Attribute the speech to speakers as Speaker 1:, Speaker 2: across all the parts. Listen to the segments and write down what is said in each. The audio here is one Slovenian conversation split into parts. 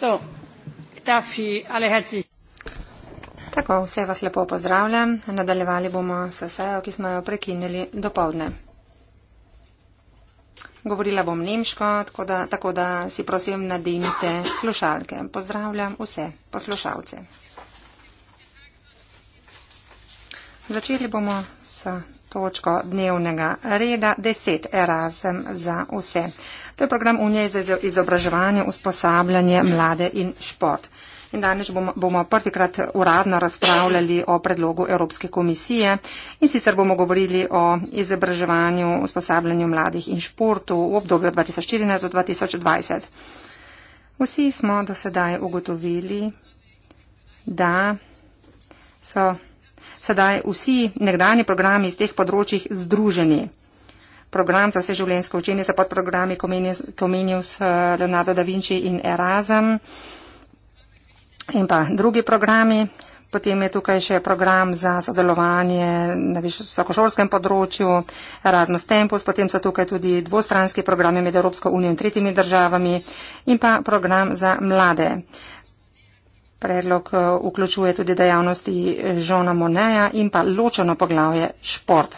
Speaker 1: Tako, vse vas lepo pozdravljam. Nadaljevali bomo s sejo, ki smo jo prekinili do povdne. Govorila bom nemško, tako da, tako da si prosim nadenite slušalke. Pozdravljam vse poslušalce. Začeli bomo s točko dnevnega reda 10 Erasem za vse. To je program Unije za izobraževanje, usposabljanje mlade in šport. In danes bomo, bomo prvikrat uradno razpravljali o predlogu Evropske komisije in sicer bomo govorili o izobraževanju, usposabljanju mladih in športu v obdobju 2014 do 2020. Vsi smo do sedaj ugotovili, da so sedaj vsi nekdani programi iz teh področjih združeni. Program za vse življenjsko učenje so podprogrami Comenius, eh, Leonardo da Vinci in Erasm in pa drugi programi. Potem je tukaj še program za sodelovanje na visokošolskem področju, Erasmus Tempus, potem so tukaj tudi dvostranski programi med Evropsko unijo in tretjimi državami in pa program za mlade. Predlog eh, vključuje tudi dejavnosti Žona Moneja in pa ločeno poglavje šport.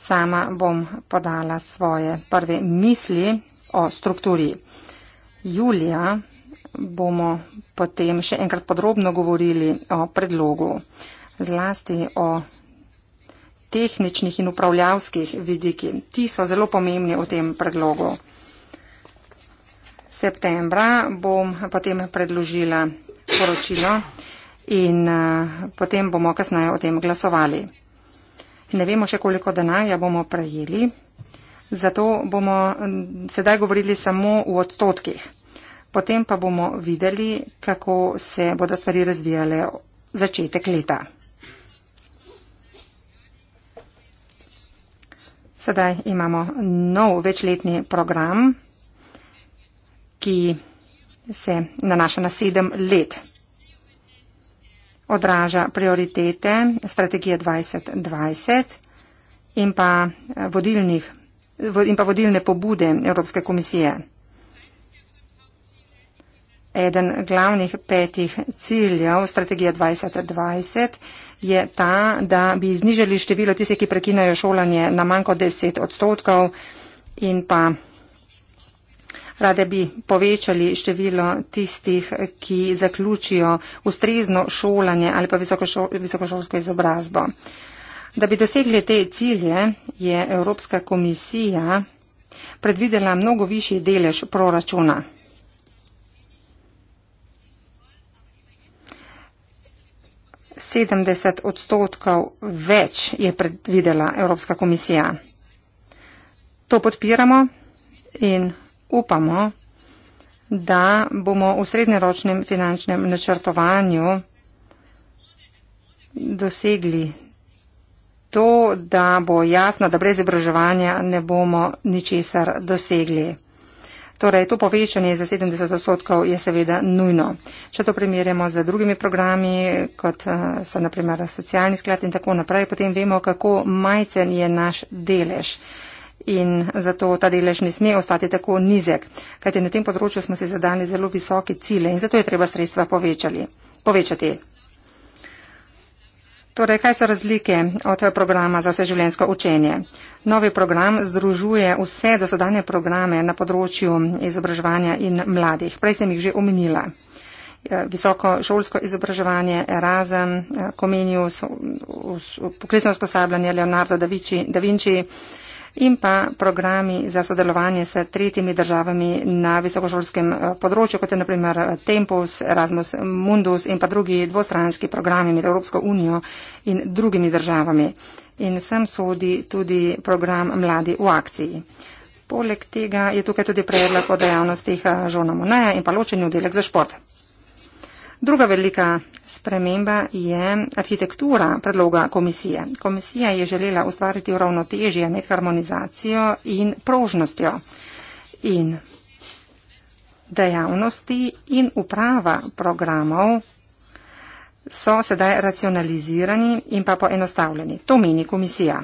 Speaker 1: Sama bom podala svoje prve misli o strukturi. Julija bomo potem še enkrat podrobno govorili o predlogu, zlasti o tehničnih in upravljavskih vidiki. Ti so zelo pomembni v tem predlogu septembra bom potem predložila poročilo in eh, potem bomo kasneje o tem glasovali. Ne vemo še, koliko denarja bomo prejeli, zato bomo sedaj govorili samo v odstotkih. Potem pa bomo videli, kako se bodo stvari razvijale začetek leta. Sedaj imamo nov večletni program ki se nanaša na sedem let. Odraža prioritete strategije 2020 in pa, in pa vodilne pobude Evropske komisije. Eden glavnih petih ciljev strategije 2020 je ta, da bi znižali število tistih, ki prekinajo šolanje na manj kot 10 odstotkov in pa Rade bi povečali število tistih, ki zaključijo ustrezno šolanje ali pa visokošolsko izobrazbo. Da bi dosegli te cilje, je Evropska komisija predvidela mnogo višji delež proračuna. sedemdeset odstotkov več je predvidela Evropska komisija. To podpiramo in upamo, da bomo v srednjeročnem finančnem načrtovanju dosegli to, da bo jasno, da brez izobraževanja ne bomo ničesar dosegli. Torej, to povečanje za 70 odstotkov je seveda nujno. Če to primerjamo z drugimi programi, kot eh, so naprimer socialni sklad in tako naprej, potem vemo, kako majcen je naš delež in zato ta delež ne sme ostati tako nizek, kajte na tem področju smo se zadali zelo visoke cilje in zato je treba sredstva povečati. Torej, kaj so razlike od programa za vseživljenjsko učenje? Novi program združuje vse dosedanje programe na področju izobraževanja in mladih. Prej sem jih že omenila. Ja, visoko šolsko izobraževanje, Erasem, Comenius, poklicno usposabljanje Leonardo da Vinci, da Vinci in pa programi za sodelovanje s tretjimi državami na visokošolskem eh, področju, kot je naprimer eh, Tempus, Erasmus Mundus in pa drugi dvostranski programi med Evropsko unijo in drugimi državami. In sem sodi tudi program Mladi v akciji. Poleg tega je tukaj tudi predlog o dejavnostih eh, žona Moneja in pa ločenju delek za šport. Druga velika sprememba je arhitektura predloga komisije. Komisija je želela ustvariti ravnotežje med harmonizacijo in prožnostjo in dejavnosti in uprava programov so sedaj racionalizirani in pa poenostavljeni. To meni komisija.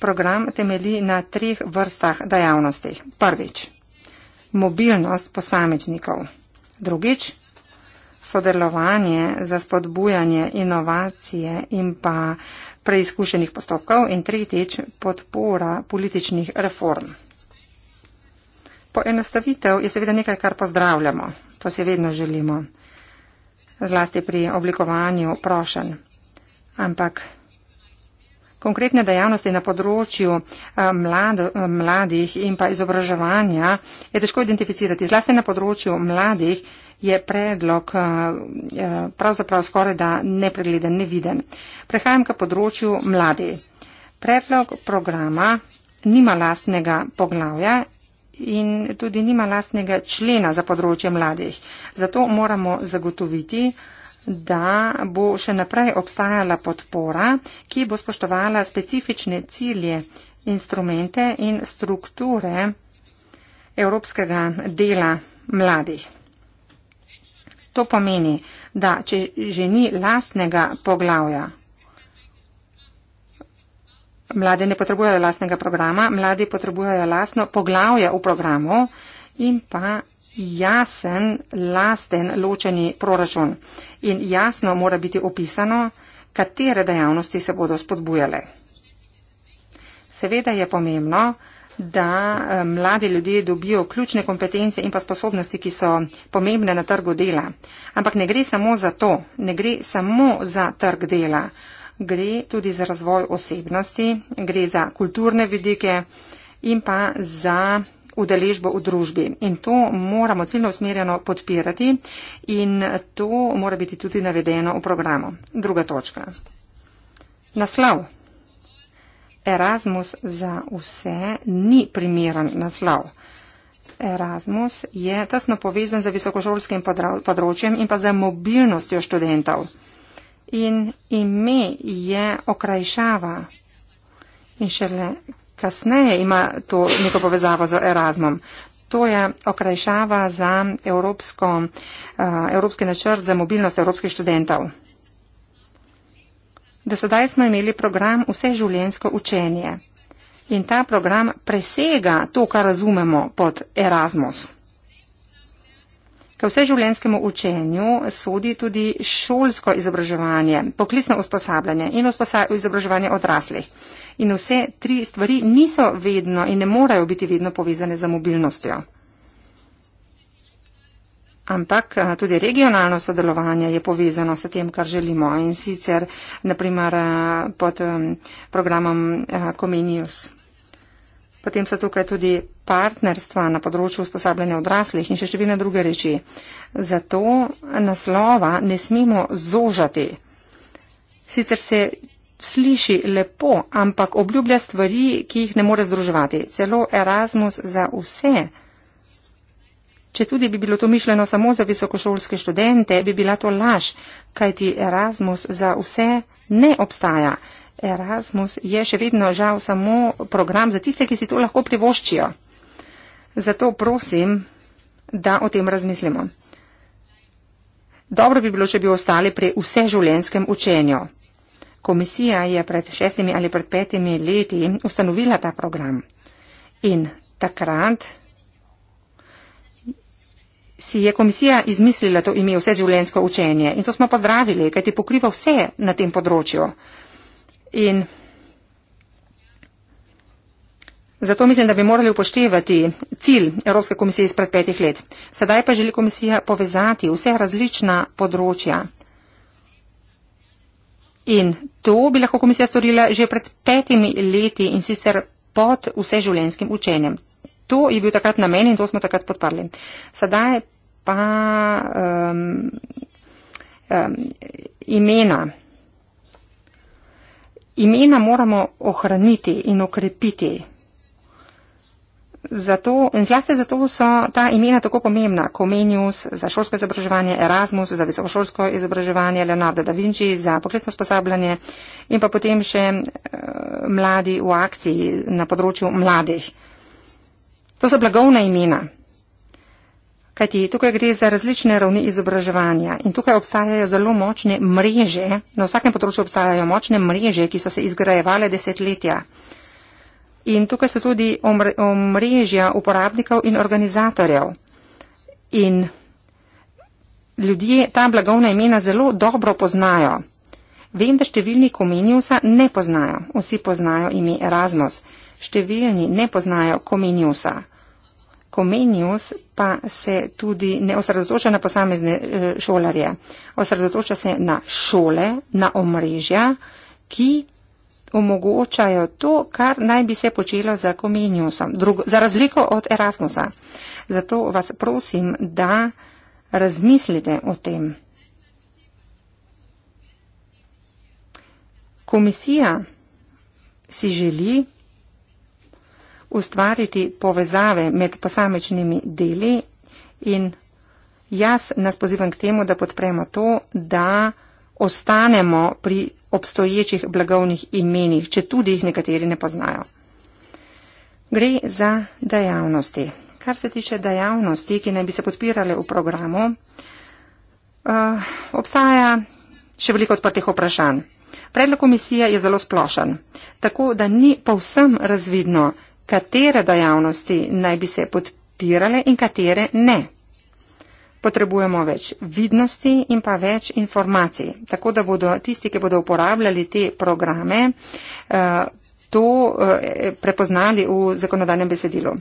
Speaker 1: Program temeli na treh vrstah dejavnosti. Prvič, mobilnost posameznikov. Drugič, sodelovanje za spodbujanje inovacije in pa preizkušenih postopkov in tretjič podpora političnih reform. Poenostavitev je seveda nekaj, kar pozdravljamo, to si vedno želimo, zlasti pri oblikovanju prošen. Ampak konkretne dejavnosti na področju eh, mlad, eh, mladih in pa izobraževanja je težko identificirati. Zlasti na področju mladih je predlog eh, eh, pravzaprav skoraj da nepregleden, neviden. Prehajam ka področju mladi. Predlog programa nima lastnega poglavja in tudi nima lastnega člena za področje mladih. Zato moramo zagotoviti, da bo še naprej obstajala podpora, ki bo spoštovala specifične cilje, instrumente in strukture evropskega dela mladih. To pomeni, da če že ni lastnega poglavja, mlade ne potrebujejo lastnega programa, mladi potrebujejo lastno poglavje v programu in pa jasen, lasten, ločeni proračun. In jasno mora biti opisano, katere dejavnosti se bodo spodbujale. Seveda je pomembno, da eh, mladi ljudje dobijo ključne kompetence in pa sposobnosti, ki so pomembne na trgu dela. Ampak ne gre samo za to, ne gre samo za trg dela, gre tudi za razvoj osebnosti, gre za kulturne vidike in pa za udeležbo v družbi. In to moramo ciljno usmerjeno podpirati in to mora biti tudi navedeno v programu. Druga točka. Naslov Erasmus za vse ni primeren naslov. Erasmus je tesno povezan z visokošolskim področjem in pa z mobilnostjo študentov. In ime je okrajšava. In šele kasneje ima to neko povezavo z Erasmom. To je okrajšava za Evropsko, uh, Evropski načrt za mobilnost evropskih študentov. Do sedaj smo imeli program vseživljensko učenje in ta program presega to, kar razumemo pod Erasmus. K vseživljenskemu učenju sodi tudi šolsko izobraževanje, poklicno usposabljanje in izobraževanje odraslih. In vse tri stvari niso vedno in ne morejo biti vedno povezane z mobilnostjo. Ampak eh, tudi regionalno sodelovanje je povezano s tem, kar želimo in sicer naprimer eh, pod programom eh, Comenius. Potem so tukaj tudi partnerstva na področju usposabljanja odraslih in še številne druge reči. Zato naslova ne smemo zožati. Sicer se sliši lepo, ampak obljublja stvari, ki jih ne more združevati. Celo Erasmus za vse. Če tudi bi bilo to mišljeno samo za visokošolske študente, bi bila to laž, kajti Erasmus za vse ne obstaja. Erasmus je še vedno žal samo program za tiste, ki si to lahko privoščijo. Zato prosim, da o tem razmislimo. Dobro bi bilo, če bi ostali pri vseživljenjskem učenju. Komisija je pred šestimi ali pred petimi leti ustanovila ta program. In takrat si je komisija izmislila to ime vse življensko učenje in to smo pozdravili, kajti pokriva vse na tem področju. In zato mislim, da bi morali upoštevati cilj Evropske komisije izpred petih let. Sedaj pa želi komisija povezati vse različna področja. In to bi lahko komisija storila že pred petimi leti in sicer pod vse življenskim učenjem. To je bil takrat namen in to smo takrat podparli. Sedaj pa um, um, imena. Imena moramo ohraniti in okrepiti. Zato, in zlasti zato so ta imena tako pomembna. Comenius za šolsko izobraževanje, Erasmus za visokošolsko izobraževanje, Leonardo da Vinci za poklicno sposabljanje in pa potem še uh, mladi v akciji na področju mladih. To so blagovna imena. Kajti tukaj gre za različne ravni izobraževanja in tukaj obstajajo zelo močne mreže, na vsakem področju obstajajo močne mreže, ki so se izgrajevale desetletja. In tukaj so tudi omrežja uporabnikov in organizatorjev. In ljudje ta blagovna imena zelo dobro poznajo. Vem, da številni Komeniusa ne poznajo. Vsi poznajo ime Erasmus. Številni ne poznajo Komeniusa. Komenius pa se tudi ne osredotoča na posamezne eh, šolarje, osredotoča se na šole, na omrežja, ki omogočajo to, kar naj bi se počelo za Komeniusom, za razliko od Erasmusa. Zato vas prosim, da razmislite o tem. Komisija si želi, ustvariti povezave med posamečnimi deli in jaz nas pozivam k temu, da podpremo to, da ostanemo pri obstoječih blagovnih imenih, če tudi jih nekateri ne poznajo. Gre za dejavnosti. Kar se tiče dejavnosti, ki naj bi se podpirale v programu, uh, obstaja še veliko odprtih vprašanj. Predlog komisije je zelo splošen, tako da ni povsem razvidno, katere dejavnosti naj bi se podpirale in katere ne. Potrebujemo več vidnosti in pa več informacij, tako da bodo tisti, ki bodo uporabljali te programe, eh, to eh, prepoznali v zakonodajnem besedilu.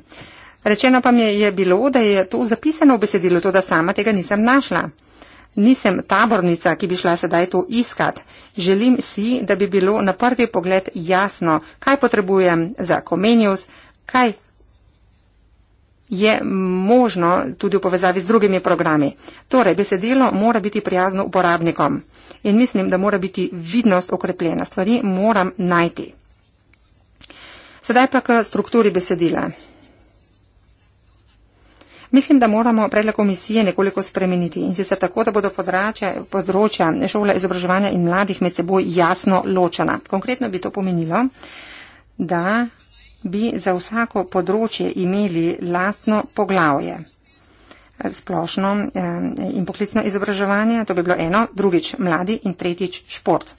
Speaker 1: Rečeno pa mi je bilo, da je to zapisano v besedilu, to da sama tega nisem našla. Nisem tabornica, ki bi šla sedaj to iskat. Želim si, da bi bilo na prvi pogled jasno, kaj potrebujem za komenius, kaj je možno tudi v povezavi z drugimi programi. Torej, besedilo mora biti prijazno uporabnikom in mislim, da mora biti vidnost okrepljena. Stvari moram najti. Sedaj pa k strukturi besedila. Mislim, da moramo predlog komisije nekoliko spremeniti in sicer tako, da bodo področja, področja šole izobraževanja in mladih med seboj jasno ločena. Konkretno bi to pomenilo, da bi za vsako področje imeli lastno poglavje splošno eh, in poklicno izobraževanje, to bi bilo eno, drugič mladi in tretjič šport.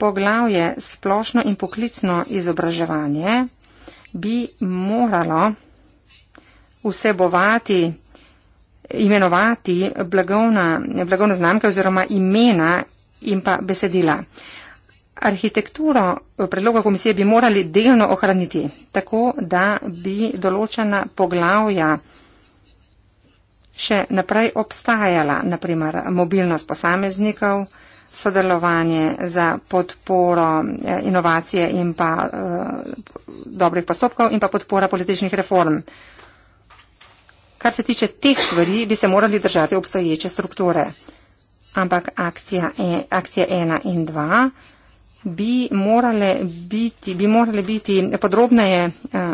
Speaker 1: Poglavje splošno in poklicno izobraževanje bi moralo vsebovati, imenovati blagovna, blagovna znamka oziroma imena in pa besedila. Arhitekturo predloga komisije bi morali delno ohraniti, tako da bi določena poglavja še naprej obstajala, naprimer mobilnost posameznikov, sodelovanje za podporo eh, inovacije in pa eh, dobrih postopkov in pa podpora političnih reform. Kar se tiče teh stvari, bi se morali držati obstoječe strukture. Ampak akcija, e, akcija 1 in 2 bi morale biti, bi morale biti podrobneje uh, eh,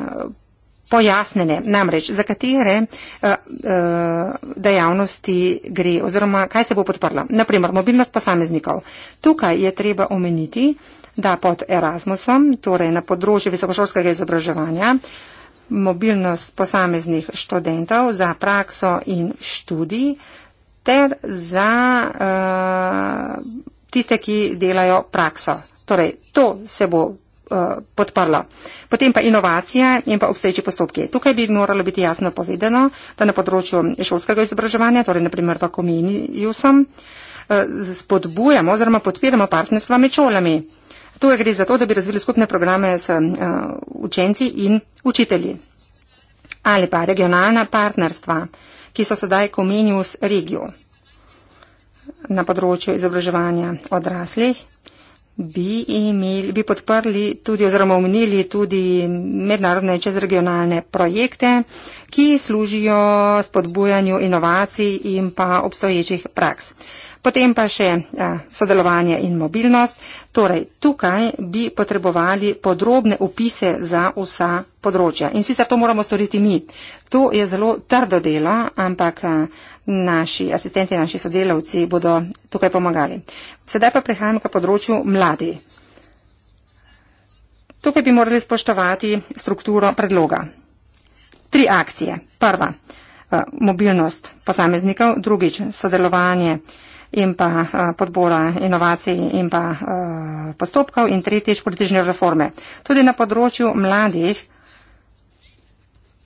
Speaker 1: pojasnene. Namreč, za katere uh, uh, dejavnosti gre oziroma kaj se bo podprla. Naprimer, mobilnost posameznikov. Tukaj je treba omeniti, da pod Erasmusom, torej na področju visokošolskega izobraževanja, uh, mobilnost posameznih študentov za prakso in študij ter za uh, tiste, ki delajo prakso. Torej, to se bo uh, podprlo. Potem pa inovacija in pa obstoječi postopki. Tukaj bi moralo biti jasno povedano, da na področju šolskega izobraževanja, torej naprimer pa kominijusom, uh, eh, spodbujamo oziroma podpiramo partnerstva med šolami. Tu gre za to, da bi razvili skupne programe s uh, učenci in učitelji. Ali pa regionalna partnerstva, ki so sedaj Comenius Regio na področju izobraževanja odraslih, bi, imeli, bi podprli tudi oziroma omenili tudi mednarodne čezregionalne projekte, ki služijo spodbujanju inovacij in pa obstoječih praks. Potem pa še ja, sodelovanje in mobilnost. Torej, tukaj bi potrebovali podrobne upise za vsa področja. In sicer to moramo storiti mi. To je zelo trdo delo, ampak eh, naši asistenti, naši sodelavci bodo tukaj pomagali. Sedaj pa prehajamo k področju mladi. Tukaj bi morali spoštovati strukturo predloga. Tri akcije. Prva, eh, mobilnost posameznikov, drugič, sodelovanje in pa podbora inovacij in pa postopkov in tretjič politične reforme. Tudi na področju mladih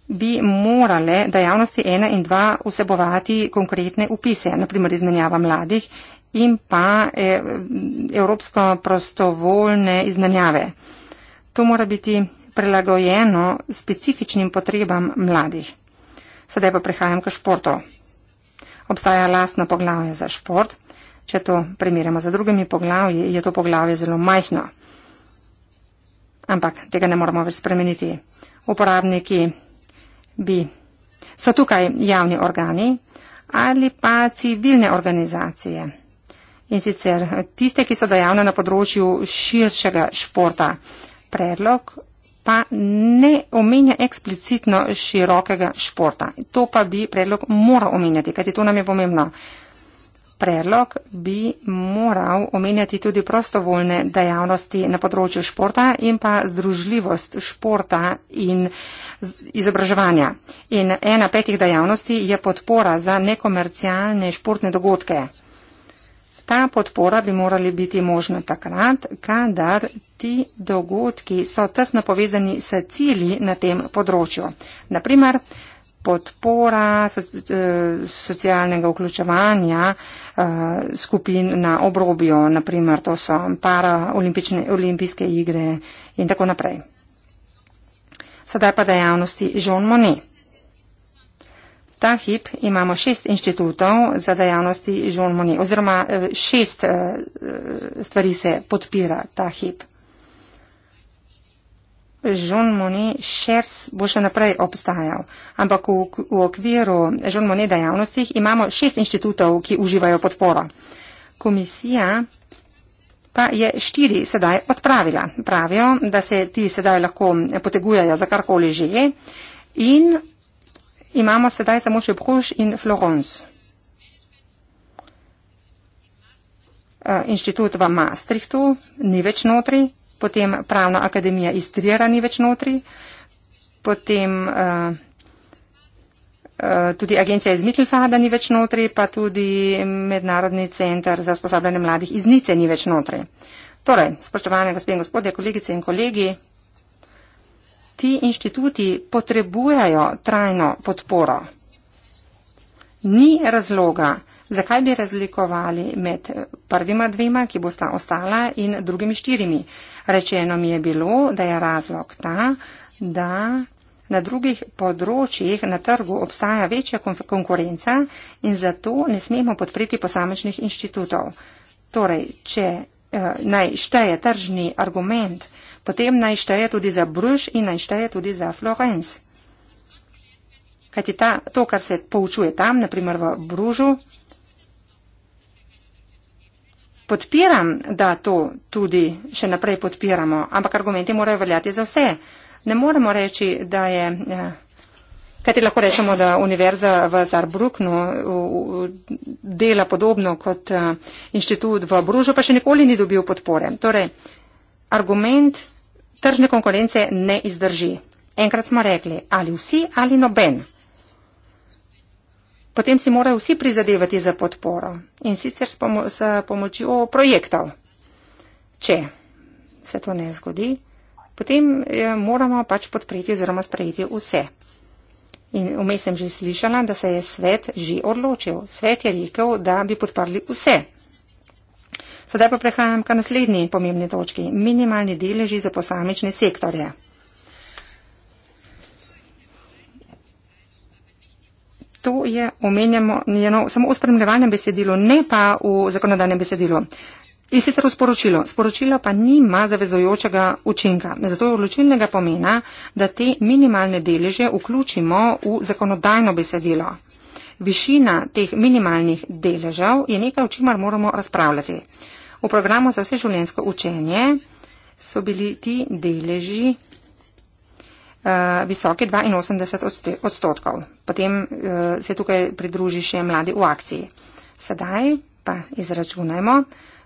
Speaker 1: bi morale dejavnosti ena in dva vsebovati konkretne upise, naprimer izmenjava mladih in pa e, evropsko prostovoljne izmenjave. To mora biti prilagojeno specifičnim potrebam mladih. Sedaj pa prehajam k športu obstaja lastno poglavje za šport. Če to primerjamo z drugimi poglavji, je to poglavje zelo majhno. Ampak tega ne moramo več spremeniti. Uporabniki bi. So tukaj javni organi ali pa civilne organizacije. In sicer tiste, ki so dejavne na področju širšega športa. Predlog pa ne omenja eksplicitno širokega športa. To pa bi predlog moral omenjati, kajti to nam je pomembno. Predlog bi moral omenjati tudi prostovoljne dejavnosti na področju športa in pa združljivost športa in izobraževanja. In ena petih dejavnosti je podpora za nekomercialne športne dogodke. Ta podpora bi morala biti možna takrat, kadar ti dogodki so tesno povezani s cilji na tem področju. Naprimer, podpora eh, socialnega vključevanja eh, skupin na obrobju, naprimer, to so para olimpične, olimpijske igre in tako naprej. Sedaj pa dejavnosti Jean Monnet. Ta hip imamo šest inštitutov za dejavnosti Jean Monnet oziroma eh, šest eh, eh, stvari se podpira ta hip. Jean Monnet Shares bo še naprej obstajal, ampak v, v okviru Jean Monnet dejavnosti imamo šest inštitutov, ki uživajo podporo. Komisija pa je štiri sedaj odpravila. Pravijo, da se ti sedaj lahko potegujejo za karkoli že in imamo sedaj samo še Bruges in Florence. E, inštitut v Maastrichtu ni več notri, potem Pravna akademija iz Trijera ni več notri, potem e, e, tudi agencija iz Mittelfada ni več notri, pa tudi Mednarodni centar za usposabljanje mladih iz Nice ni več notri. Torej, spoštovane gospe in gospodje, kolegice in kolegi, ti inštituti potrebujejo trajno podporo. Ni razloga, zakaj bi razlikovali med prvima dvema, ki bosta ostala, in drugimi štirimi. Rečeno mi je bilo, da je razlog ta, da na drugih področjih na trgu obstaja večja konkurenca in zato ne smemo podpreti posamečnih inštitutov. Torej, če eh, naj šteje tržni argument, potem naj šteje tudi za Bruž in naj šteje tudi za Florence. Kajti ta, to, kar se poučuje tam, naprimer v Bružu, podpiram, da to tudi še naprej podpiramo, ampak argumenti morajo veljati za vse. Ne moremo reči, da je. Eh, kajti lahko rečemo, da univerza v Zarbruknu dela podobno kot eh, inštitut v Bružu, pa še nikoli ni dobil podpore. Torej, argument tržne konkurence ne izdrži. Enkrat smo rekli, ali vsi ali noben. Potem si morajo vsi prizadevati za podporo in sicer s, pomo s pomočjo projektov. Če se to ne zgodi, potem eh, moramo pač podpreti oziroma sprejeti vse. In vmes sem že slišala, da se je svet že odločil. Svet je rekel, da bi podprli vse. Sedaj pa prehajam k naslednji pomembni točki. Minimalni deleži za posamične sektorje. To je omenjamo njeno, samo v spremljevalnem besedilu, ne pa v zakonodajnem besedilu. In sicer v sporočilo. Sporočilo pa nima zavezojočega učinka. Zato je odločilnega pomena, da te minimalne deleže vključimo v zakonodajno besedilo. Višina teh minimalnih deležev je nekaj, o čemer moramo razpravljati. V programu za vse življensko učenje so bili ti deleži eh, visoke 82 odstotkov. Potem eh, se tukaj pridruži še mladi v akciji. Sedaj pa izračunajmo,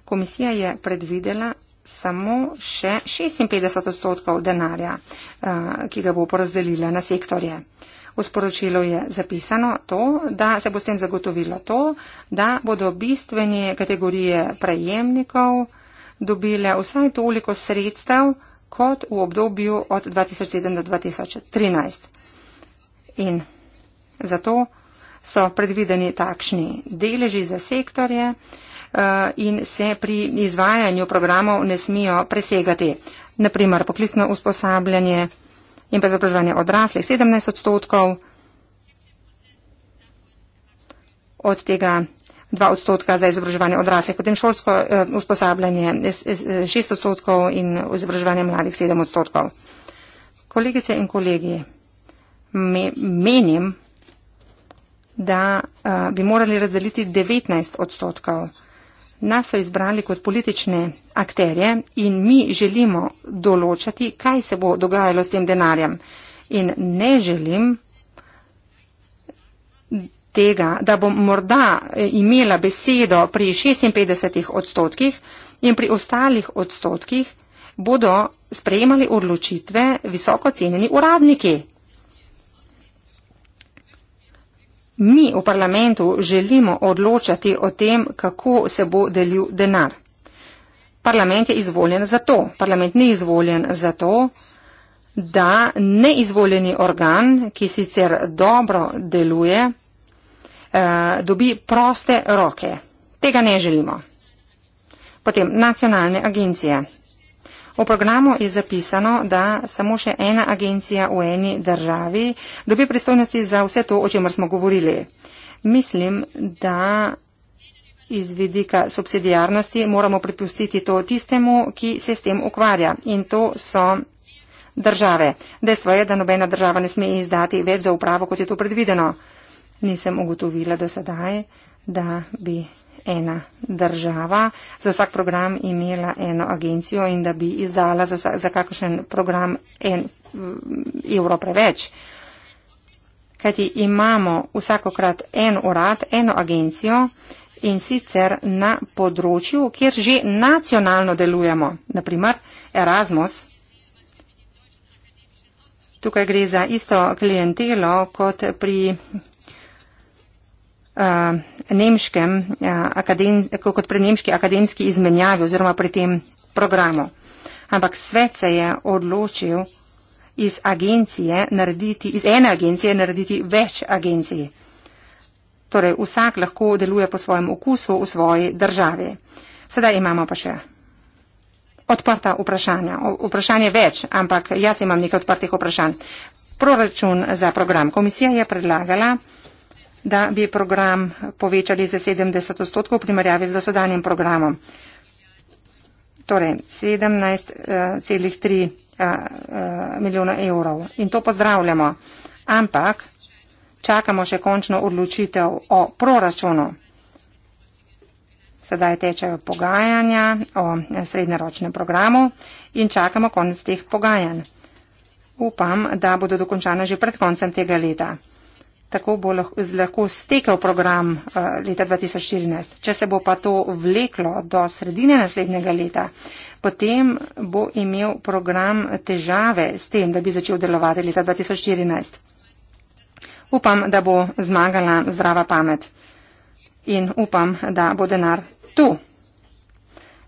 Speaker 1: komisija je predvidela samo še 56 odstotkov denarja, eh, ki ga bo porazdelila na sektorje. V sporočilu je zapisano to, da se bo s tem zagotovilo to, da bodo bistvene kategorije prejemnikov dobile vsaj toliko sredstev kot v obdobju od 2007 do 2013. In zato so predvideni takšni deleži za sektorje eh, in se pri izvajanju programov ne smijo presegati. Naprimer, poklicno usposabljanje in pa izobraževanje odraslih 17 odstotkov, od tega 2 odstotka za izobraževanje odraslih, potem šolsko eh, usposabljanje 6 odstotkov in izobraževanje mladih 7 odstotkov. Kolegice in kolegi, me, menim, da eh, bi morali razdeliti 19 odstotkov nas so izbrali kot politične akterje in mi želimo določati, kaj se bo dogajalo s tem denarjem. In ne želim tega, da bom morda eh, imela besedo pri 56 odstotkih in pri ostalih odstotkih bodo sprejemali odločitve visoko cenjeni uradniki. Mi v parlamentu želimo odločati o tem, kako se bo delil denar. Parlament je izvoljen za to. Parlament ni izvoljen za to, da neizvoljeni organ, ki sicer dobro deluje, eh, dobi proste roke. Tega ne želimo. Potem nacionalne agencije. V programu je zapisano, da samo še ena agencija v eni državi dobi pristojnosti za vse to, o čemer smo govorili. Mislim, da iz vidika subsidijarnosti moramo pripustiti to tistemu, ki se s tem ukvarja. In to so države. Dejstvo je, da nobena država ne sme izdati več za upravo, kot je to predvideno. Nisem ugotovila do sedaj, da bi ena država za vsak program imela eno agencijo in da bi izdala za, vsak, za kakšen program en mm, evro preveč. Kajti imamo vsakokrat en urad, eno agencijo in sicer na področju, kjer že nacionalno delujemo, naprimer Erasmus. Tukaj gre za isto klientelo kot pri Eh, nemškem, eh, akaden, kot pri nemški akademski izmenjavi oziroma pri tem programu. Ampak svet se je odločil iz, narediti, iz ene agencije narediti več agencij. Torej vsak lahko deluje po svojem okusu v svoji državi. Sedaj imamo pa še odprta vprašanja. Vprašanje več, ampak jaz imam nekaj odprtih vprašanj. Proračun za program. Komisija je predlagala da bi program povečali za 70 odstotkov v primerjavi z dosedanjem programom. Torej 17,3 eh, eh, eh, milijona evrov in to pozdravljamo, ampak čakamo še končno odločitev o proračunu. Sedaj tečejo pogajanja o srednjeročnem programu in čakamo konec teh pogajanj. Upam, da bodo dokončana že pred koncem tega leta tako bo lahko stekel program eh, leta 2014. Če se bo pa to vleklo do sredine naslednjega leta, potem bo imel program težave s tem, da bi začel delovati leta 2014. Upam, da bo zmagala zdrava pamet in upam, da bo denar tu.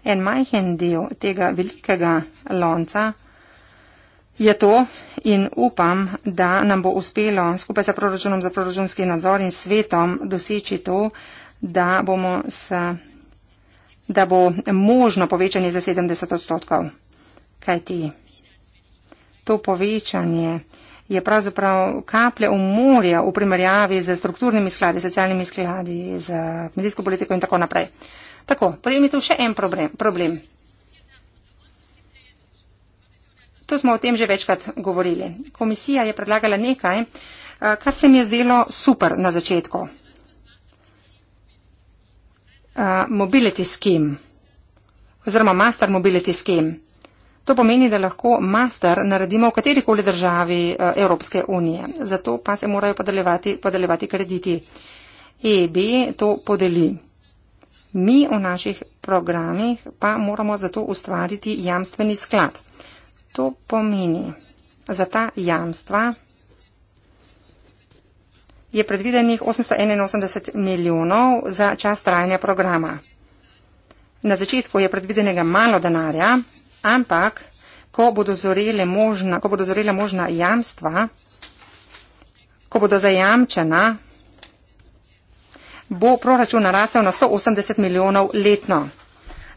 Speaker 1: En majhen del tega velikega lonca je to in upam, da nam bo uspelo skupaj s proračunom za proračunski nadzor in svetom doseči to, da, s, da bo možno povečanje za 70 odstotkov. Kaj ti? To povečanje je pravzaprav kaplja v morje v primerjavi z strukturnimi skladi, socialnimi skladi, z medijsko politiko in tako naprej. Tako, potem je tu še en problem. problem. To smo o tem že večkrat govorili. Komisija je predlagala nekaj, eh, kar se mi je zdelo super na začetku. Eh, mobility scheme oziroma master mobility scheme. To pomeni, da lahko master naredimo v katerikoli državi eh, Evropske unije. Zato pa se morajo podeljevati, podeljevati krediti. EB to podeli. Mi v naših programih pa moramo zato ustvariti jamstveni sklad to pomeni? Za ta jamstva je predvidenih 881 milijonov za čas trajanja programa. Na začetku je predvidenega malo denarja, ampak ko bodo zorele možna, ko bodo zorele možna jamstva, ko bodo zajamčena, bo proračun narasel na 180 milijonov letno.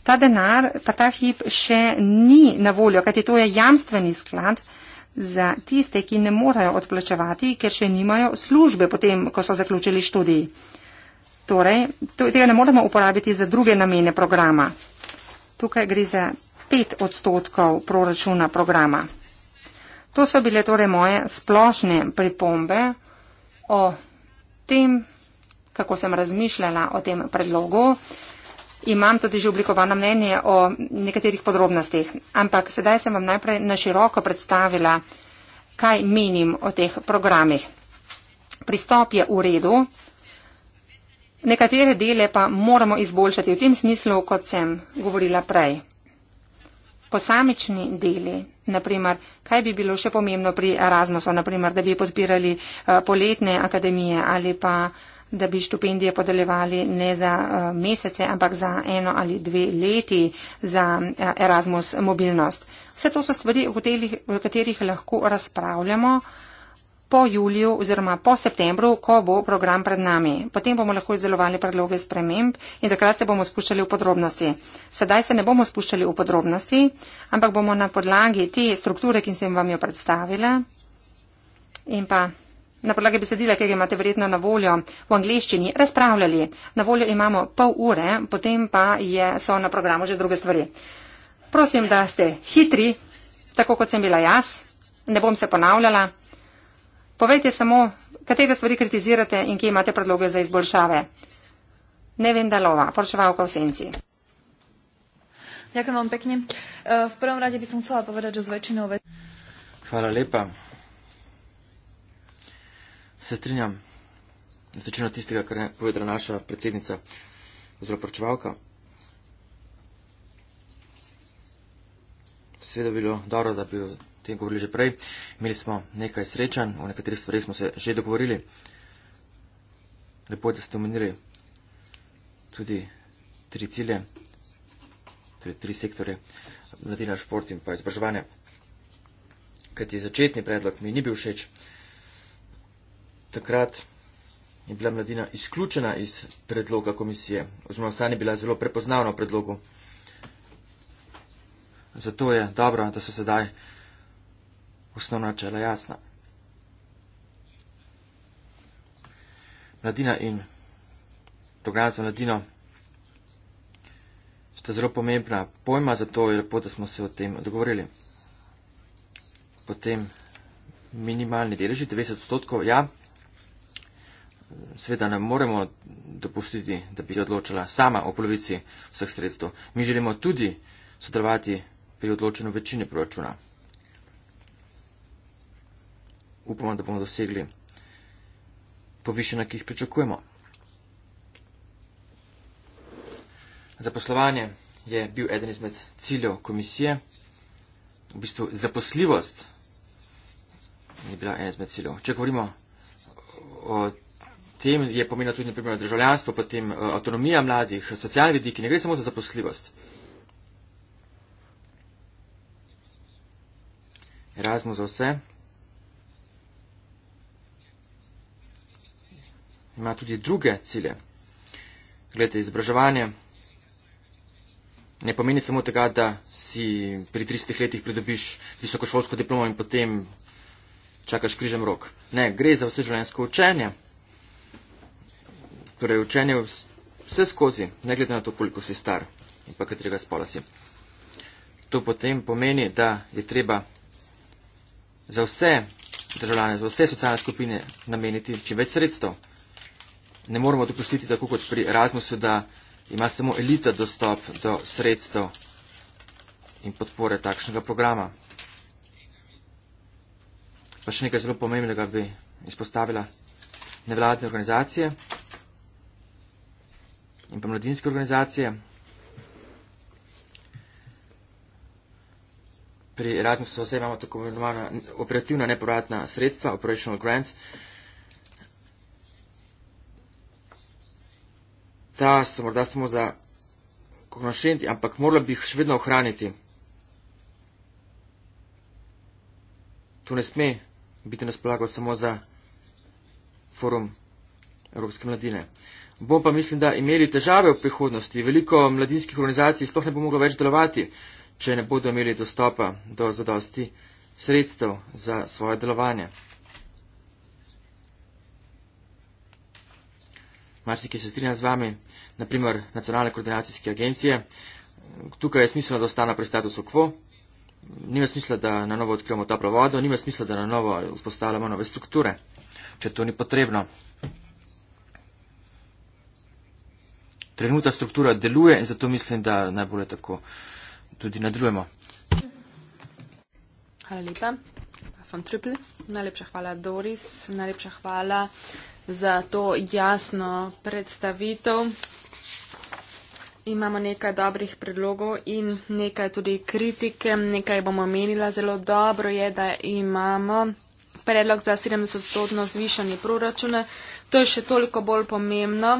Speaker 1: Ta denar pa ta hip še ni na voljo, kajti to je jamstveni sklad za tiste, ki ne morajo odplačevati, ker še nimajo službe potem, ko so zaključili študij. Torej, tega ne moremo uporabiti za druge namene programa. Tukaj gre za pet odstotkov proračuna programa. To so bile torej moje splošne pripombe o tem, kako sem razmišljala o tem predlogu imam tudi že oblikovano mnenje o nekaterih podrobnostih. Ampak sedaj sem vam najprej na široko predstavila, kaj menim o teh programih. Pristop je v redu, nekatere dele pa moramo izboljšati v tem smislu, kot sem govorila prej. Posamični deli, naprimer, kaj bi bilo še pomembno pri Erasmusu, naprimer, da bi podpirali uh, poletne akademije ali pa uh, da bi štipendije podeljevali ne za eh, mesece, ampak za eno ali dve leti za eh, Erasmus mobilnost. Vse to so stvari, o katerih lahko razpravljamo po juliju oziroma po septembru, ko bo program pred nami. Potem bomo lahko izdelovali predloge sprememb in takrat se bomo spuščali v podrobnosti. Sedaj se ne bomo spuščali v podrobnosti, ampak bomo na podlagi te strukture, ki sem vam jo predstavila in pa na podlagi besedila, ki ga imate verjetno na voljo v angliščini, razpravljali. Na voljo imamo pol ure, potem pa je, so na programu že druge stvari. Prosim, da ste hitri, tako kot sem bila jaz, ne bom se ponavljala. Povejte samo, katere stvari kritizirate in kje imate predloge za izboljšave. Ne vem, da lova, poročevalka v senci. Ďakujem vám pekne. E, v prvom rade by som chcela povedať, že zväčšinou...
Speaker 2: Hvala lepa. Se strinjam z večino tistega, kar je povedala naša predsednica oziroma pročevalka. Seveda bilo dobro, da bi o tem govorili že prej. Imeli smo nekaj srečanj, o nekaterih stvarih smo se že dogovorili. Lepo je, da ste omenili tudi tri cilje, torej tri sektore, mladina, šport in pa izobraževanje. Kajti začetni predlog mi ni bil všeč takrat je bila mladina izključena iz predloga komisije, oziroma vsaj ni bila zelo prepoznavna v predlogu. Zato je dobro, da so sedaj osnovna čela jasna. Mladina in program za mladino sta zelo pomembna pojma, zato je lepo, da smo se o tem dogovorili. Potem minimalni deleži, 90 odstotkov, ja, Sveda ne moremo dopustiti, da bi se odločila sama o polovici vseh sredstev. Mi želimo tudi sodelovati pri odločenju večine proračuna. Upamo, da bomo dosegli povišena, ki jih pričakujemo. Zaposlovanje je bil eden izmed ciljev komisije. V bistvu zaposljivost je bila eden izmed ciljev. Če govorimo o tem je pomenila tudi naprimer državljanstvo, potem eh, avtonomija mladih, socialni vidiki, ne gre samo za zaposljivost. Razmo za vse. Ima tudi druge cilje. Gledajte, izobraževanje ne pomeni samo tega, da si pri 30 letih pridobiš visokošolsko diplomo in potem čakaš križem rok. Ne, gre za vse življenjsko učenje. Torej, učenje vse skozi, ne glede na to, koliko si star in pa katerega spola si. To potem pomeni, da je treba za vse državljane, za vse socialne skupine nameniti čim več sredstev. Ne moramo dopustiti, tako kot pri Erasmusu, da ima samo elita dostop do sredstev in podpore takšnega programa. Pa še nekaj zelo pomembnega bi izpostavila nevladne organizacije in pa mladinske organizacije. Pri Erasmusu vse imamo tako imenovana operativna nepovratna sredstva, operational grants. Ta so morda samo za konošenti, ampak morala bi jih še vedno ohraniti. To ne sme biti nas polago samo za forum Evropske mladine bomo pa mislim, da imeli težave v prihodnosti. Veliko mladinskih organizacij sploh ne bo moglo več delovati, če ne bodo imeli dostopa do zadosti sredstev za svoje delovanje. Marsik, ki se strinja z vami, naprimer nacionalne koordinacijske agencije, tukaj je smiselno, da ostane pri statusu quo. Nima smisla, da na novo odkrijemo toplo vodo, nima smisla, da na novo vzpostavljamo nove strukture, če to ni potrebno. trenutna struktura deluje in zato mislim, da najbolje tako tudi nadaljujemo.
Speaker 3: Hvala lepa. Triple, najlepša hvala, Doris. Najlepša hvala za to jasno predstavitev. Imamo nekaj dobrih predlogov in nekaj tudi kritike. Nekaj bomo omenila. Zelo dobro je, da imamo predlog za 70-stotno zvišanje proračuna. To je še toliko bolj pomembno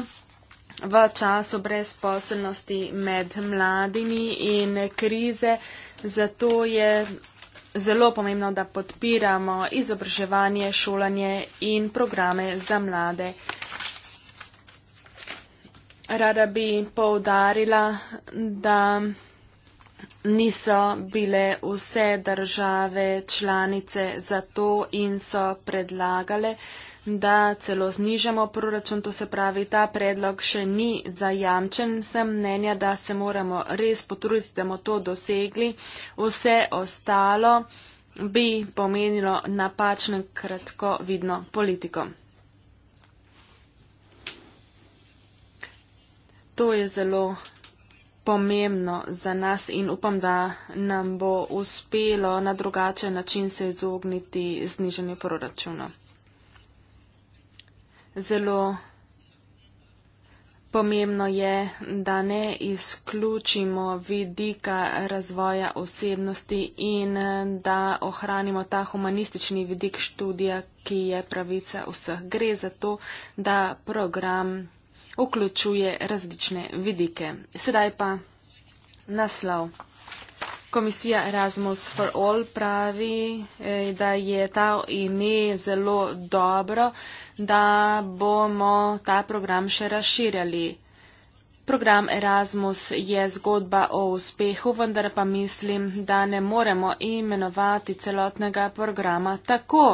Speaker 3: v času brezposobnosti med mladimi in krize. Zato je zelo pomembno, da podpiramo izobraževanje, šolanje in programe za mlade. Rada bi poudarila, da niso bile vse države članice za to in so predlagale uh, da celo znižamo proračun, to se pravi, ta predlog še ni zajamčen. Sem mnenja, da se moramo res potruditi, da bomo to dosegli. Vse ostalo bi pomenilo napačno kratkovidno politiko. To je zelo pomembno za nas in upam, da nam bo uspelo na drugačen način se izogniti znižanju proračuna zelo pomembno je, da ne izključimo vidika razvoja osebnosti in da ohranimo ta humanistični vidik študija, ki je pravica vseh. Gre za to, da program vključuje različne vidike. Sedaj pa naslov. Komisija Erasmus for All pravi, eh, da je ta ime zelo dobro, da bomo ta program še razširjali. Program Erasmus je zgodba o uspehu, vendar pa mislim, da ne moremo imenovati celotnega programa tako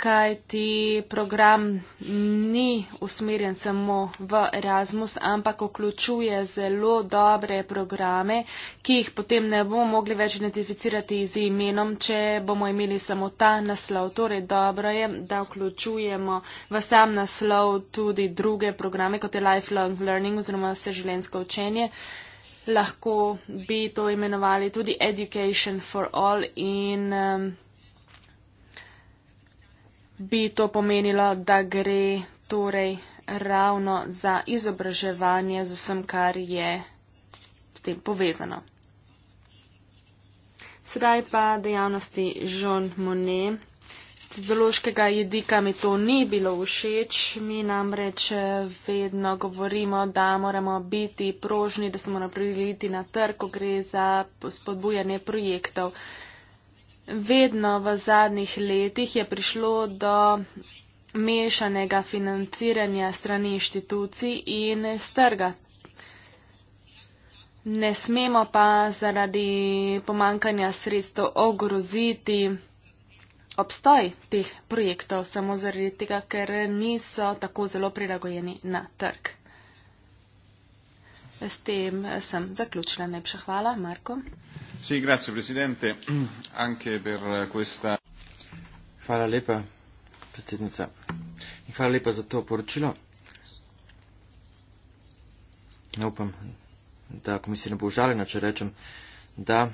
Speaker 3: kaj ti program ni usmerjen samo v Erasmus, ampak vključuje zelo dobre programe, ki jih potem ne bomo mogli več identificirati z imenom, če bomo imeli samo ta naslov. Torej, dobro je, da vključujemo v sam naslov tudi druge programe, kot je lifelong learning oziroma vseživljenjsko učenje. Lahko bi to imenovali tudi education for all in um, bi to pomenilo, da gre torej ravno za izobraževanje z vsem, kar je s tem povezano. Sedaj pa dejavnosti Jean Monet. Z ideološkega jedika mi to ni bilo všeč. Mi namreč vedno govorimo, da moramo biti prožni, da se moramo prizliti na trg, ko gre za spodbujanje projektov vedno v zadnjih letih je prišlo do mešanega financiranja strani inštitucij in strga. Ne smemo pa zaradi pomankanja sredstev ogroziti obstoj teh projektov samo zaradi tega, ker niso tako zelo prilagojeni na trg. S tem eh, sem zaključila. Najlepša hvala, Marko.
Speaker 2: Sì, grazie presidente, anche per eh, questa. Hvala lepa, predsednica. In hvala lepa za to poročilo. Ne upam, da komisija ne bo užaljena, če rečem, da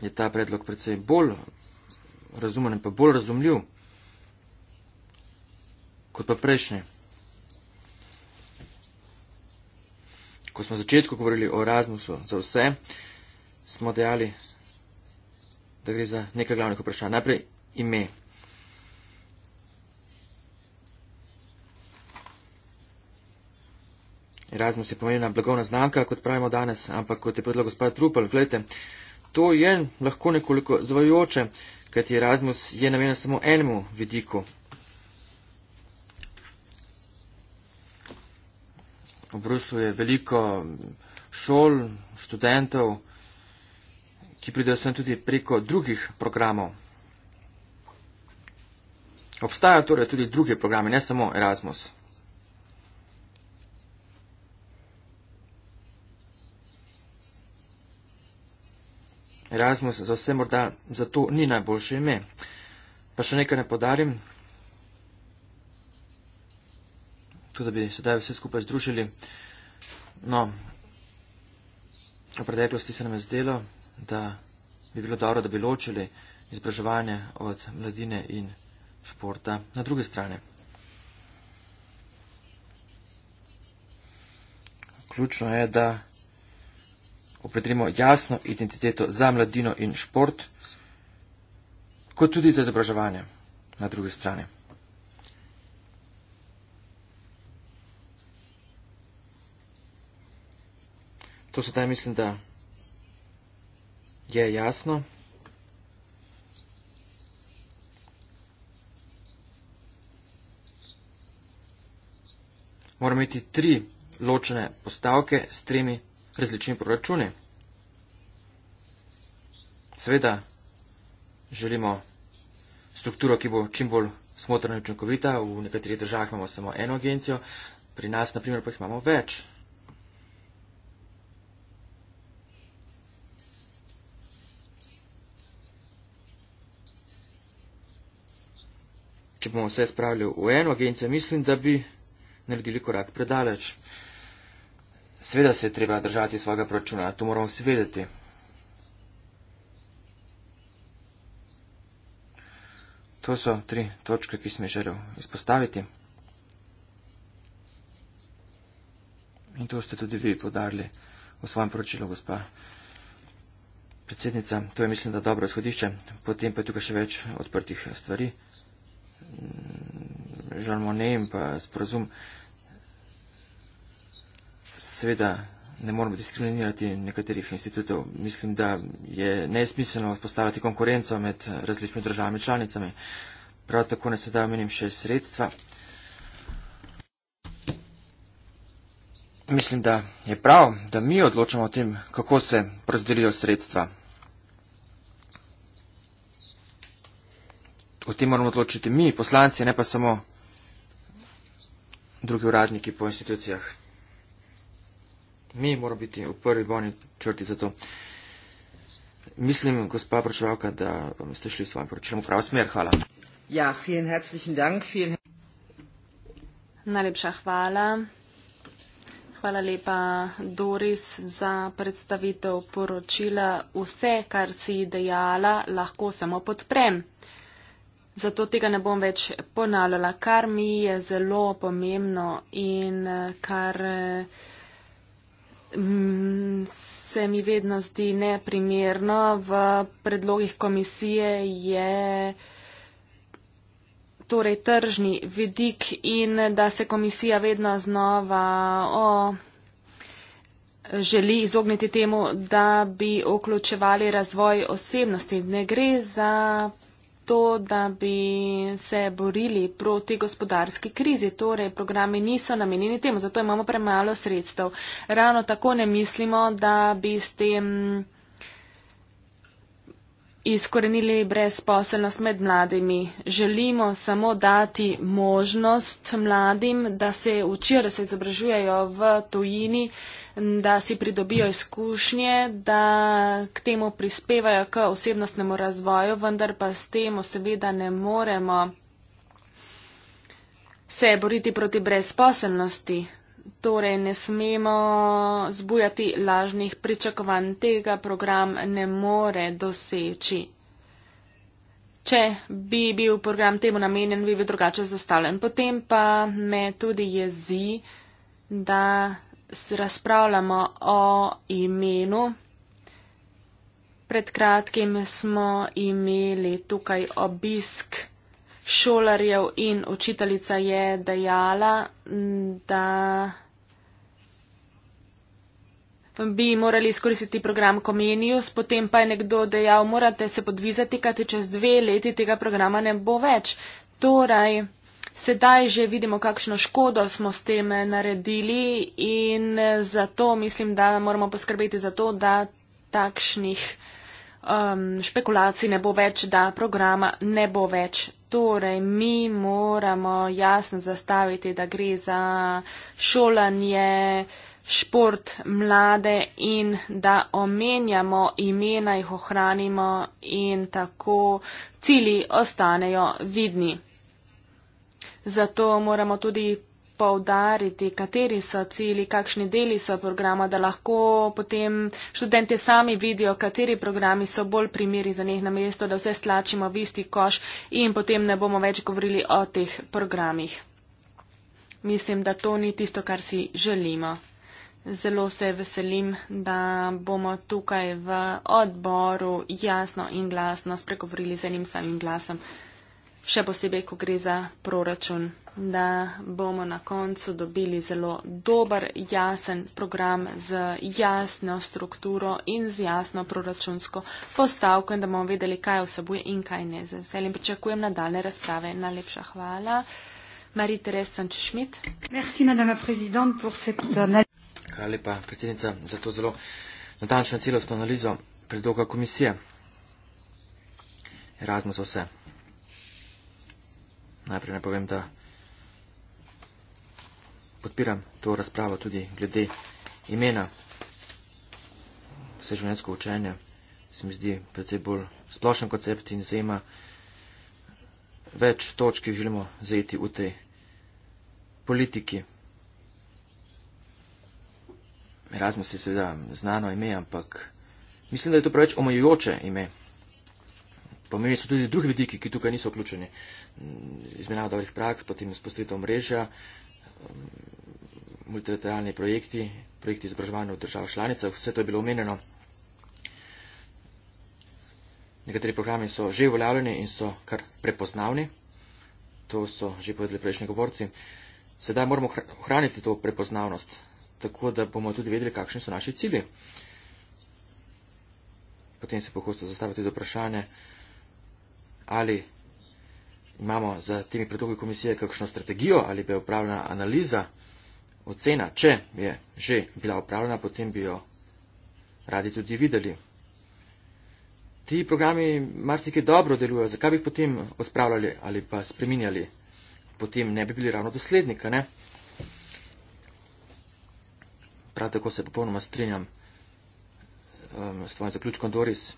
Speaker 2: je ta predlog predvsej bolj razumen in pa bolj razumljiv kot pa prejšnji. ko smo v začetku govorili o Erasmusu za vse, smo dejali, da gre za nekaj glavnih vprašanj. Najprej ime. Erasmus je pomenjena blagovna znamka, kot pravimo danes, ampak kot je povedala gospod Trupel, gledajte, to je lahko nekoliko zvajoče, kajti Erasmus je namenjen samo enemu vidiku v Bruslu je veliko šol, študentov, ki pridejo sem tudi preko drugih programov. Obstajajo torej tudi druge programe, ne samo Erasmus. Erasmus za vse morda zato ni najboljše ime. Pa še nekaj ne podarim, tako da bi sedaj vse skupaj združili. No, v preteklosti se nam je zdelo, da bi bilo dobro, da bi ločili izobraževanje od mladine in športa na druge strani. Ključno je, da opredelimo jasno identiteto za mladino in šport, kot tudi za izobraževanje na drugi strani. To sedaj mislim, da je jasno. Moram imeti tri ločene postavke s tremi različnimi proračuni. Sveda želimo strukturo, ki bo čim bolj smotrna in učinkovita. V nekaterih državah imamo samo eno agencijo, pri nas naprimer pa jih imamo več. če bomo vse spravili v eno agencijo, mislim, da bi naredili korak predaleč. Seveda se je treba držati svojega proračuna, to moramo vsi vedeti. To so tri točke, ki sem želel izpostaviti. In to ste tudi vi podarili v svojem poročilu, gospa predsednica. To je, mislim, da dobro izhodišče. Potem pa je tukaj še več odprtih stvari. Žal Mone in pa sporozum seveda ne moramo diskriminirati nekaterih institutov. Mislim, da je nesmiselno vzpostavljati konkurenco med različnimi državami članicami. Prav tako ne sedaj omenim še sredstva. Mislim, da je prav, da mi odločamo o tem, kako se porazdelijo sredstva. o tem moramo odločiti mi, poslanci, ne pa samo drugi uradniki po institucijah. Mi moramo biti v prvi boni črti za to. Mislim, gospa poročevalka, da ste šli v svojem poročilu v smer. Hvala.
Speaker 1: Ja, vielen herzlichen Dank. Vielen...
Speaker 3: Najlepša hvala. Hvala lepa, Doris, za predstavitev poročila. Vse, kar si dejala, lahko samo podprem zato tega ne bom več ponavljala. Kar mi je zelo pomembno in eh, kar eh, se mi vedno zdi neprimerno v predlogih komisije je torej tržni vidik in da se komisija vedno znova o, želi izogniti temu, da bi vključevali razvoj osebnosti. Ne gre za to, da bi se borili proti gospodarski krizi. Torej, programi niso namenjeni temu, zato imamo premalo sredstev. Ravno tako ne mislimo, da bi s tem izkorenili brezposelnost med mladimi. Želimo samo dati možnost mladim, da se učijo, da se izobražujejo v tujini. Uh, da si pridobijo izkušnje, da k temu prispevajo k osebnostnemu razvoju, vendar pa s tem seveda ne moremo se boriti proti brezposelnosti. Torej, ne smemo zbujati lažnih pričakovanj, tega program ne more doseči. Če bi bil program temu namenjen, bi bil drugače zastavljen. Potem pa me tudi jezi, da razpravljamo o imenu. Pred kratkim smo imeli tukaj obisk šolarjev in učiteljica je dejala, da bi morali izkoristiti program Comenius, potem pa je nekdo dejal, morate se podvizati, kajti čez dve leti tega programa ne bo več. Torej, Sedaj že vidimo, kakšno škodo smo s tem naredili in zato mislim, da moramo poskrbeti za to, da takšnih um, špekulacij ne bo več, da programa ne bo več. Torej, mi moramo jasno zastaviti, da gre za šolanje, šport mlade in da omenjamo imena, jih ohranimo in tako cili ostanejo vidni. Zato moramo tudi povdariti, kateri so cilji, kakšni deli so programa, da lahko potem študente sami vidijo, kateri programi so bolj primeri za njih na mesto, da vse stlačimo v isti koš in potem ne bomo več govorili o teh programih. Mislim, da to ni tisto, kar si želimo. Zelo se veselim, da bomo tukaj v odboru jasno in glasno spregovorili z enim samim glasom še posebej, ko gre za proračun, da bomo na koncu dobili zelo dober, jasen program z jasno strukturo in z jasno proračunsko postavko in da bomo vedeli, kaj vsebuje in kaj ne. Z veseljem pričakujem nadaljne razprave. Najlepša hvala. Marie-Thérèse Sanchez-Schmidt.
Speaker 2: Hvala lepa, predsednica, za to zelo natančno celostno analizo predloga komisije. Razmo so vse najprej ne povem, da podpiram to razpravo tudi glede imena vseživljenjsko učenje. Se mi zdi predvsej bolj splošen koncept in zajema več točk, ki želimo zajeti v tej politiki. Erasmus je seveda znano ime, ampak mislim, da je to preveč omejujoče ime. Pomembni so tudi drugi vidiki, ki tukaj niso vključeni. Izmenjava dobrih praks, potem spostritev mreža, um, multilateralni projekti, projekti izobraževanja v državah članicah, vse to je bilo omenjeno. Nekateri programi so že uveljavljeni in so kar prepoznavni. To so že povedali prejšnji govorci. Sedaj moramo ohraniti to prepoznavnost, tako da bomo tudi vedeli, kakšni so naši cilji. Potem se pohosto zastavljajo tudi vprašanje, ali imamo za temi predlogi komisije kakšno strategijo ali bi upravljena analiza, ocena. Če je že bila upravljena, potem bi jo radi tudi videli. Ti programi marsikaj dobro delujejo, zakaj bi potem odpravljali ali pa spreminjali, potem ne bi bili ravno doslednika. Ne? Prav tako se popolnoma strinjam um, s tvojim zaključkom Doris.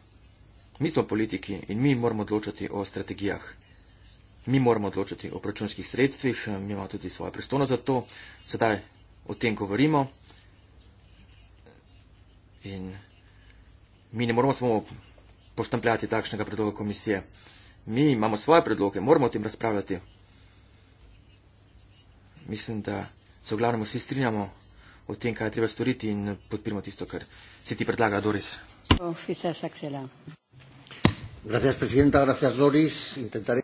Speaker 2: Mi smo politiki in mi moramo odločati o strategijah. Mi moramo odločati o proračunskih sredstvih, mi imamo tudi svojo pristojnost za to. Sedaj o tem govorimo. In mi ne moramo samo poštampljati takšnega predloga komisije. Mi imamo svoje predloge, moramo o tem razpravljati. Mislim, da se v glavnem vsi strinjamo o tem, kaj je treba storiti in podpirimo tisto, kar se ti predlaga, Doris. Oh, Gracias, presidenta. Gracias, Loris.
Speaker 1: Intentaré.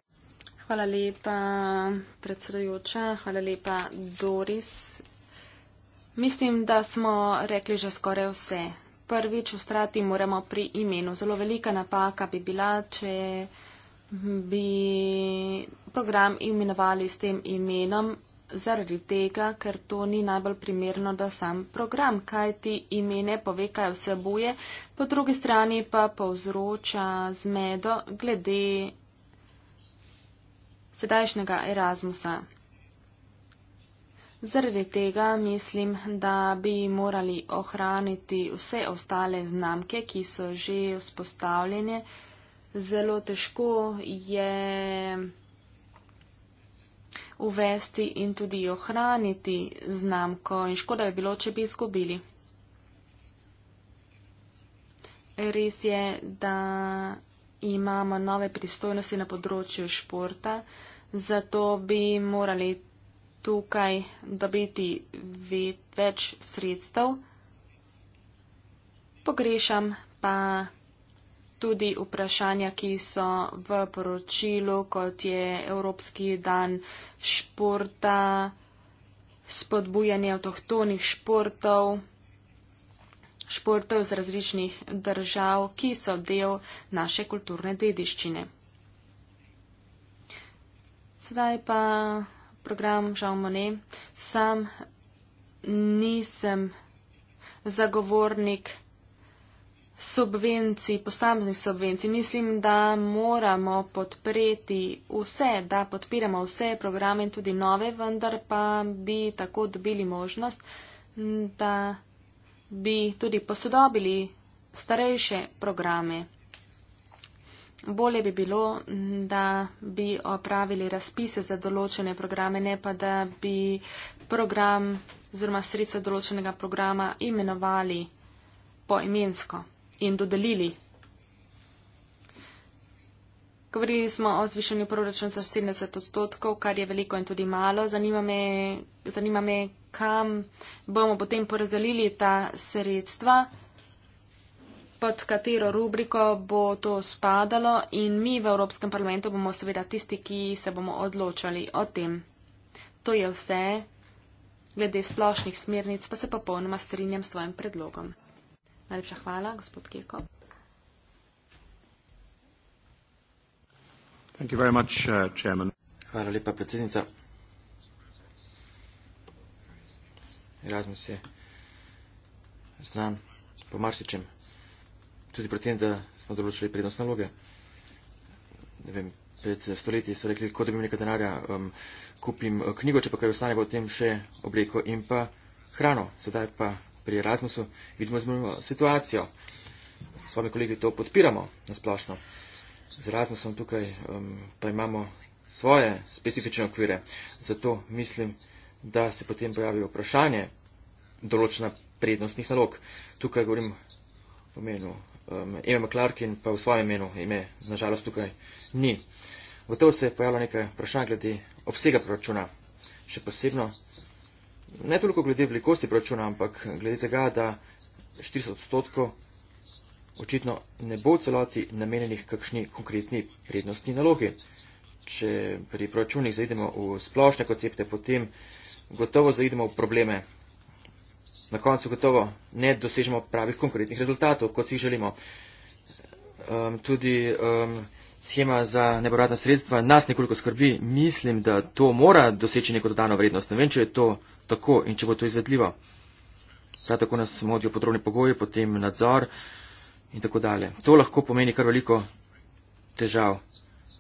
Speaker 3: Hvala lepa, predsedujoča. Hvala lepa, Doris. Mislim, da smo rekli že skoraj vse. Prvič, ustrati moramo pri imenu. Zelo velika napaka bi bila, če bi program imenovali s tem imenom, zaradi tega, ker to ni najbolj primerno, da sam program, kaj ti ime ne pove, kaj vsebuje, po drugi strani pa povzroča zmedo glede sedajšnjega Erasmusa. Zaradi tega mislim, da bi morali ohraniti vse ostale znamke, ki so že vzpostavljene. Zelo težko je uvesti in tudi ohraniti znamko in škoda je bilo, če bi izgubili. Res je, da imamo nove pristojnosti na področju športa, zato bi morali tukaj dobiti več sredstev. Pogrešam pa tudi vprašanja, ki so v poročilu, kot je Evropski dan športa, spodbujanje avtohtonih športov športov z različnih držav, ki so del naše kulturne dediščine. Sedaj pa program Žal Mone. Sam nisem zagovornik subvencij, posameznih subvencij. Mislim, da moramo podpreti vse, da podpiramo vse programe in tudi nove, vendar pa bi tako dobili možnost, da bi tudi posodobili starejše programe. Bolje bi bilo, da bi opravili razpise za določene programe, ne pa da bi program oziroma sredstva določenega programa imenovali poimensko in dodelili. Govorili smo o zvišanju proračuna za 70 odstotkov, kar je veliko in tudi malo. Zanima me, zanima me, kam bomo potem porazdelili ta sredstva, pod katero rubriko bo to spadalo in mi v Evropskem parlamentu bomo seveda tisti, ki se bomo odločali o tem. To je vse. Glede splošnih smernic pa se popolnoma strinjam s tvojim predlogom. Najlepša hvala, gospod Kirko.
Speaker 2: Thank you very much, uh, chairman. Hvala lepa, predsednica. Erasmus je znan po marsičem. Tudi pri tem, da smo določili prednostne naloge. Ne vem, pred stoletji so rekli, ko dobim nekaj denarja, um, kupim uh, knjigo, če pa kaj ostane, potem še obleko in pa hrano. Sedaj pa pri Erasmusu, vidimo zmerno situacijo. S vami kolegi to podpiramo na splošno. Z Erasmusom tukaj um, pa imamo svoje specifične okvire. Zato mislim, da se potem pojavi vprašanje določena prednostnih nalog. Tukaj govorim o imenu um, Eme McClarkin, pa v svojem imenu ime, nažalost, tukaj ni. Gotovo se je pojavilo nekaj vprašanj glede obsega proračuna. Še posebno ne toliko glede velikosti proračuna, ampak glede tega, da 400 odstotkov očitno ne bo v celoti namenjenih kakšni konkretni prednostni nalogi. Če pri proračunih zaidemo v splošne koncepte, potem gotovo zaidemo v probleme. Na koncu gotovo ne dosežemo pravih konkretnih rezultatov, kot si želimo. Um, tudi um, Schema za nepovratna sredstva nas nekoliko skrbi. Mislim, da to mora doseči neko dodano vrednost. Ne vem, če je to tako in če bo to izvedljivo. Prav tako nas modijo podrobni pogoji, potem nadzor in tako dalje. To lahko pomeni kar veliko težav.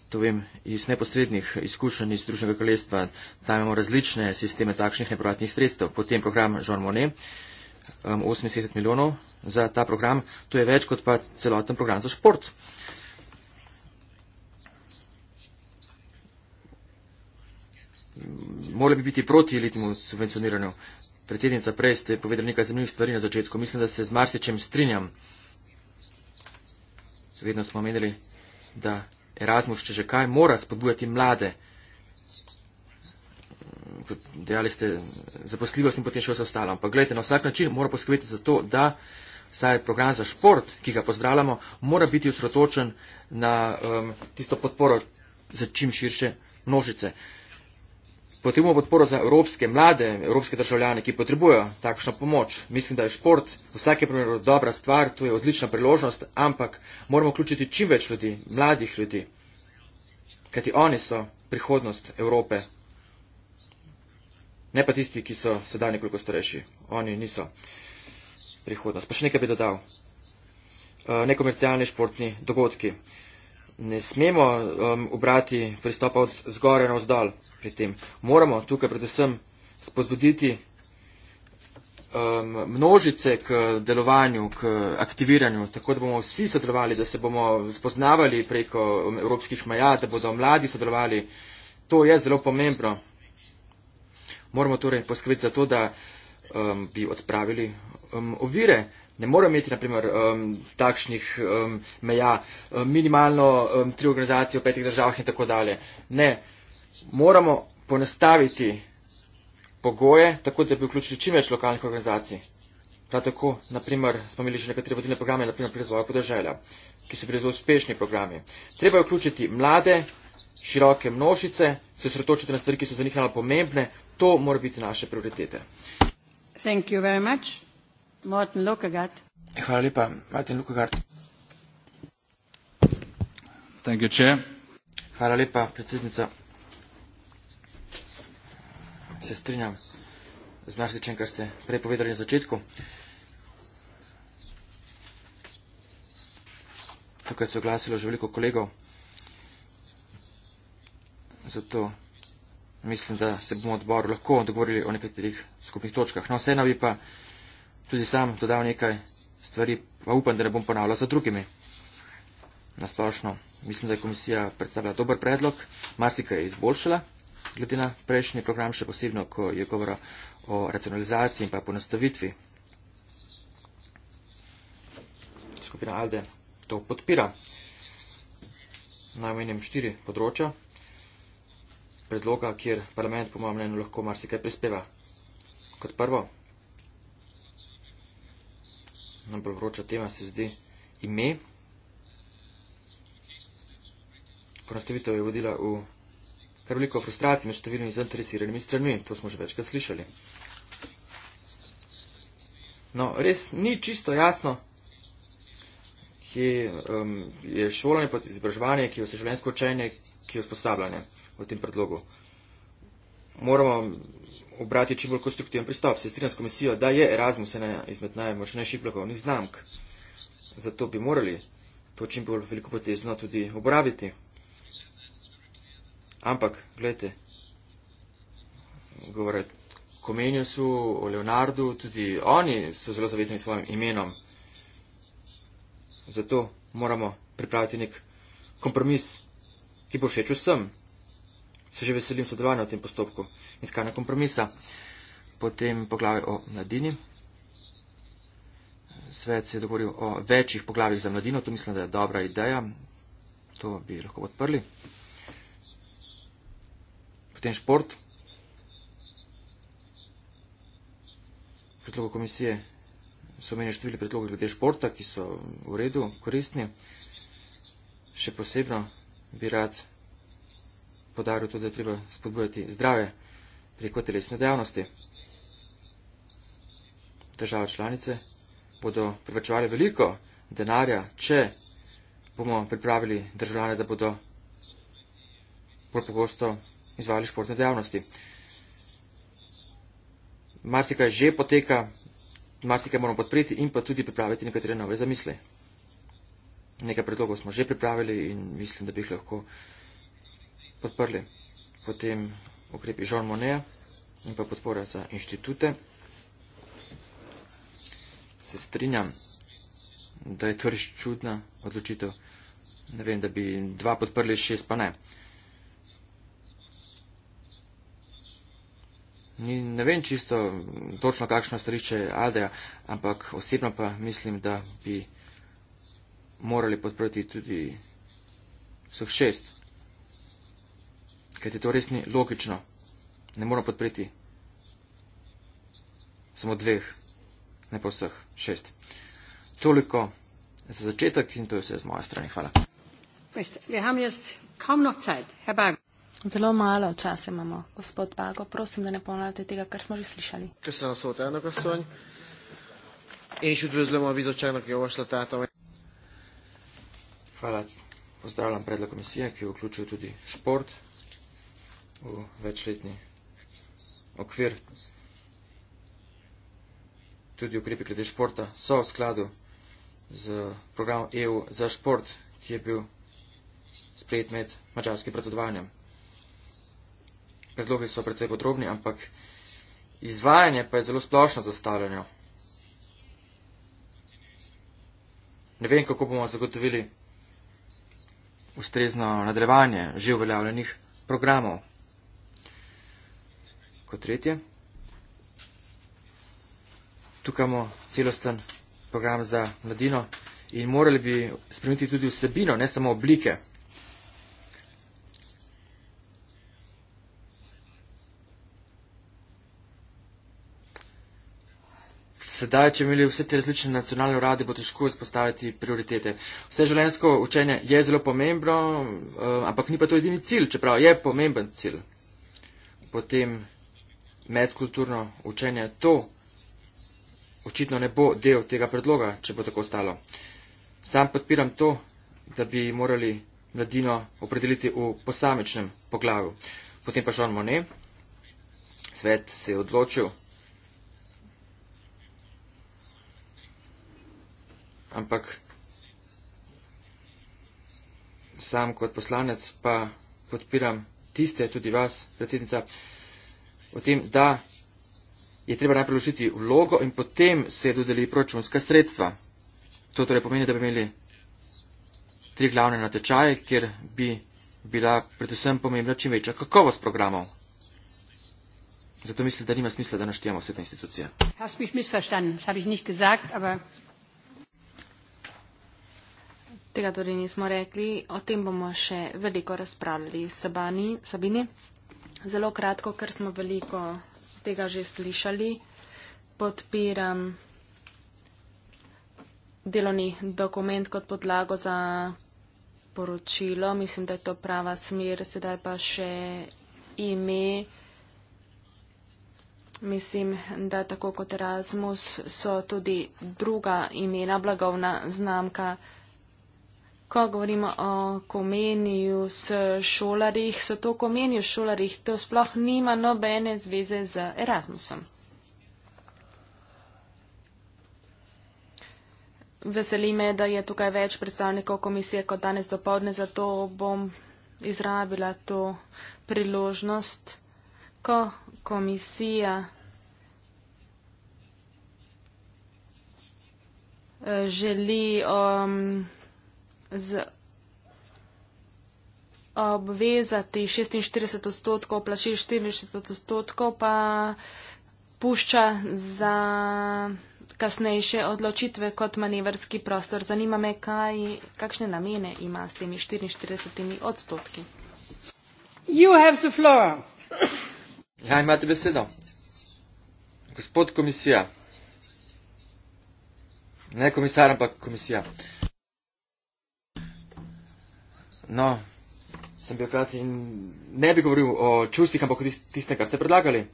Speaker 2: To vem iz neposrednih izkušenj iz družnega kraljestva. Tam imamo različne sisteme takšnih nepovratnih sredstev. Potem program Jean Monnet, 80 um, milijonov za ta program. To je več kot pa celoten program za šport. morali bi biti proti elitnemu subvencioniranju. Predsednica, prej ste povedali nekaj zanimivih stvari na začetku. Mislim, da se z Marsičem strinjam. Vedno smo omenili, da Erasmus, če že kaj, mora spodbujati mlade. Kot dejali ste, zaposljivost in potem še vse ostalo. Ampak gledajte, na vsak način mora poskrbeti za to, da saj program za šport, ki ga pozdravljamo, mora biti usrotočen na um, tisto podporo za čim širše množice. Uh, Potrebujemo podporo za evropske mlade, evropske državljane, ki potrebujejo takšno pomoč. Mislim, da je šport v vsakem primeru dobra stvar, to je odlična priložnost, ampak moramo vključiti čim več ljudi, mladih ljudi, kajti oni so prihodnost Evrope. Ne pa tisti, ki so sedaj nekoliko starejši. Oni niso prihodnost. Pa še nekaj bi dodal. E, nekomercialni športni dogodki. Ne smemo um, obrati pristopa od zgore na vzdolj pri tem. Moramo tukaj predvsem spodbuditi um, množice k delovanju, k aktiviranju, tako da bomo vsi sodelovali, da se bomo spoznavali preko evropskih meja, da bodo mladi sodelovali. To je zelo pomembno. Moramo torej poskrbeti za to, da um, bi odpravili um, ovire. Ne moramo imeti, naprimer, um, takšnih um, meja, um, minimalno um, tri organizacije v petih državah in tako dalje. Ne, moramo ponestaviti pogoje, tako da bi vključili čim več lokalnih organizacij. Prav tako, naprimer, smo imeli že nekatere vodilne programe, naprimer pri razvoju podeželja, ki so bili zelo uspešni programi. Treba je vključiti mlade, široke množice, se osredotočiti na stvari, ki so za njih najbolj pomembne. To mora biti naše prioritete.
Speaker 1: Thank you very much. Martin Lukagard.
Speaker 2: Hvala lepa, Martin Lukagard. Thank you, Chair. Hvala lepa, predsednica se strinjam z marsičem, kar ste prej povedali na začetku. Tukaj se je oglasilo že veliko kolegov, zato mislim, da se bomo odbor lahko dogovorili o nekaterih skupnih točkah. No, vseeno bi pa tudi sam dodal nekaj stvari, pa upam, da ne bom ponavljal za drugimi. Nasplošno mislim, da je komisija predstavila dober predlog, marsikaj je izboljšala glede na prejšnji program, še posebno, ko je govora o racionalizaciji in pa ponastavitvi. Skupina Alde to podpira. Najmenjem štiri področja predloga, kjer parlament po mojem mnenju lahko marsikaj prispeva. Kot prvo, najbolj vroča tema se zdi ime. Ponastavitev je vodila v ter veliko frustracij med številnimi zainteresiranimi stranmi. To smo že večkrat slišali. No, res ni čisto jasno, kje um, je šolanje, pa izobraževanje, kje je vse življenjsko učenje, kje je usposabljanje v tem predlogu. Moramo obrati čim bolj konstruktiven pristop. Se strinjam s komisijo, da je Erasmus ena izmed najmočnejših blagovnih znamk. Zato bi morali to čim bolj veliko potezno tudi uporabiti. Ampak, gledajte, govorite o Komenjusu, o Leonardu, tudi oni so zelo zavezani svojim imenom. Zato moramo pripraviti nek kompromis, ki bo všeč vsem. Se že veselim sodelovanja v tem postopku iskanja kompromisa. Potem poglavje o mladini. Svet se je dogovoril o večjih poglavjih za mladino, to mislim, da je dobra ideja. To bi lahko odprli. Potem šport. Predlogo komisije so meni številni predlogi glede športa, ki so v redu, koristni. Še posebno bi rad podaril tudi, da je treba spodbujati zdrave preko telesne dejavnosti. Države članice bodo privačevali veliko denarja, če bomo pripravili državljane, da bodo pogosto izvajali športne dejavnosti. Marsikaj že poteka, marsikaj moramo podpreti in pa tudi pripraviti nekatere nove zamisle. Nekaj predlogov smo že pripravili in mislim, da bi jih lahko podprli. Potem ukrepi Jean Monnet in pa podpora za inštitute. Se strinjam, da je to res čudna odločitev. Ne vem, da bi dva podprli, šest pa ne. In ne vem čisto točno, kakšno stališče je ADEA, ampak osebno pa mislim, da bi morali podprti tudi vseh šest. Ker je to res ni logično. Ne moramo podpreti samo dveh, ne pa vseh šest. Toliko za začetek in to je vse z moje strani. Hvala.
Speaker 1: Veste, imamo jaz kam noč čas,
Speaker 3: herr Bagger. Zelo malo časa imamo, gospod Bago, prosim, da ne ponavljate tega, kar smo že slišali.
Speaker 2: Kaj se nas vode, eno kasonj? In še odvezli bomo vizočajno, ki je vaš tato. Hvala. Pozdravljam predlog komisije, ki vključuje tudi šport v večletni okvir. Tudi ukrepi glede športa so v skladu z programom EU za šport, ki je bil sprejet med mačarskim predsedovanjem predlogi so precej podrobni, ampak izvajanje pa je zelo splošno zastavljeno. Ne vem, kako bomo zagotovili ustrezno nadaljevanje že uveljavljenih programov. Kot tretje, tukaj imamo celosten program za mladino in morali bi spremeniti tudi vsebino, ne samo oblike. Sedaj, če imeli vse te različne nacionalne urade, bo težko izpostaviti prioritete. Vse življensko učenje je zelo pomembno, eh, ampak ni pa to edini cilj, čeprav je pomemben cilj. Potem medkulturno učenje to očitno ne bo del tega predloga, če bo tako ostalo. Sam podpiram to, da bi morali mladino opredeliti v posamečnem poglavju. Potem pa Jean Monnet, svet se je odločil, ampak sam kot poslanec pa podpiram tiste, tudi vas, predsednica, o tem, da je treba najprej vložiti vlogo in potem se dodeli proračunska sredstva. To torej pomeni, da bi imeli tri glavne natečaje, kjer bi bila predvsem pomembna čim večja kakovost programov. Zato mislim, da nima smisla, da naštijemo vse te institucije.
Speaker 1: Hast mich misverstanden, das habe ich nicht gesagt, aber
Speaker 3: Tega torej nismo rekli, o tem bomo še veliko razpravljali s Sabini. Zelo kratko, ker smo veliko tega že slišali, podpiram delovni dokument kot podlago za poročilo. Mislim, da je to prava smer. Sedaj pa še ime. Mislim, da tako kot Erasmus so tudi druga imena, blagovna znamka ko govorimo o komeniju s šolarjih, so to komeniju šolarjih, to sploh nima nobene zveze z Erasmusom. Veseli me, da je tukaj več predstavnikov komisije kot danes dopovdne, zato bom izrabila to priložnost, ko komisija eh, želi um, z obvezati 46 odstotkov, plačil 44 odstotkov, pa pušča za kasnejše odločitve kot manevrski prostor. Zanima me, kaj, kakšne namene ima s temi 44 odstotki.
Speaker 2: Ja, imate besedo. Gospod komisija. Ne komisar, ampak komisija. Uh, No, sem bil krati in ne bi govoril o čustih, ampak o tistem, kar ste predlagali.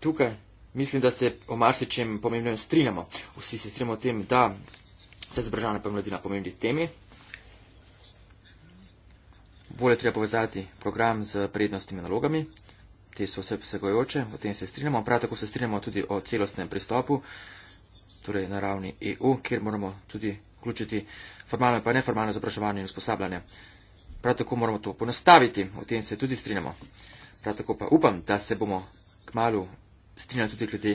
Speaker 2: Tukaj mislim, da se o marsičem pomembnem strinjamo. Vsi se strinjamo o tem, da se zbržana pa mladina pomembni temi. Bolje treba povezati program z prednostnimi nalogami. Te so vse vsegojoče, o tem se strinjamo. Prav tako se strinjamo tudi o celostnem pristopu, torej na ravni EU, kjer moramo tudi vključiti formalno in neformalno izobraževanje in usposabljanje. Prav tako moramo to ponastaviti, o tem se tudi strinjamo. Prav tako pa upam, da se bomo kmalo strinjali tudi glede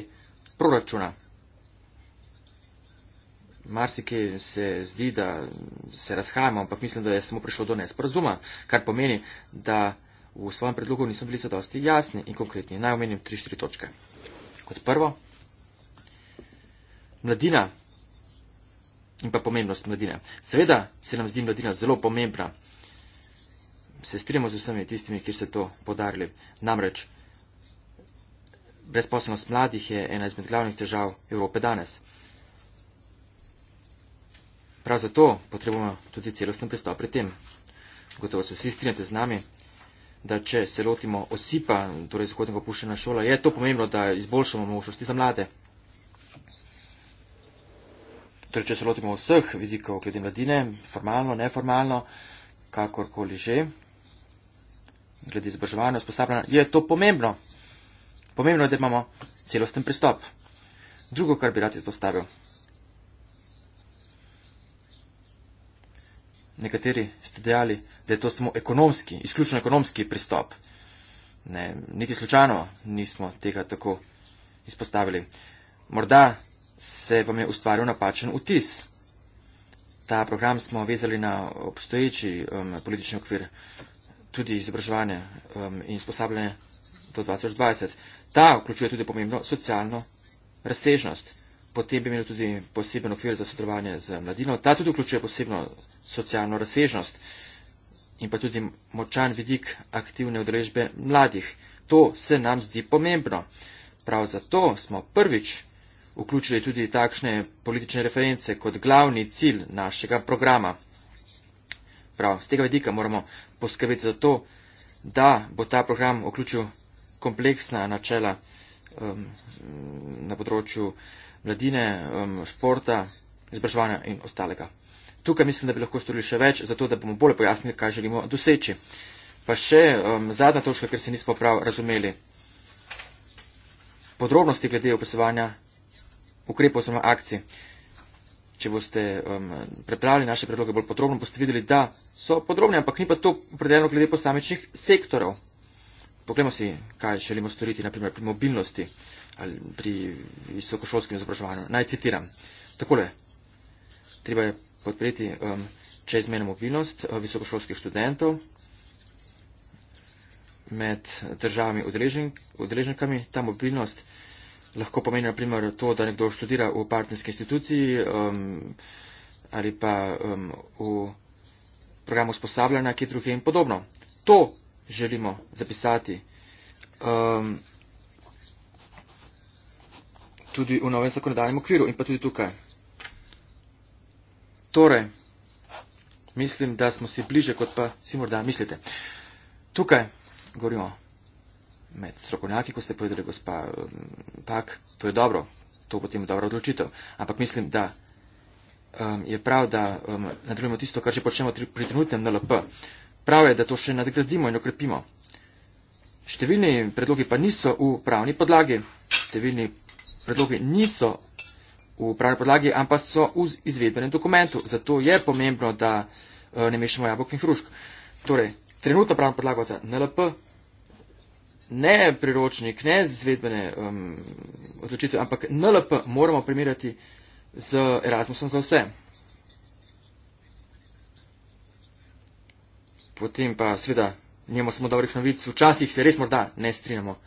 Speaker 2: proračuna. Marsike se zdi, da se razhajamo, ampak mislim, da je samo prišlo do nesporazuma, kar pomeni, da v svojem predlogu nismo bili zadosti jasni in konkretni. Naj omenim tri, štiri točke. Kot prvo, mladina in pa pomembnost mladine. Seveda se nam zdi mladina zelo pomembna. Se strimo z vsemi tistimi, ki so to podarili. Namreč, brezposobnost mladih je ena izmed glavnih težav Evrope danes. Prav zato potrebujemo tudi celostno pristop pri tem. Gotovo se vsi strinjate z nami, da če se lotimo osipa, torej zahodnega opuščena šola, je to pomembno, da izboljšamo možnosti za mlade. Torej, če se lotimo vseh vidikov glede mladine, formalno, neformalno, kakorkoli že, glede izobraževanja, usposabljanja, je to pomembno. Pomembno je, da imamo celosten pristop. Drugo, kar bi rad izpostavil. Nekateri ste dejali, da je to samo ekonomski, izključno ekonomski pristop. Ne, niti slučajno nismo tega tako izpostavili. Morda se vam je ustvaril napačen vtis. Ta program smo vezali na obstoječi um, politični okvir, tudi izobraževanje um, in sposabljanje do 2020. Ta vključuje tudi pomembno socialno razsežnost. Potem bi imeli tudi poseben okvir za sodelovanje z mladino. Ta tudi vključuje posebno socialno razsežnost in pa tudi močan vidik aktivne udeležbe mladih. To se nam zdi pomembno. Prav zato smo prvič vključili tudi takšne politične reference kot glavni cilj našega programa. Prav, z tega vedika moramo poskrbeti za to, da bo ta program vključil kompleksna načela um, na področju mladine, um, športa, izobraževanja in ostalega. Tukaj mislim, da bi lahko storili še več, zato da bomo bolje pojasnili, kaj želimo doseči. Pa še um, zadnja točka, ker se nismo prav razumeli. Podrobnosti glede opisovanja ukrepov oziroma akcij. Če boste um, prepravili naše predloge bolj podrobno, boste videli, da so podrobne, ampak ni pa to opredeljeno glede posamečnih sektorov. Poglejmo si, kaj želimo storiti, naprimer pri mobilnosti ali pri visokošolskem izobraževanju. Naj citiram. Takole, treba je podpreti um, čezmejno mobilnost uh, visokošolskih študentov med državami udeleženkami. Ta mobilnost lahko pomeni naprimer to, da nekdo študira v partnerski instituciji um, ali pa um, v programu usposabljanja, ki druge in podobno. To želimo zapisati. Um, tudi v novem zakonodajnem okviru in pa tudi tukaj. Torej, mislim, da smo si bliže, kot pa si morda mislite. Tukaj govorimo med strokovnjaki, ko ste povedali, gospa um, Pak, to je dobro, to potem je dobra odločitev. Ampak mislim, da um, je prav, da um, nadaljujemo tisto, kar že počnemo tri, pri trenutnem NLP. Prav je, da to še nadgradimo in okrepimo. Številni predlogi pa niso v pravni podlagi, številni predlogi niso v pravni podlagi, ampak so v izvedbenem dokumentu. Zato je pomembno, da uh, ne mešamo jabolk in hrušk. Torej, trenutno pravno podlago za NLP ne priročnik, ne zvedbene um, odločitve, ampak NLP moramo primerjati z Erasmusom za vse. Potem pa seveda njemo samo dobrih novic, včasih se res morda ne strinjamo.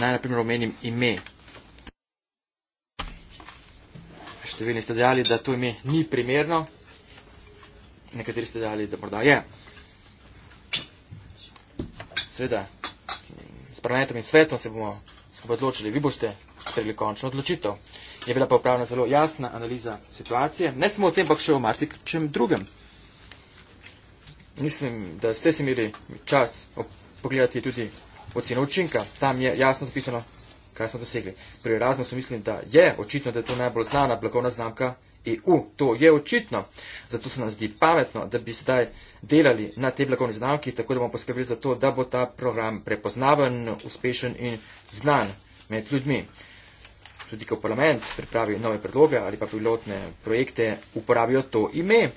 Speaker 2: Naj na primer omenim ime. Številni ste dejali, da to ime ni primerno, nekateri ste dejali, da morda je. Sveda, S parlamentom in svetom se bomo skupaj odločili. Vi boste sprejeli končno odločitev. Je bila pa upravljena zelo jasna analiza situacije. Ne samo o tem, ampak še o marsičem drugem. Mislim, da ste si imeli čas pogledati tudi oceno učinka. Tam je jasno zapisano, kaj smo dosegli. Pri Erasmusu mislim, da je očitno, da je to najbolj znana blagovna znamka EU. To je očitno. Zato se nam zdi pametno, da bi zdaj delali na te blagovne znamke, tako da bomo poskrbeli za to, da bo ta program prepoznaven, uspešen in znan med ljudmi. Tudi, ko parlament pripravi nove predloge ali pa pilotne projekte, uporabijo to ime.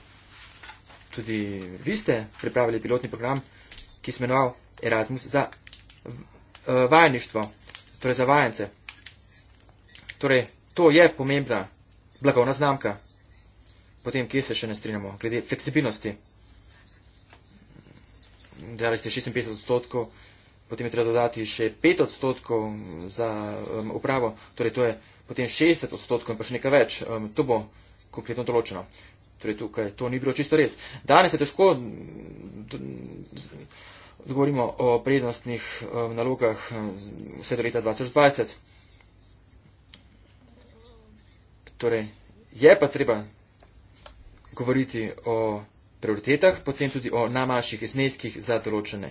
Speaker 2: Tudi vi ste pripravili pilotni program, ki se imenoval Erasmus za eh, vajništvo, torej za vajence. Torej, to je pomembna blagovna znamka. Potem, kje se še ne strinjamo? Glede fleksibilnosti. Dali ste 56 odstotkov, potem je treba dodati še 5 odstotkov za um, upravo, torej to je potem 60 odstotkov in pa še nekaj več. Um, to bo konkretno določeno. Torej tukaj to ni bilo čisto res. Danes je težko govorimo o prednostnih um, nalogah um, vse do leta 2020. Torej, je pa treba govoriti o prioritetah, potem tudi o namaših zneskih za določene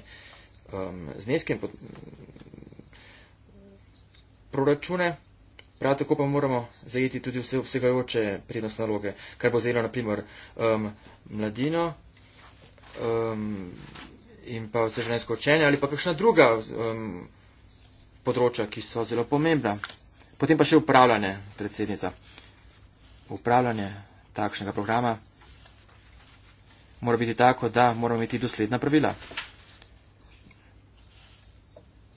Speaker 2: um, zneske in pot, um, proračune. Prav tako pa moramo zajeti tudi vse obsegajoče prednostne naloge, kar bo zelo naprimer um, mladino um, in pa vse žensko učenje ali pa kakšna druga um, področja, ki so zelo pomembna. Potem pa še upravljanje, predsednica upravljanje takšnega programa mora biti tako, da moramo imeti dosledna pravila.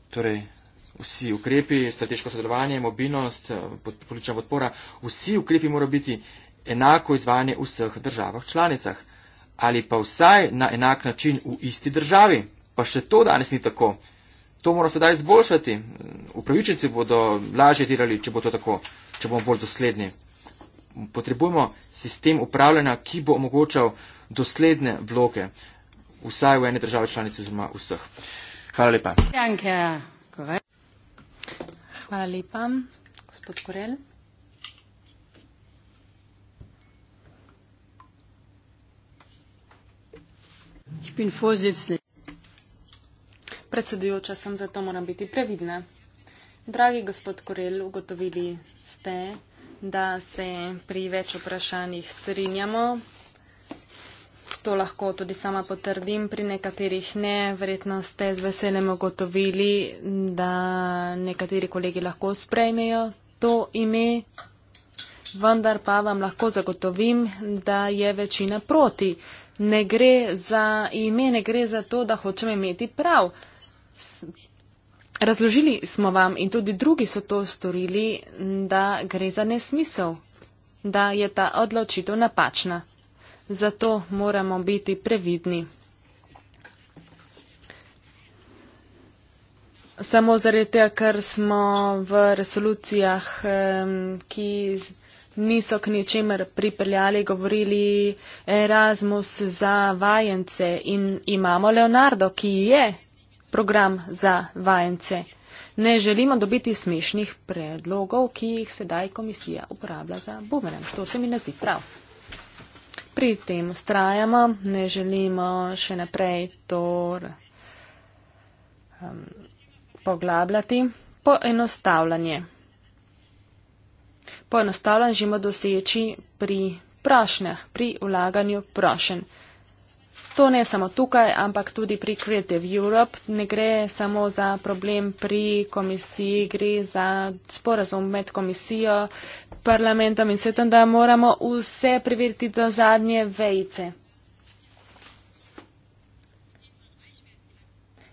Speaker 2: Torej, vsi ukrepi, strateško sodelovanje, mobilnost, politična podpora, vsi ukrepi morajo biti enako izvajanje v vseh državah članicah. Ali pa vsaj na enak način v isti državi. Pa še to danes ni tako. To mora sedaj izboljšati. Upravičenci bodo lažje dirali, če bo to tako, če bomo bolj dosledni potrebujemo sistem upravljanja, ki bo omogočal dosledne vloge vsaj v ene države članice oziroma vseh. Hvala lepa.
Speaker 1: Danke.
Speaker 3: Hvala lepa. Gospod Korel. Predsedujoča sem, zato moram biti previdna. Dragi gospod Korel, ugotovili ste, da se pri več vprašanjih strinjamo. To lahko tudi sama potrdim, pri nekaterih ne. Verjetno ste z veseljem ugotovili, da nekateri kolegi lahko sprejmejo to ime, vendar pa vam lahko zagotovim, da je večina proti. Ne gre za ime, ne gre za to, da hočem imeti prav. Razložili smo vam in tudi drugi so to storili, da gre za nesmisel, da je ta odločitev napačna. Zato moramo biti previdni. Samo zaradi tega, ker smo v resolucijah, ki niso k ničemer pripeljali, govorili Erasmus za vajence in imamo Leonardo, ki je program za vajence. Ne želimo dobiti smešnih predlogov, ki jih sedaj komisija uporablja za bumerang. To se mi ne zdi prav. Pri tem ustrajamo, ne želimo še naprej to um, poglabljati. Poenostavljanje. Poenostavljanje želimo doseči pri prašnjah, pri vlaganju prošen. To ne samo tukaj, ampak tudi pri Creative Europe. Ne gre samo za problem pri komisiji, gre za sporazum med komisijo, parlamentom in svetom, da moramo vse preveriti do zadnje vejce.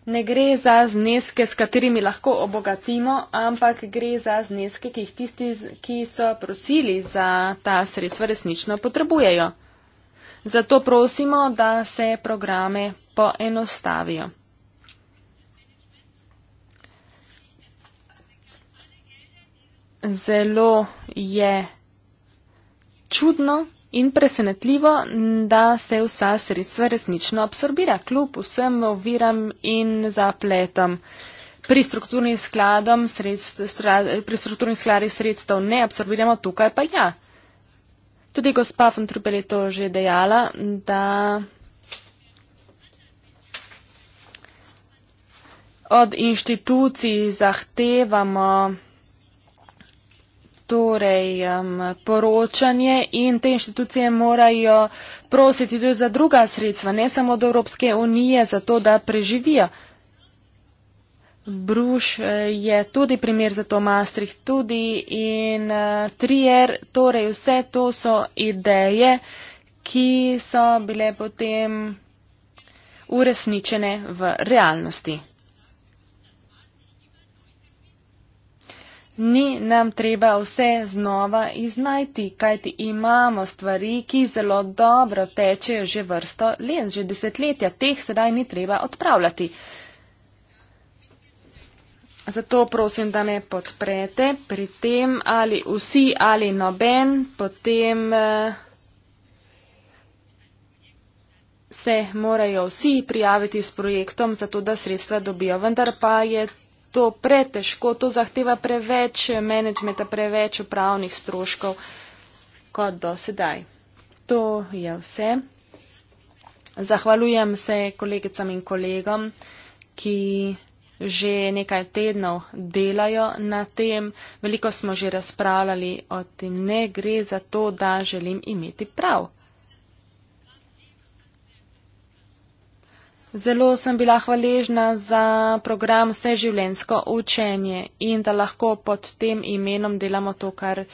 Speaker 3: Ne gre za zneske, s katerimi lahko obogatimo, ampak gre za zneske, ki jih tisti, ki so prosili za ta sredstva, resnično potrebujejo. Zato prosimo, da se programe poenostavijo. Zelo je čudno in presenetljivo, da se vsa sredstva resnično absorbira, kljub vsem oviram in zapletom. Pri strukturnih skladih sredstv ne absorbiramo, tukaj pa ja. Tudi gospa Fontrubel je to že dejala, da od inštitucij zahtevamo torej, um, poročanje in te inštitucije morajo prositi tudi za druga sredstva, ne samo od Evropske unije, za to, da preživijo. Bruš eh, je tudi primer za to, Maastricht tudi in uh, Trier, torej vse to so ideje, ki so bile potem uresničene v realnosti. Ni nam treba vse znova iznajti, kajti imamo stvari, ki zelo dobro tečejo že vrsto let, že desetletja, teh sedaj ni treba odpravljati. Zato prosim, da me podprete pri tem ali vsi ali noben, potem eh, se morajo vsi prijaviti s projektom, zato da sredstva dobijo. Vendar pa je to pretežko, to zahteva preveč menedžmenta, preveč upravnih stroškov kot do sedaj. To je vse. Zahvaljujem se kolegicam in kolegom, ki že nekaj tednov delajo na tem. Veliko smo že razpravljali o tem, ne gre za to, da želim imeti prav. Zelo sem bila hvaležna za program vseživljensko učenje in da lahko pod tem imenom delamo to, kar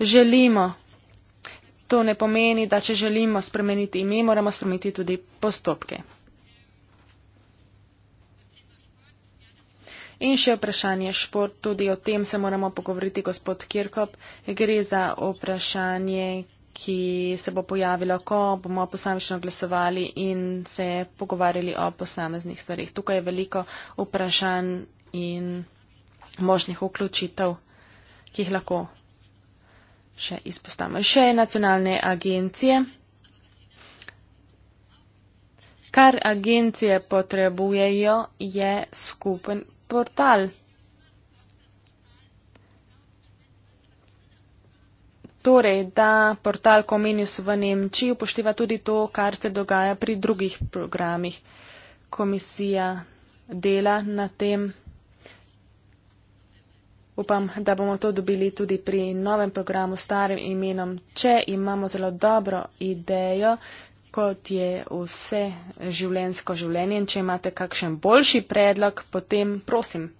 Speaker 3: želimo. To ne pomeni, da če želimo spremeniti ime, moramo spremeniti tudi postopke. In še vprašanje šport, tudi o tem se moramo pogovoriti, gospod Kirkop. Gre za vprašanje, ki se bo pojavilo, ko bomo posamično glasovali in se pogovarjali o posameznih stvarih. Tukaj je veliko vprašanj in možnih vključitev, ki jih lahko še izpostavimo. Še nacionalne agencije. Kar agencije potrebujejo, je skupen portal. Torej, da portal Comenius v Nemčiji upošteva tudi to, kar se dogaja pri drugih programih. Komisija dela na tem. Upam, da bomo to dobili tudi pri novem programu s starim imenom. Če imamo zelo dobro idejo, kot je vse življensko življenje. In če imate kakšen boljši predlog, potem prosim.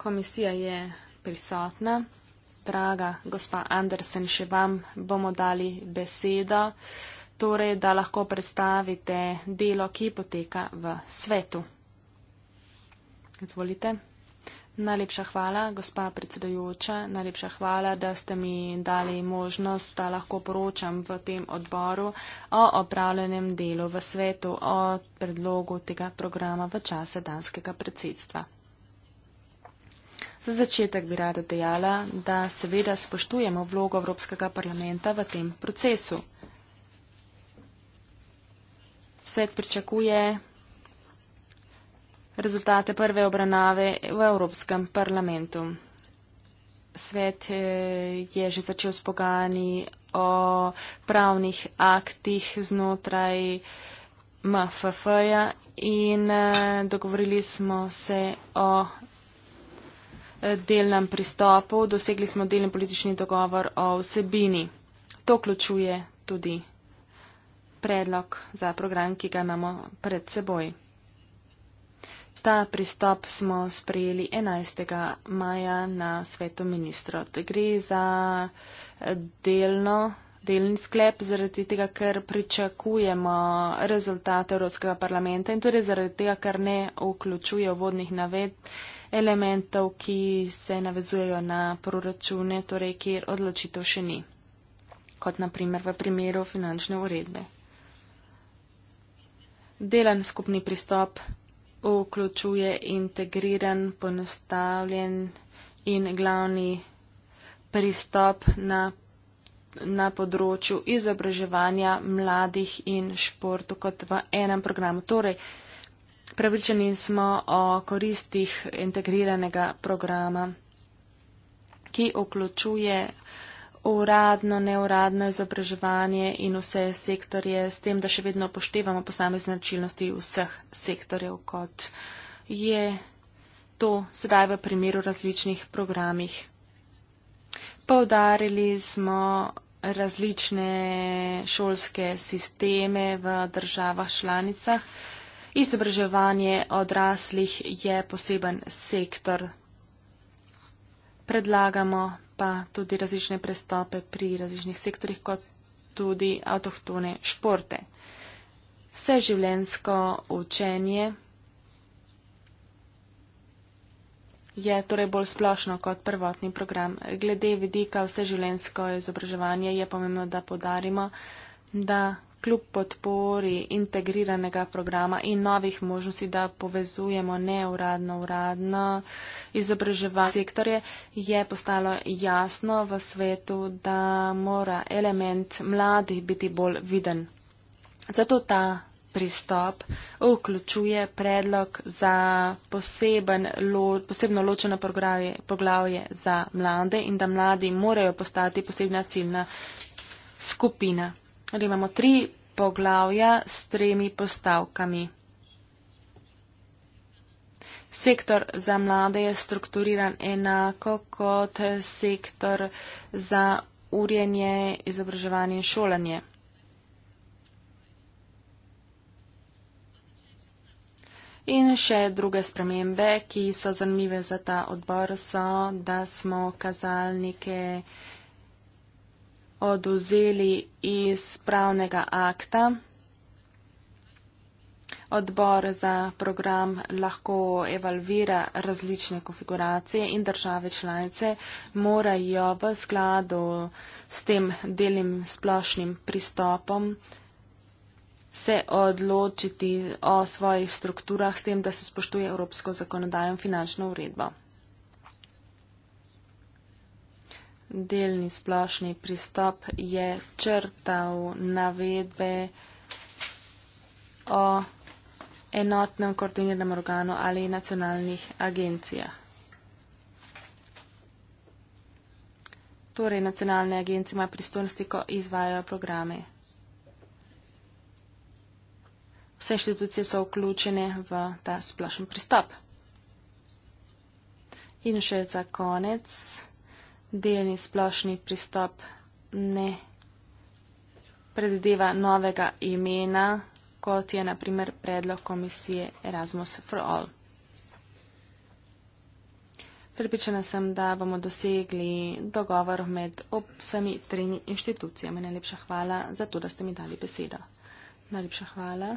Speaker 3: Komisija je prisotna. Draga gospa Andersen, še vam bomo dali besedo, torej, da lahko predstavite delo, ki poteka v svetu. Izvolite. Najlepša hvala, gospa predsedajoča. Najlepša hvala, da ste mi dali možnost, da lahko poročam v tem odboru o opravljenem delu v svetu, o predlogu tega programa v čase danskega predsedstva. Za začetek bi rada dejala, da seveda spoštujemo vlogo Evropskega parlamenta v tem procesu. Svet pričakuje rezultate prve obravnave v Evropskem parlamentu. Svet eh, je že začel s pogajanji o pravnih aktih znotraj MFF-ja in eh, dogovorili smo se o eh, delnem pristopu, dosegli smo delni politični dogovor o vsebini. To vključuje tudi predlog za program, ki ga imamo pred seboj. Ta pristop smo sprejeli 11. maja na sveto ministro. Te gre za eh, delno, delni sklep, zaradi tega, ker pričakujemo rezultate Evropskega parlamenta in tudi zaradi tega, ker ne vključuje vodnih naved elementov, ki se navezujejo na proračune, torej kjer odločitev še ni, kot naprimer v primeru finančne uredbe. Delan skupni pristop vključuje integriran, ponostavljen in glavni pristop na, na področju izobraževanja mladih in športu kot v enem programu. Torej, prepričani smo o koristih integriranega programa, ki vključuje uradno, neuradno izobraževanje in vse sektorje, s tem, da še vedno poštevamo posamezne načilnosti vseh sektorjev, kot je to sedaj v primeru različnih programih. Povdarili smo različne šolske sisteme v državah članicah. Izobraževanje odraslih je poseben sektor. Predlagamo pa tudi različne prestope pri različnih sektorjih, kot tudi avtohtone športe. Vse življensko učenje je torej bolj splošno kot prvotni program. Glede vidika vse življensko izobraževanje je pomembno, da podarimo, da kljub podpori integriranega programa in novih možnosti, da povezujemo neuradno, uradno izobraževanje sektorje, je postalo jasno v svetu, da mora element mladih biti bolj viden. Zato ta pristop vključuje predlog za poseben, lo, posebno ločeno poglavje za mlade in da mladi morajo postati posebna ciljna skupina ali imamo tri poglavja s tremi postavkami. Sektor za mlade je strukturiran enako kot sektor za urjenje, izobraževanje in šolanje. In še druge spremembe, ki so zanimive za ta odbor, so, da smo kazalnike oduzeli iz pravnega akta. Odbor za program lahko evalvira različne konfiguracije in države članice morajo v skladu s tem delim splošnim pristopom se odločiti o svojih strukturah s tem, da se spoštuje evropsko zakonodajo in finančno uredbo. delni splošni pristop je črtal navedbe o enotnem koordiniranem organu ali nacionalnih agencijah. Torej, nacionalne agencije imajo pristojnosti, ko izvajajo programe. Vse inštitucije so vključene v ta splošen pristop. In še za konec delni splošni pristop ne predvideva novega imena, kot je naprimer predlog komisije Erasmus for All. Pripričana sem, da bomo dosegli dogovor med vsemi tremi inštitucijami. Najlepša hvala za to, da ste mi dali besedo. Najlepša hvala.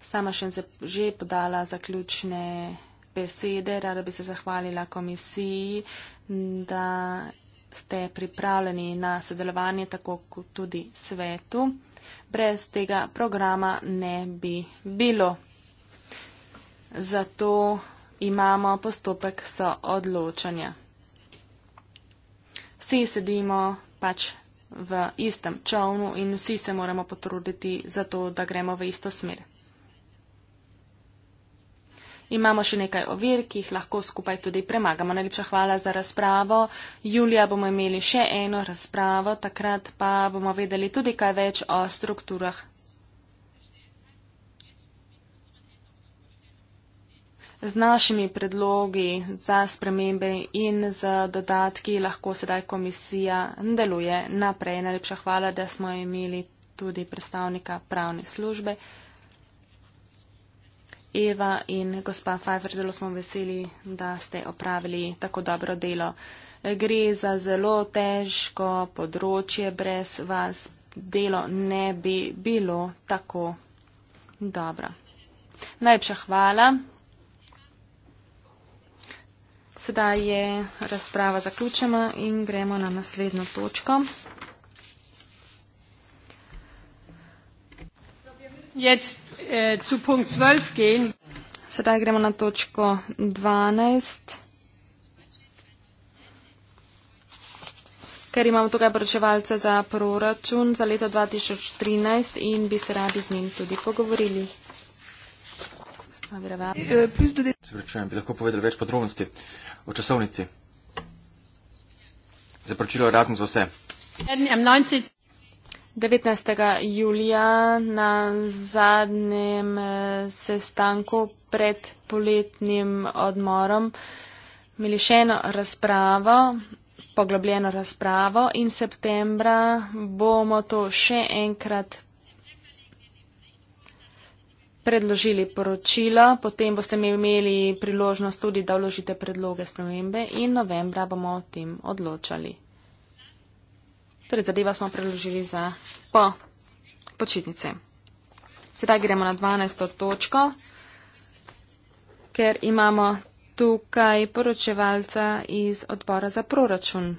Speaker 3: Sama še že podala zaključne besede, rada bi se zahvalila komisiji, da ste pripravljeni na sodelovanje tako kot tudi svetu. Brez tega programa ne bi bilo. Zato imamo postopek so odločanja. Vsi sedimo pač v istem čovnu in vsi se moramo potruditi za to, da gremo v isto smer imamo še nekaj ovir, ki jih lahko skupaj tudi premagamo. Najlepša hvala za razpravo. Julija bomo imeli še eno razpravo, takrat pa bomo vedeli tudi kaj več o strukturah. Z našimi predlogi za spremembe in z dodatki lahko sedaj komisija deluje naprej. Najlepša hvala, da smo imeli tudi predstavnika pravne službe. Eva in gospa Pfeiffer, zelo smo veseli, da ste opravili tako dobro delo. Gre za zelo težko področje, brez vas delo ne bi bilo tako dobro. Najlepša hvala. Sedaj je razprava zaključena in gremo na naslednjo točko. jetzt, äh, zu Punkt 12 gehen. Sedaj gremo na točko 12. Ker imamo tukaj poročevalce za proračun za leto 2013 in bi se radi z njim tudi pogovorili.
Speaker 2: Sprečujem, bi lahko povedali več podrobnosti o časovnici. Zapročilo je razum za vse.
Speaker 3: 19. 19. julija na zadnjem eh, sestanku pred poletnim odmorom imeli še eno razpravo, poglobljeno razpravo in septembra bomo to še enkrat predložili poročilo, potem boste imeli priložnost tudi, da vložite predloge spremembe in novembra bomo o tem odločali. Torej, zadeva smo preložili za po počitnice. Sedaj gremo na 12. točko, ker imamo tukaj poročevalca iz odbora za proračun.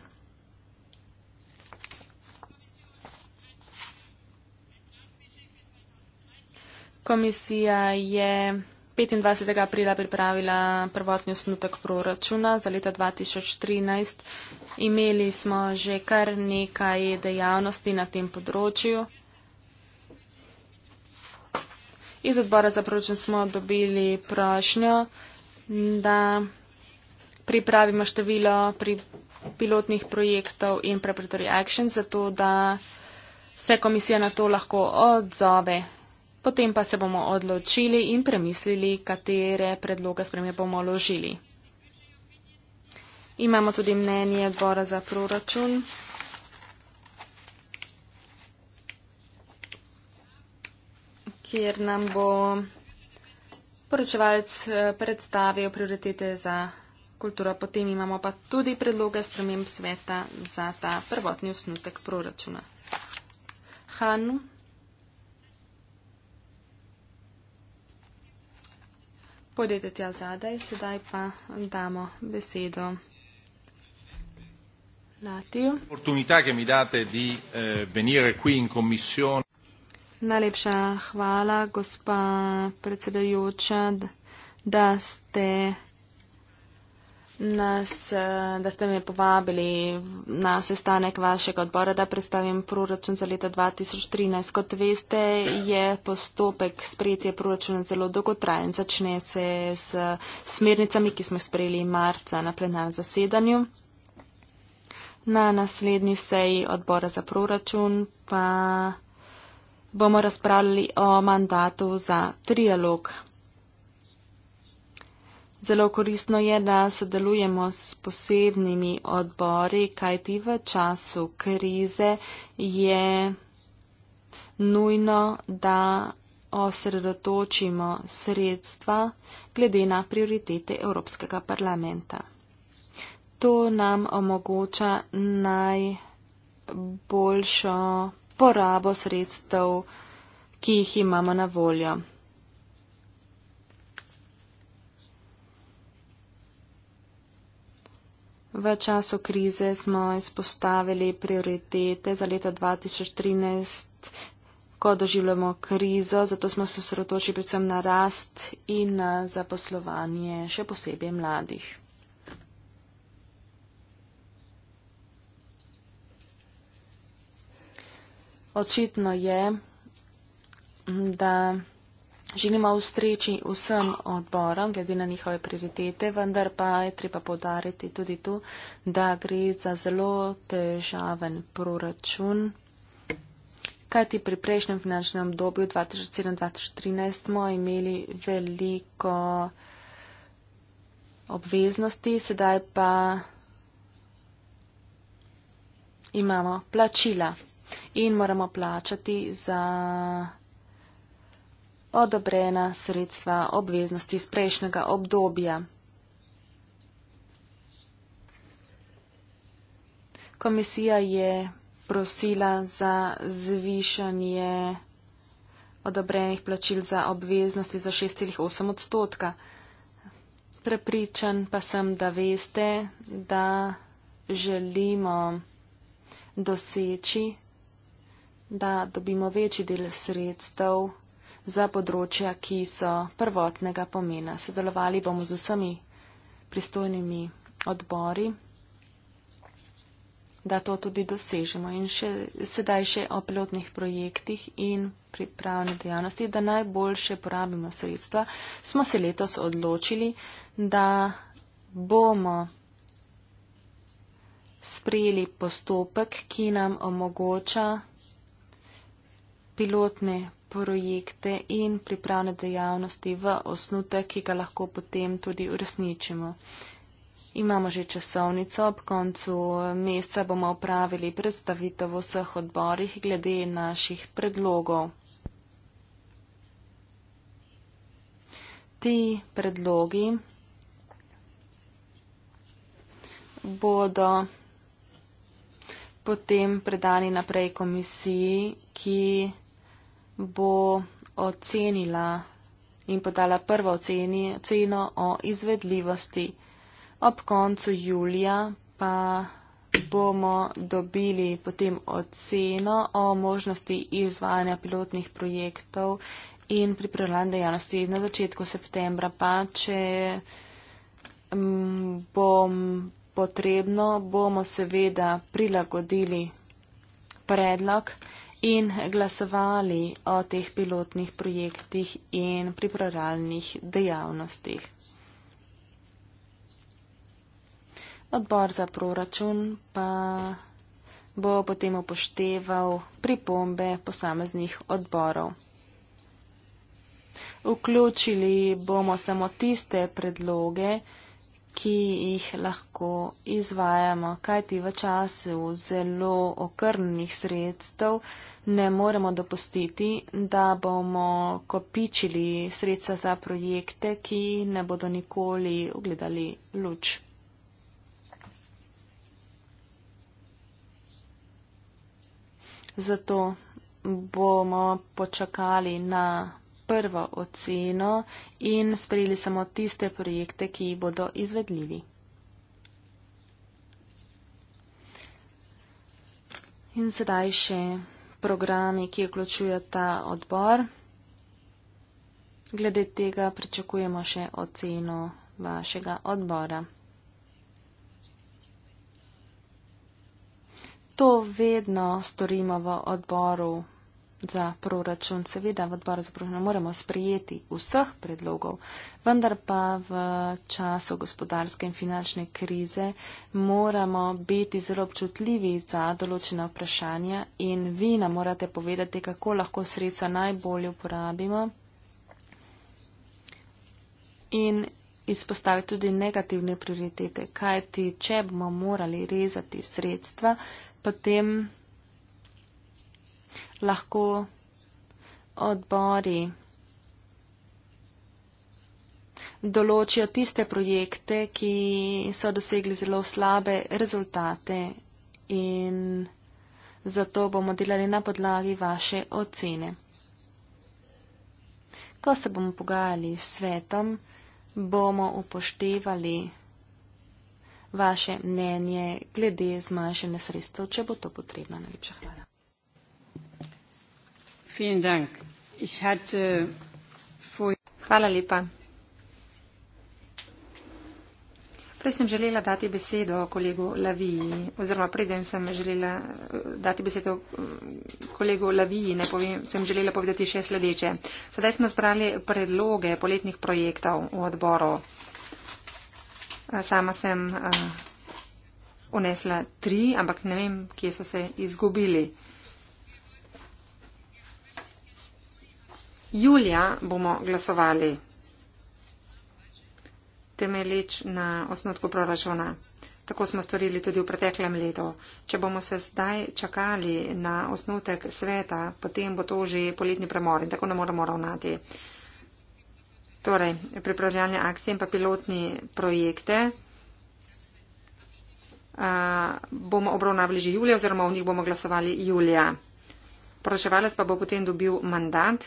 Speaker 3: Komisija je 25. aprila pripravila prvotni osnutek proračuna za leto 2013 Imeli smo že kar nekaj dejavnosti na tem področju. Iz odbora za proračun smo dobili prošnjo, da pripravimo število pri pilotnih projektov in preparatory action, zato da se komisija na to lahko odzove. Potem pa se bomo odločili in premislili, katere predloge spremembe bomo ložili. Imamo tudi mnenje odbora za proračun. kjer nam bo poročevalec eh, predstavil prioritete za kulturo. Potem imamo pa tudi predloge sprememb sveta za ta prvotni osnutek proračuna. Hanu. Pojdete tja zadaj, sedaj pa damo besedo. Latijo.
Speaker 2: Eh,
Speaker 3: Najlepša hvala, gospa predsedajoča, da ste, nas, da ste me povabili na sestanek vašega odbora, da predstavim proračun za leto 2013. Kot veste, je postopek sprejetja proračuna zelo dolgotrajen. Začne se s smernicami, ki smo sprejeli marca na plenarnem zasedanju. Na naslednji seji odbora za proračun pa bomo razpravljali o mandatu za trialog. Zelo koristno je, da sodelujemo s posebnimi odbori, kajti v času krize je nujno, da osredotočimo sredstva glede na prioritete Evropskega parlamenta to nam omogoča najboljšo porabo sredstev, ki jih imamo na voljo. V času krize smo izpostavili prioritete za leto 2013, ko doživljamo krizo, zato smo se osredotočili predvsem na rast in na zaposlovanje še posebej mladih. očitno je, da želimo ustreči vsem odborom, glede na njihove prioritete, vendar pa je treba podariti tudi to, da gre za zelo težaven proračun. Kajti pri prejšnjem finančnem obdobju 2007-2013 smo imeli veliko obveznosti, sedaj pa imamo plačila in moramo plačati za odobrena sredstva obveznosti iz prejšnjega obdobja. Komisija je prosila za zvišanje odobrenih plačil za obveznosti za 6,8 odstotka. Prepričan pa sem, da veste, da želimo doseči da dobimo večji del sredstev za področja, ki so prvotnega pomena. Sodelovali bomo z vsemi pristojnimi odbori, da to tudi dosežemo. In še, sedaj še o pilotnih projektih in pripravni dejavnosti, da najboljše porabimo sredstva. Smo se letos odločili, da bomo sprejeli postopek, ki nam omogoča pilotne projekte in pripravne dejavnosti v osnutek, ki ga lahko potem tudi uresničimo. Imamo že časovnico, ob koncu meseca bomo upravili predstavitev v vseh odborih glede naših predlogov. Ti predlogi bodo potem predani naprej komisiji, ki bo ocenila in podala prvo oceni, oceno o izvedljivosti. Ob koncu julija pa bomo dobili potem oceno o možnosti izvajanja pilotnih projektov in pripravljanj dejavnosti na začetku septembra. Pa če mm, bom potrebno, bomo seveda prilagodili predlog in glasovali o teh pilotnih projektih in pripravljalnih dejavnostih. Odbor za proračun pa bo potem upošteval pripombe posameznih odborov. Vključili bomo samo tiste predloge, ki so ki jih lahko izvajamo, kajti v času zelo okrnnih sredstev ne moremo dopustiti, da bomo kopičili sredstva za projekte, ki ne bodo nikoli ugledali luč. Zato bomo počakali na prvo oceno in sprejeli samo tiste projekte, ki bodo izvedljivi. In sedaj še programi, ki vključuje ta odbor. Glede tega pričakujemo še oceno vašega odbora. To vedno storimo v odboru za proračun. Seveda v odboru za proračun ne moremo sprejeti vseh predlogov, vendar pa v času gospodarske in finančne krize moramo biti zelo občutljivi za določena vprašanja in vi nam morate povedati, kako lahko sredstva najbolje uporabimo in izpostaviti tudi negativne prioritete, kajti če bomo morali rezati sredstva, potem lahko odbori določijo tiste projekte, ki so dosegli zelo slabe rezultate in zato bomo delali na podlagi vaše ocene. Ko se bomo pogajali s svetom, bomo upoštevali vaše mnenje glede zmanjšene sredstev, če bo to potrebno. Najlepša hvala. Äh,
Speaker 1: Hvala lepa. Prej sem želela dati besedo kolegu Laviji, oziroma preden sem želela eh, dati besedo mm, kolegu Laviji, ne povem, sem želela povedati še sledeče. Sedaj smo zbrali predloge poletnih projektov v odboru. Sama sem eh, unesla tri, ampak ne vem, kje so se izgubili. Julija bomo glasovali temelič na osnutku proračuna. Tako smo storili tudi v preteklem letu. Če bomo se zdaj čakali na osnutek sveta, potem bo to že poletni premor in tako ne moramo ravnati. Torej, pripravljalne akcije in pa pilotni projekte uh, bomo obravnavali že julija oziroma v njih bomo glasovali julija. Proševalec pa bo potem dobil mandat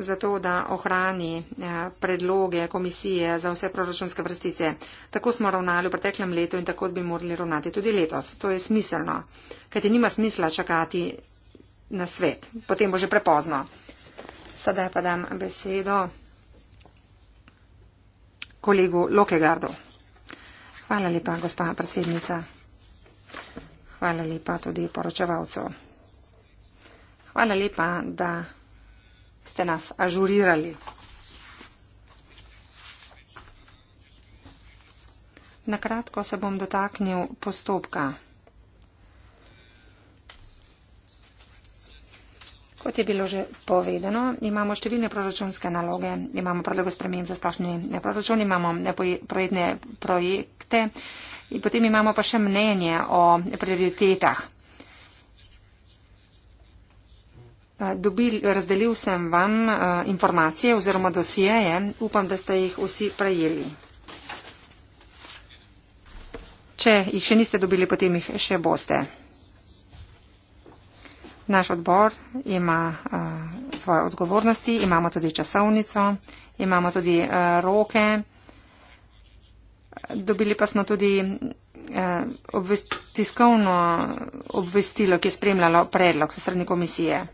Speaker 1: zato, da ohrani eh, predloge komisije za vse proračunske vrstice. Tako smo ravnali v preteklem letu in tako bi morali ravnati tudi letos. To je smiselno, kajti nima smisla čakati na svet. Potem bo že prepozno. Sedaj pa dam besedo kolegu Lokegardu. Hvala lepa, gospa predsednica. Hvala lepa tudi poročevalcu. Hvala lepa, da ste nas ažurirali. Na kratko se bom dotaknil postopka. Kot je bilo že povedano, imamo številne proračunske naloge, imamo predlogo spremenj za splošni eh, proračun, imamo eh, projektne projekte in potem imamo pa še mnenje o prioritetah. Eh, dobil, razdelil sem vam eh, informacije oziroma dosjeje. Upam, da ste jih vsi prejeli. Če jih še niste dobili, potem jih še boste. Naš odbor ima uh, svoje odgovornosti, imamo tudi časovnico, imamo tudi uh, roke. Dobili pa smo tudi uh, obvest, tiskovno obvestilo, ki je spremljalo predlog se strani komisije.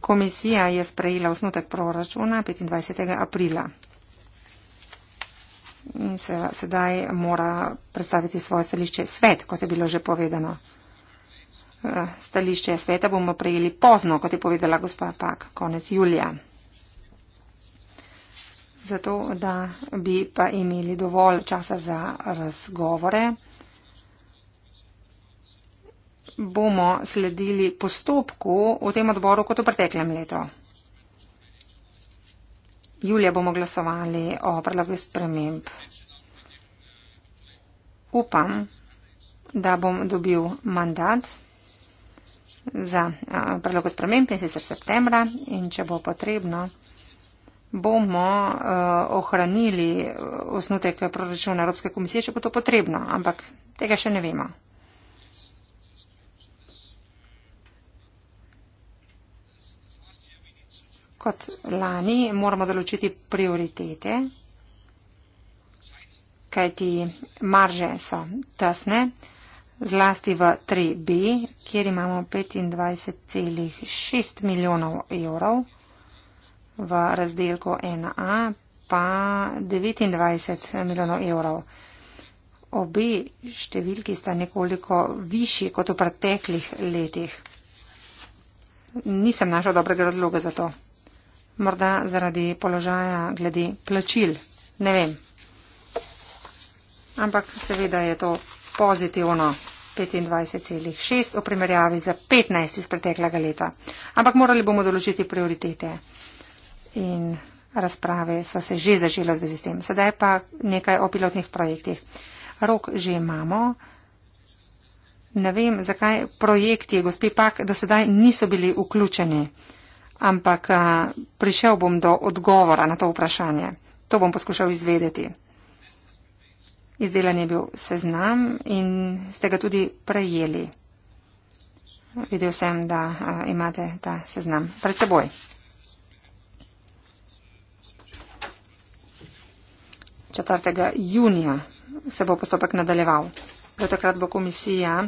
Speaker 1: Komisija je sprejela osnutek proračuna 25. aprila in se sedaj mora predstaviti svoje stališče svet, kot je bilo že povedano. Eh, stališče sveta bomo prejeli pozno, kot je povedala gospa Pak, konec julija. Zato, da bi pa imeli dovolj časa za razgovore bomo sledili postopku v tem odboru kot v preteklem letu. Julija bomo glasovali o predlogu sprememb. Upam, da bom dobil mandat za predlogu sprememb in sicer septembra in če bo potrebno, bomo ohranili osnutek proračuna Evropske komisije, če bo to potrebno, ampak tega še ne vemo. kot lani moramo določiti prioritete, kajti marže so tesne, zlasti v 3B, kjer imamo 25,6 milijonov evrov, v razdelku 1A pa 29 milijonov evrov. Obe številki sta nekoliko višji kot v preteklih letih. Nisem našel dobrega razloga za to morda zaradi položaja glede plačil, ne vem. Ampak seveda je to pozitivno 25,6 v primerjavi za 15 iz preteklega leta. Ampak morali bomo določiti prioritete in razprave so se že začele v zvezi s tem. Sedaj pa nekaj o pilotnih projektih. Rok že imamo. Ne vem, zakaj projekti, gospe, pak do sedaj niso bili vključeni ampak a, prišel bom do odgovora na to vprašanje. To bom poskušal izvedeti. Izdelan je bil seznam in ste ga tudi prejeli. Videl sem, da a, imate ta seznam pred seboj. Četrtega junija se bo postopek nadaljeval. Do takrat bo komisija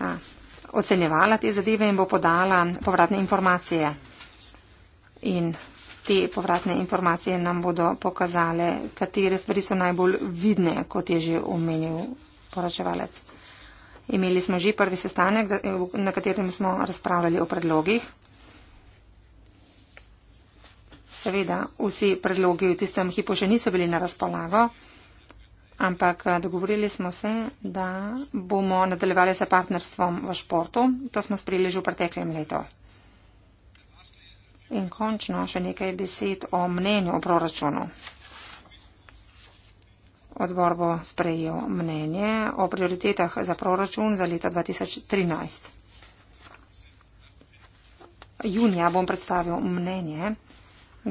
Speaker 1: a, ocenjevala te zadeve in bo podala povratne informacije in te povratne informacije nam bodo pokazale, katere stvari so najbolj vidne, kot je že omenil poročevalec. Imeli smo že prvi sestanek, na katerem smo razpravljali o predlogih. Seveda, vsi predlogi v tistem hipu še niso bili na razpolago, ampak dogovorili smo se, da bomo nadaljevali se partnerstvom v športu. To smo sprejeli že v preteklem letu. In končno še nekaj besed o mnenju o proračunu. Odbor bo sprejel mnenje o prioritetah za proračun za leto 2013. Junija bom predstavil mnenje,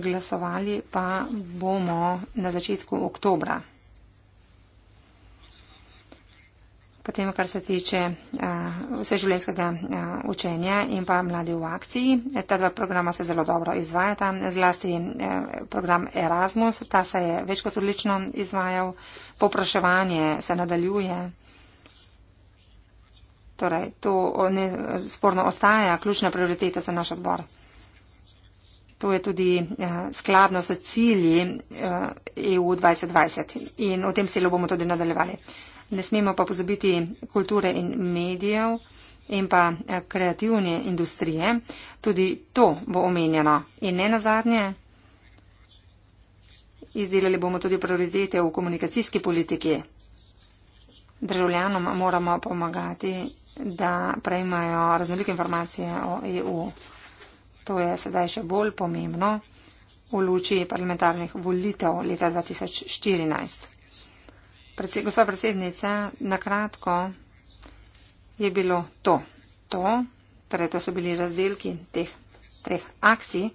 Speaker 1: glasovali pa bomo na začetku oktobra. Potem, kar se tiče uh, vseživljenjskega uh, učenja in pa mladi v akciji, eh, ta dva programa se zelo dobro izvajata, zlasti uh, program Erasmus, ta se je več kot odlično izvajal, popraševanje se nadaljuje. Torej, to ne, sporno ostaja ključna prioriteta za naš odbor. To je tudi uh, skladno s cilji uh, EU 2020 in v tem silu bomo tudi nadaljevali. Uh, Ne smemo pa pozabiti kulture in medijev in pa eh, kreativne industrije. Tudi to bo omenjeno. In ne nazadnje, izdelali bomo tudi prioritete v komunikacijski politiki. Državljanom moramo pomagati, da prejmajo raznolike informacije o EU. To je sedaj še bolj pomembno v luči parlamentarnih volitev leta 2014 predsed, gospa predsednica, nakratko je bilo to. To, torej to so bili razdelki teh treh akcij,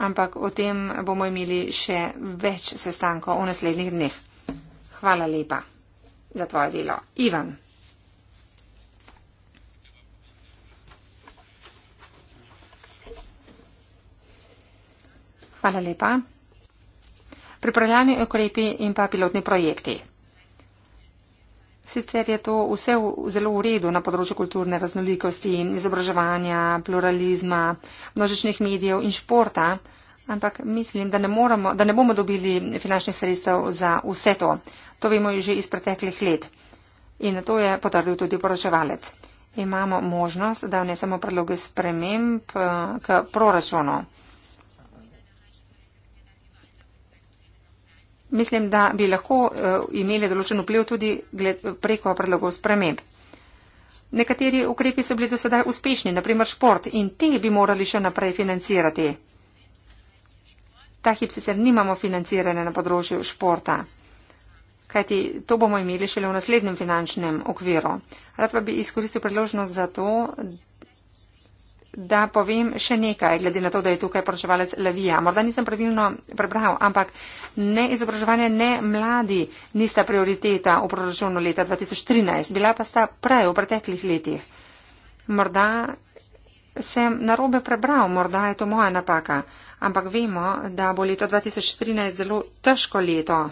Speaker 1: ampak o tem bomo imeli še več sestankov v naslednjih dneh. Hvala lepa za tvoje delo. Ivan. Hvala lepa pripravljalni ukrepi in pa pilotni projekti. Sicer je to vse v, zelo v redu na področju kulturne raznolikosti, izobraževanja, pluralizma, množičnih medijev in športa, ampak mislim, da ne, moramo, da ne bomo dobili finančnih sredstev za vse to. To vemo že iz preteklih let in to je potrdil tudi poročevalec. Imamo možnost, da vnesemo predloge sprememb eh, k proračunu. mislim, da bi lahko uh, imeli določen vpliv tudi gled, preko predlogov sprememb. Nekateri ukrepi so bili do sedaj uspešni, naprimer šport, in te bi morali še naprej financirati. Ta hip sicer nimamo financiranja na področju športa, kajti to bomo imeli šele v naslednjem finančnem okviru. Rad pa bi izkoristil priložnost za to, da povem še nekaj, glede na to, da je tukaj poročevalec Levija. Morda nisem pravilno prebral, ampak ne izobraževanje, ne mladi nista prioriteta v proračunu leta 2013, bila pa sta prej v preteklih letih. Morda sem narobe prebral, morda je to moja napaka, ampak vemo, da bo leto 2013 zelo težko leto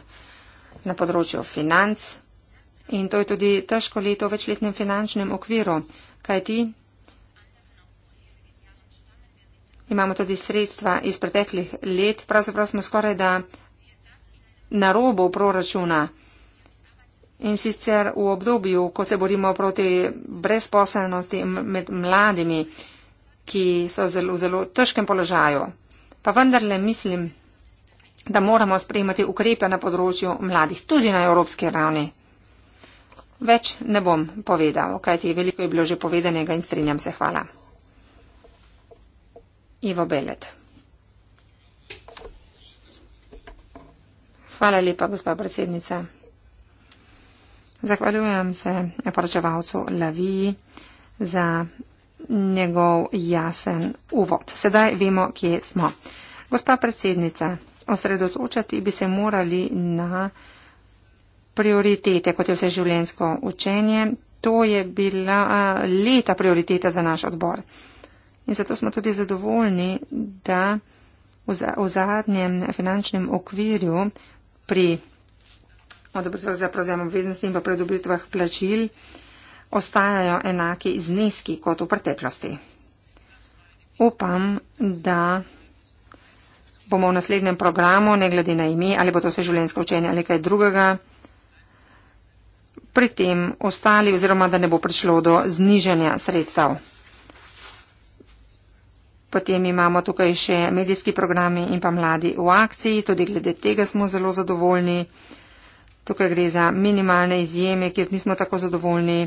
Speaker 1: na področju financ in to je tudi težko leto v večletnem finančnem okviru, kajti Imamo tudi sredstva iz preteklih let, pravzaprav smo skoraj da na robu proračuna. In sicer v obdobju, ko se borimo proti brezposelnosti med mladimi, ki so zelo, zelo težkem položaju. Pa vendarle mislim, da moramo sprejemati ukrepe na področju mladih, tudi na evropski ravni. Več ne bom povedal, kajti veliko je bilo že povedanega in strinjam se. Hvala. Ivo Belet. Hvala lepa, gospod predsednica. Zahvaljujem se poročevalcu Laviji za njegov jasen uvod. Sedaj vemo, kje smo. Gospa predsednica, osredotočati bi se morali na prioritete, kot je vse življenjsko učenje. To je bila leta prioriteta za naš odbor. In zato smo tudi zadovoljni, da v, za, v zadnjem finančnem okvirju pri odobritvah za prevzem obveznosti in pa pri odobritvah plačil ostajajo enaki zneski kot v preteklosti. Upam, da bomo v naslednjem programu, ne glede na ime, ali bo to vse življenjsko učenje ali kaj drugega, pri tem ostali oziroma da ne bo prišlo do znižanja sredstev. Potem imamo tukaj še medijski programi in pa mladi v akciji, tudi glede tega smo zelo zadovoljni. Tukaj gre za minimalne izjeme, kjer nismo tako zadovoljni.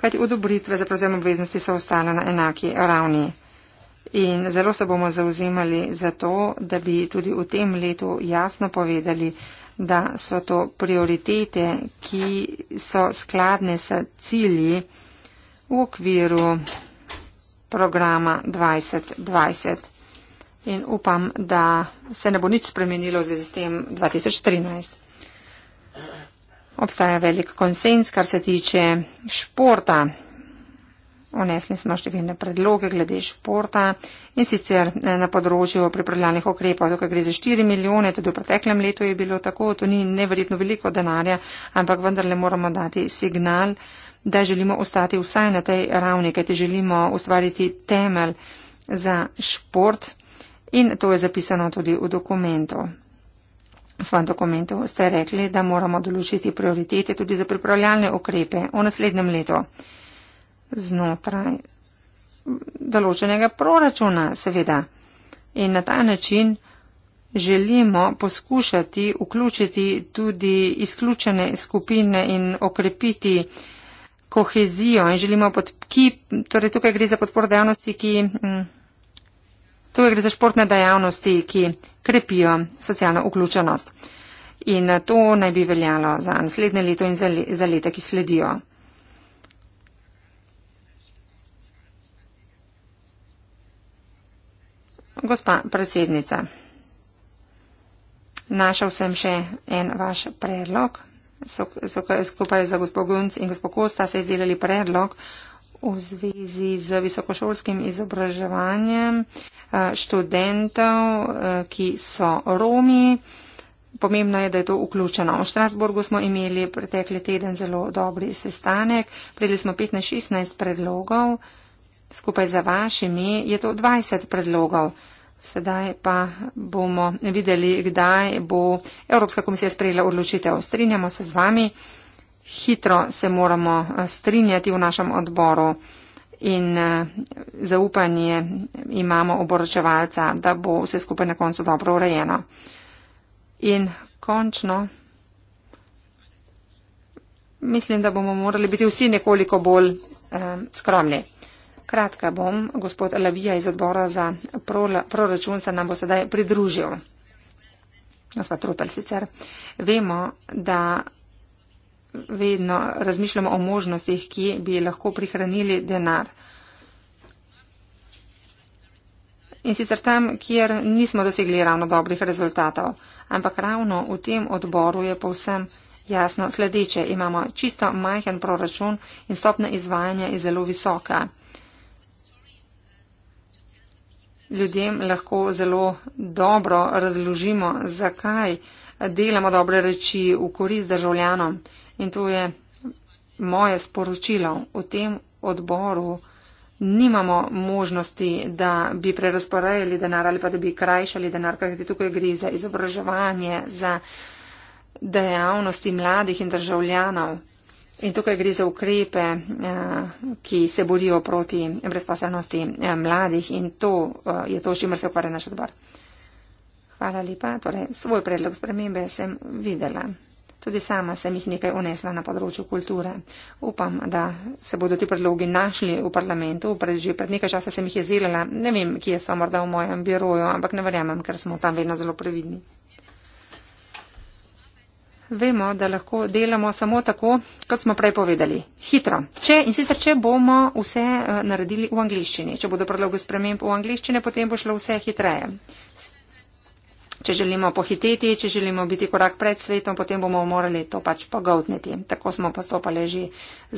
Speaker 1: Kajti odobritve za prevzem obveznosti so ostale na enaki ravni. In zelo se bomo zauzemali za to, da bi tudi v tem letu jasno povedali, da so to prioritete, ki so skladne s cilji v okviru programa 2020. In upam, da se ne bo nič spremenilo v zvezi s tem 2013. Obstaja velik konsens, kar se tiče športa. Onesli smo številne predloge glede športa in sicer eh, na področju pripravljalnih ukrepov, tukaj gre za 4 milijone, tudi v preteklem letu je bilo tako, to ni neverjetno veliko denarja, ampak vendarle moramo dati signal, da želimo ostati vsaj na tej ravni, kajti želimo ustvariti temelj za šport in to je zapisano tudi v dokumentu. V svojem dokumentu ste rekli, da moramo določiti prioritete tudi za pripravljalne ukrepe v naslednjem letu znotraj določenega proračuna, seveda. In na ta način želimo poskušati vključiti tudi izključene skupine in okrepiti uh, kohezijo in želimo pod, ki, torej tukaj gre za podporo dejavnosti, ki, mm, tukaj gre za športne dejavnosti, ki krepijo socialno vključenost. In eh, to naj bi veljalo za naslednje leto in za, le, za leta, ki sledijo. Gospa predsednica, naša vsem še en vaš predlog so, so skupaj z gospod Gunc in gospod Kosta se izdelali predlog v zvezi z visokošolskim izobraževanjem eh, študentov, eh, ki so Romi. Pomembno je, da je to vključeno. V Štrasburgu smo imeli pretekli teden zelo dobri sestanek. Prijeli smo 15-16 predlogov. Skupaj za vašimi je to 20 predlogov. Sedaj pa bomo videli, kdaj bo Evropska komisija sprejela odločitev. Strinjamo se z vami, hitro se moramo eh, strinjati v našem odboru in eh, zaupanje imamo oboročevalca, da bo vse skupaj na koncu dobro urejeno. In končno. Mislim, da bomo morali biti vsi nekoliko bolj eh, skromni. Kratka bom, gospod Lavija iz odbora za proračun se nam bo sedaj pridružil. Gospod Trupel sicer. Vemo, da vedno razmišljamo o možnostih, ki bi lahko prihranili denar. In sicer tam, kjer nismo dosegli ravno dobrih rezultatov. Ampak ravno v tem odboru je povsem jasno sledeče. Imamo čisto majhen proračun in stopna izvajanja je zelo visoka ljudem lahko zelo dobro razložimo, zakaj delamo dobre reči v korist državljanom. In to je moje sporočilo. V tem odboru nimamo možnosti, da bi prerasporejali denar ali pa da bi krajšali denar, kajti tukaj gre za izobraževanje, za dejavnosti mladih in državljanov. In tukaj gre za ukrepe, eh, ki se borijo proti brezposelnosti eh, mladih in to eh, je to, s čimer se ukvarja naš odbor. Hvala lepa. Torej, svoj predlog spremembe sem videla. Tudi sama sem jih nekaj unesla na področju kulture. Upam, da se bodo ti predlogi našli v parlamentu. Pred, že pred nekaj časa sem jih izdelala. Ne vem, kje so morda v mojem biroju, ampak ne verjamem, ker smo tam vedno zelo previdni. Vemo, da lahko delamo samo tako, kot smo prej povedali, hitro. Če, in sicer, če bomo vse eh, naredili v angliščini, če bodo predlogi sprememb v angliščini, potem bo šlo vse hitreje. Če želimo pohiteti, če želimo biti korak pred svetom, potem bomo morali to pač pogovtniti. Tako smo postopali že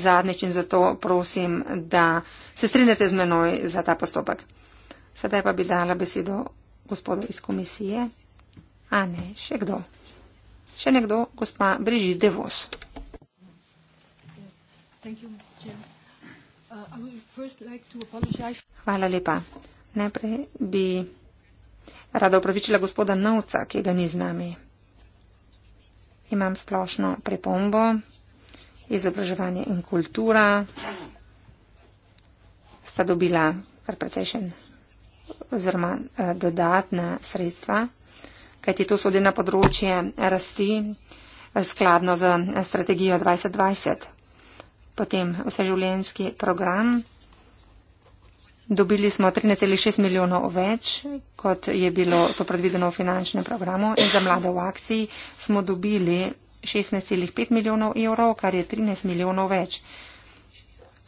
Speaker 1: zadnjič in zato prosim, da se strinjate z menoj za ta postopek. Sedaj pa bi dala besedo gospodu iz komisije. A ne, še kdo? še nekdo, gospa Brežit Devos. Uh, Hvala lepa. Najprej bi rada upravičila gospoda Novca, ki ga ni z nami. Imam splošno pripombo, izobraževanje in kultura sta dobila kar precejšen oziroma eh, dodatna sredstva kajti to sodi na področje rasti eh, skladno z eh, strategijo 2020. Potem vseživljenjski program. Dobili smo 13,6 milijonov več, kot je bilo to predvideno v finančnem programu in za mlade v akciji smo dobili 16,5 milijonov evrov, kar je 13 milijonov več,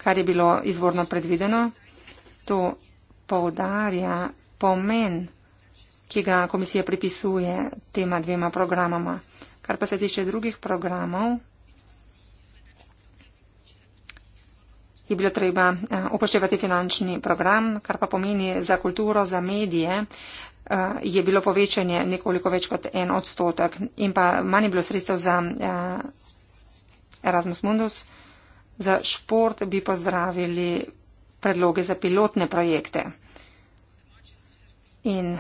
Speaker 1: kar je bilo izvorno predvideno. To poudarja pomen ki ga komisija pripisuje tema dvema programama. Kar pa se tiče drugih programov, je bilo treba eh, upoštevati finančni program, kar pa pomeni za kulturo, za medije eh, je bilo povečanje nekoliko več kot en odstotek in pa manj je bilo sredstev za eh, Erasmus Mundus. Za šport bi pozdravili predloge za pilotne projekte. In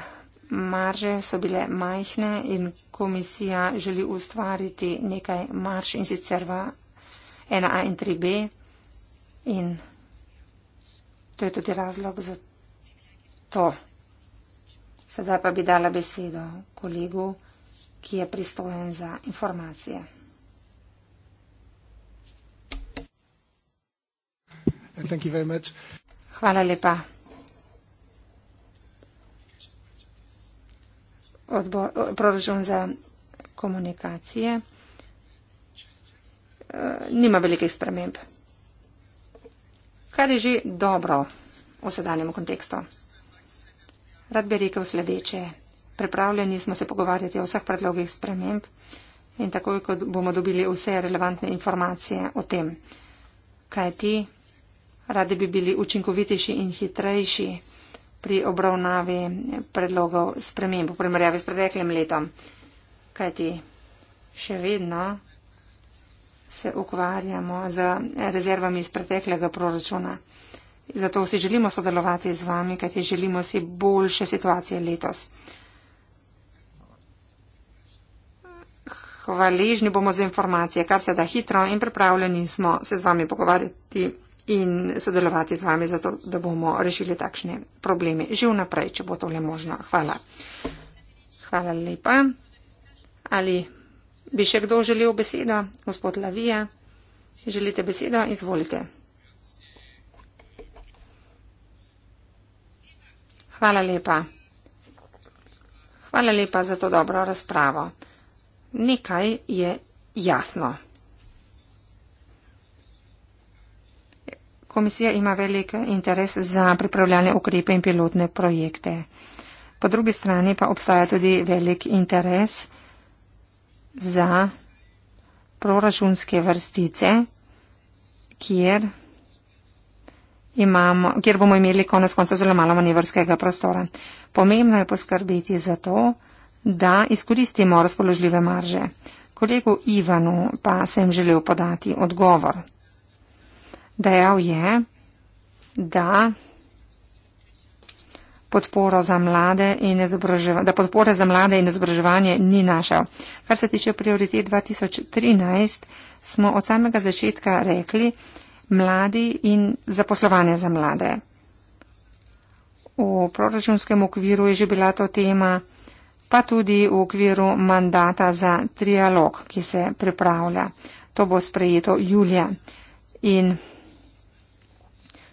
Speaker 1: marže so bile majhne in komisija želi ustvariti nekaj marž in sicer v 1A in 3B in to je tudi razlog za to. Sedaj pa bi dala besedo kolegu, ki je pristojen za informacije. Hvala lepa. odbor, proračun za komunikacije eh, nima velikih sprememb. Kar je že dobro v sedanjem kontekstu. Rad bi rekel sledeče. Pripravljeni smo se pogovarjati o vseh predlogih sprememb in takoj, ko bomo dobili vse relevantne informacije o tem, kaj ti, radi bi bili učinkovitejši in hitrejši pri obravnavi predlogov sprememb v primerjavi s preteklim letom. Kaj ti še vedno se ukvarjamo z rezervami iz preteklega proračuna. Zato si želimo sodelovati z vami, kaj ti želimo si boljše situacije letos. Hvaležni bomo za informacije, kar se da hitro in pripravljeni smo se z vami pogovarjati in sodelovati z vami, zato da bomo rešili takšne probleme že vnaprej, če bo to le možno. Hvala. Hvala lepa. Ali bi še kdo želel besedo? Gospod Lavija, želite besedo? Izvolite. Hvala lepa. Hvala lepa za to dobro razpravo. Nekaj je jasno. Komisija ima velik interes za pripravljanje ukrepe in pilotne projekte. Po drugi strani pa obstaja tudi velik interes za proračunske vrstice, kjer, imamo, kjer bomo imeli konec konca zelo malo manevrskega prostora. Pomembno je poskrbeti za to, da izkoristimo razpoložljive marže. Kolegu Ivanu pa sem želel podati odgovor. Dejal je, da podporo za mlade in izobraževanje, da podpore za mlade in izobraževanje ni našel. Kar se tiče prioritet 2013, smo od samega začetka rekli mladi in zaposlovanje za mlade. V proračunskem okviru je že bila to tema, pa tudi v okviru mandata za trialog, ki se pripravlja. To bo sprejeto julija. In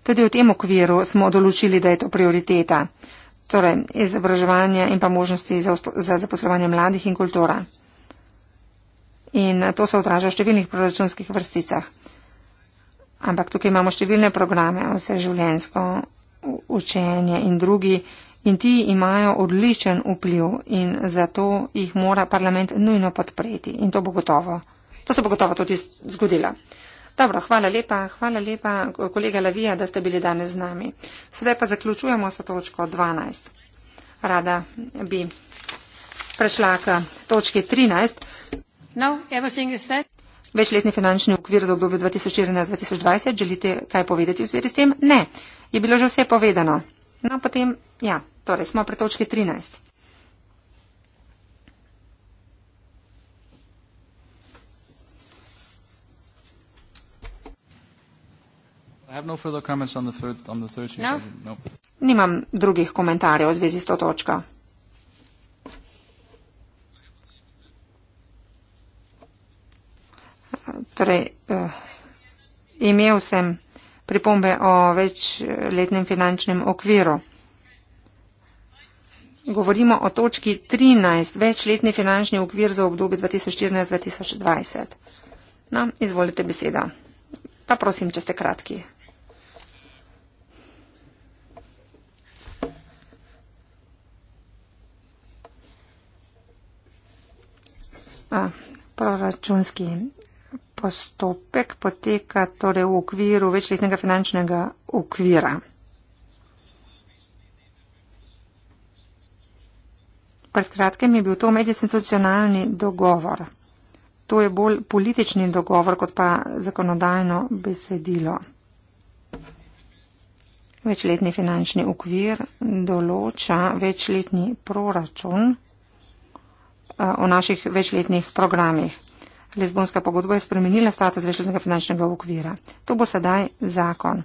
Speaker 1: Tudi v tem okviru smo določili, da je to prioriteta. Torej, izobraževanje in pa možnosti za, za zaposlovanje mladih in kultura. In to se odraža v številnih proračunskih vrsticah. Ampak tukaj imamo številne programe, vse življensko učenje in drugi. In ti imajo odličen vpliv in zato jih mora parlament nujno podpreti. In to bo gotovo. To se bo gotovo tudi zgodilo. Dobro, hvala lepa, hvala lepa, kolega Lavija, da ste bili danes z nami. Sedaj pa zaključujemo sa točko 12. Rada bi prešla k točki 13. No, Večletni finančni okvir za obdobje 2014-2020, želite kaj povedati v zvezi s tem? Ne, je bilo že vse povedano. No, potem, ja, torej smo pri točki 13.
Speaker 2: No no? No.
Speaker 1: Nimam drugih komentarjev v zvezi s to točko. Torej, eh, imel sem pripombe o večletnem finančnem okviru. Govorimo o točki 13, večletni finančni okvir za obdobje 2014-2020. No, izvolite beseda. Pa prosim, če ste kratki. proračunski postopek poteka torej v okviru večletnega finančnega okvira. Pred kratkem je bil to medinstitucionalni dogovor. To je bolj politični dogovor kot pa zakonodajno besedilo. Večletni finančni okvir določa večletni proračun o eh, naših večletnih programih. Lizbonska pogodba je spremenila status večletnega finančnega okvira. To bo sedaj zakon.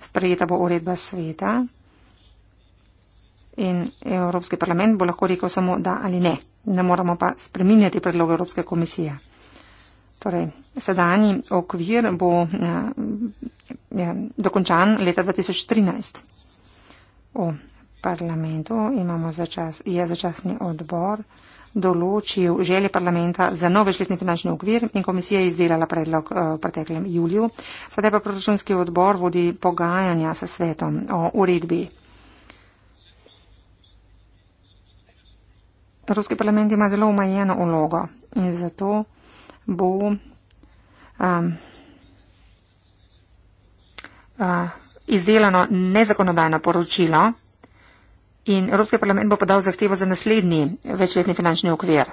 Speaker 1: Sprejeta bo uredba sveta in Evropski parlament bo lahko rekel samo da ali ne. Ne moramo pa spreminjati predloga Evropske komisije. Torej, sedanji okvir bo ja, ja, dokončan leta 2013. V parlamentu imamo začas, je začasni odbor določil želje parlamenta za nov večletni finančni okvir in komisija je izdelala predlog eh, v preteklem juliju. Sedaj pa proračunski odbor vodi pogajanja s svetom o uredbi. Ruski parlament ima zelo omajeno ulogo in zato bo um, uh, izdelano nezakonodajno poročilo in Evropski parlament bo podal zahtevo za naslednji večletni finančni okvir.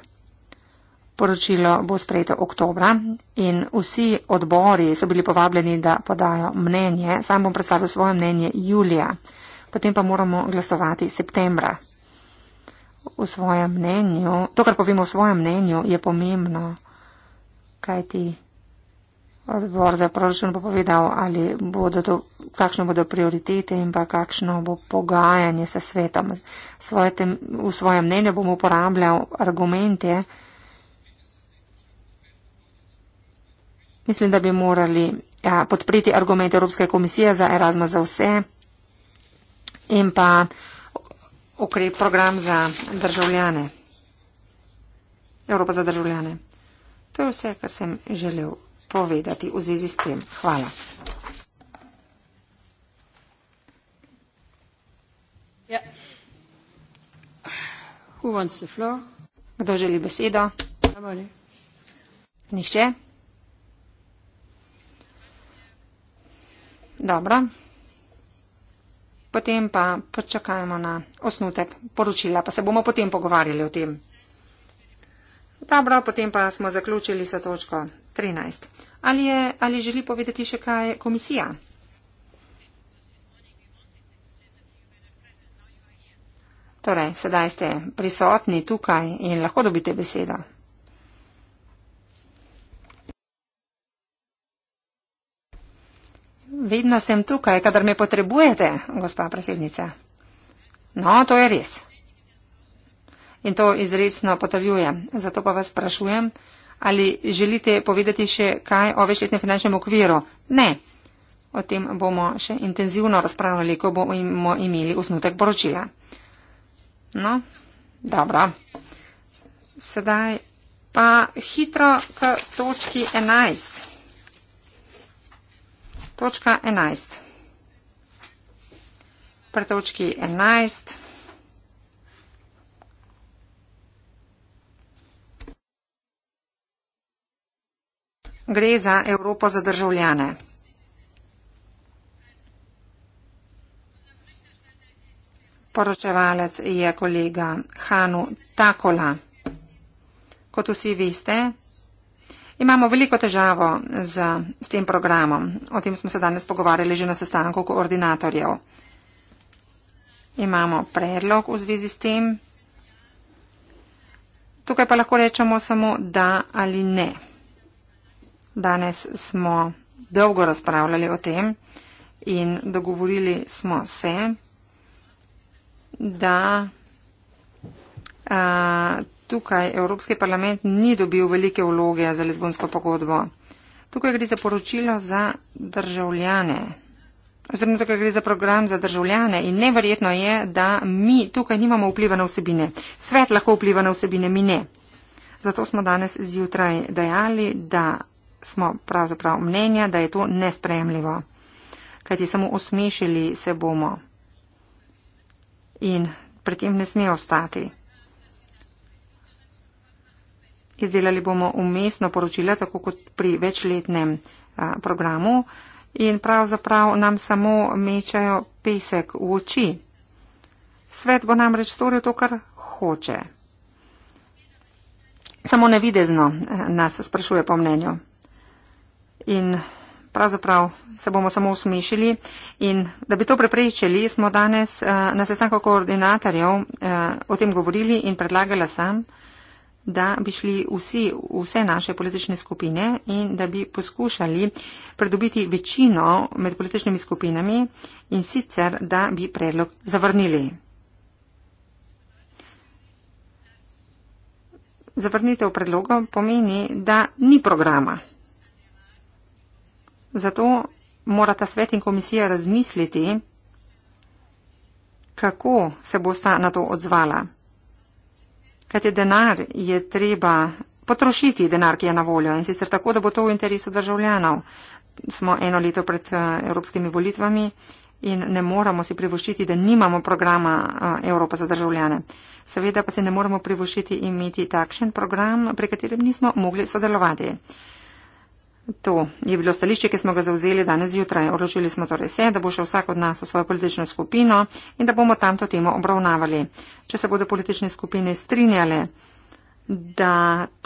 Speaker 1: Poročilo bo sprejeto oktobra in vsi odbori so bili povabljeni, da podajo mnenje. Sam bom predstavil svoje mnenje julija, potem pa moramo glasovati septembra. Mnenju, to, kar povemo v svojem mnenju, je pomembno, kajti Odbor za proračun bo povedal, ali bodo to, kakšne bodo prioritete in pa kakšno bo pogajanje se svetom. Svoje tem, v svojem mnenju bom uporabljal argumente. Mislim, da bi morali ja, podpreti argumente Evropske komisije za Erasmus za vse in pa ukrep program za državljane. Evropa za državljane. To je vse, kar sem želel povedati v zvezi s tem. Hvala. Ja. Kdo želi besedo? Nihče? Dobro. Potem pa počakajmo na osnutek poročila, pa se bomo potem pogovarjali o tem. Dobro, potem pa smo zaključili sa točko 13. Ali, je, ali želi povedati še kaj komisija? Torej, sedaj ste prisotni tukaj in lahko dobite besedo. Vedno sem tukaj, kadar me potrebujete, gospa predsednica. No, to je res. In to izredno potrjujem. Zato pa vas sprašujem, Ali želite povedati še kaj o večletnem finančnem okviru? Ne. O tem bomo še intenzivno razpravljali, ko bomo imeli osnutek poročila. No, dobro. Sedaj pa hitro k točki 11. Točka 11. Pri točki 11. gre za Evropo za državljane. Poročevalec je kolega Hanu Takola. Kot vsi veste, imamo veliko težavo z, s tem programom. O tem smo se danes pogovarjali že na sestanku koordinatorjev. Imamo predlog v zvezi s tem. Tukaj pa lahko rečemo samo da ali ne. Danes smo dolgo razpravljali o tem in dogovorili smo se, da a, tukaj Evropski parlament ni dobil velike vloge za lizbonsko pogodbo. Tukaj gre za poročilo za državljane. Oziroma, tukaj gre za program za državljane in neverjetno je, da mi tukaj nimamo vpliva na vsebine. Svet lahko vpliva na vsebine, mi ne. Zato smo danes zjutraj dejali, da smo pravzaprav mnenja, da je to nespremljivo. Kaj ti samo osmešili se bomo. In pred tem ne sme ostati. Izdelali bomo umestno poročilo, tako kot pri večletnem a, programu. In pravzaprav nam samo mečajo pesek v oči. Svet bo namreč storil to, kar hoče. Samo nevidezno nas sprašuje po mnenju in pravzaprav se bomo samo usmešili. In da bi to preprečili, smo danes eh, na sestanku koordinatorjev eh, o tem govorili in predlagala sem, da bi šli vsi, vse naše politične skupine in da bi poskušali predobiti večino med političnimi skupinami in sicer, da bi predlog zavrnili. Zavrnitev predloga pomeni, da ni programa. Zato morata svet in komisija razmisliti, kako se bosta na to odzvala. Kajti denar je treba potrošiti, denar, ki je na voljo in sicer tako, da bo to v interesu državljanov. Smo eno leto pred eh, evropskimi volitvami in ne moramo si privoščiti, da nimamo programa eh, Evropa za državljane. Seveda pa si ne moremo privoščiti imeti takšen program, pri katerem nismo mogli sodelovati. To je bilo stališče, ki smo ga zauzeli danes zjutraj. Orožili smo torej se, da bo še vsak od nas v svojo politično skupino in da bomo tam to temo obravnavali. Če se bodo politične skupine strinjale, da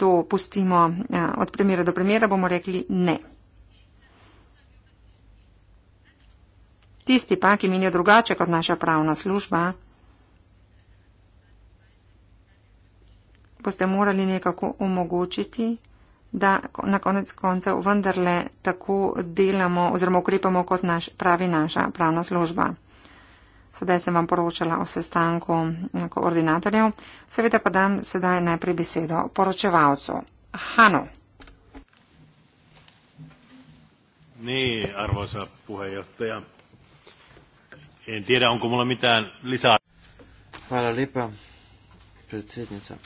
Speaker 1: to pustimo eh, od premjera do premjera, bomo rekli ne. Tisti pa, ki menijo drugače kot naša pravna služba, boste morali nekako omogočiti da na konec koncev vendarle tako delamo oziroma ukrepamo kot naš, pravi naša pravna služba. Sedaj sem vam poročala o sestanku eh, koordinatorjev, seveda pa dam sedaj najprej besedo poročevalcu. Hano.
Speaker 2: Ne, arvoisa puhajotaja. En tiedä, onko mulla mitään lisää. Hvala lepa, predsednica.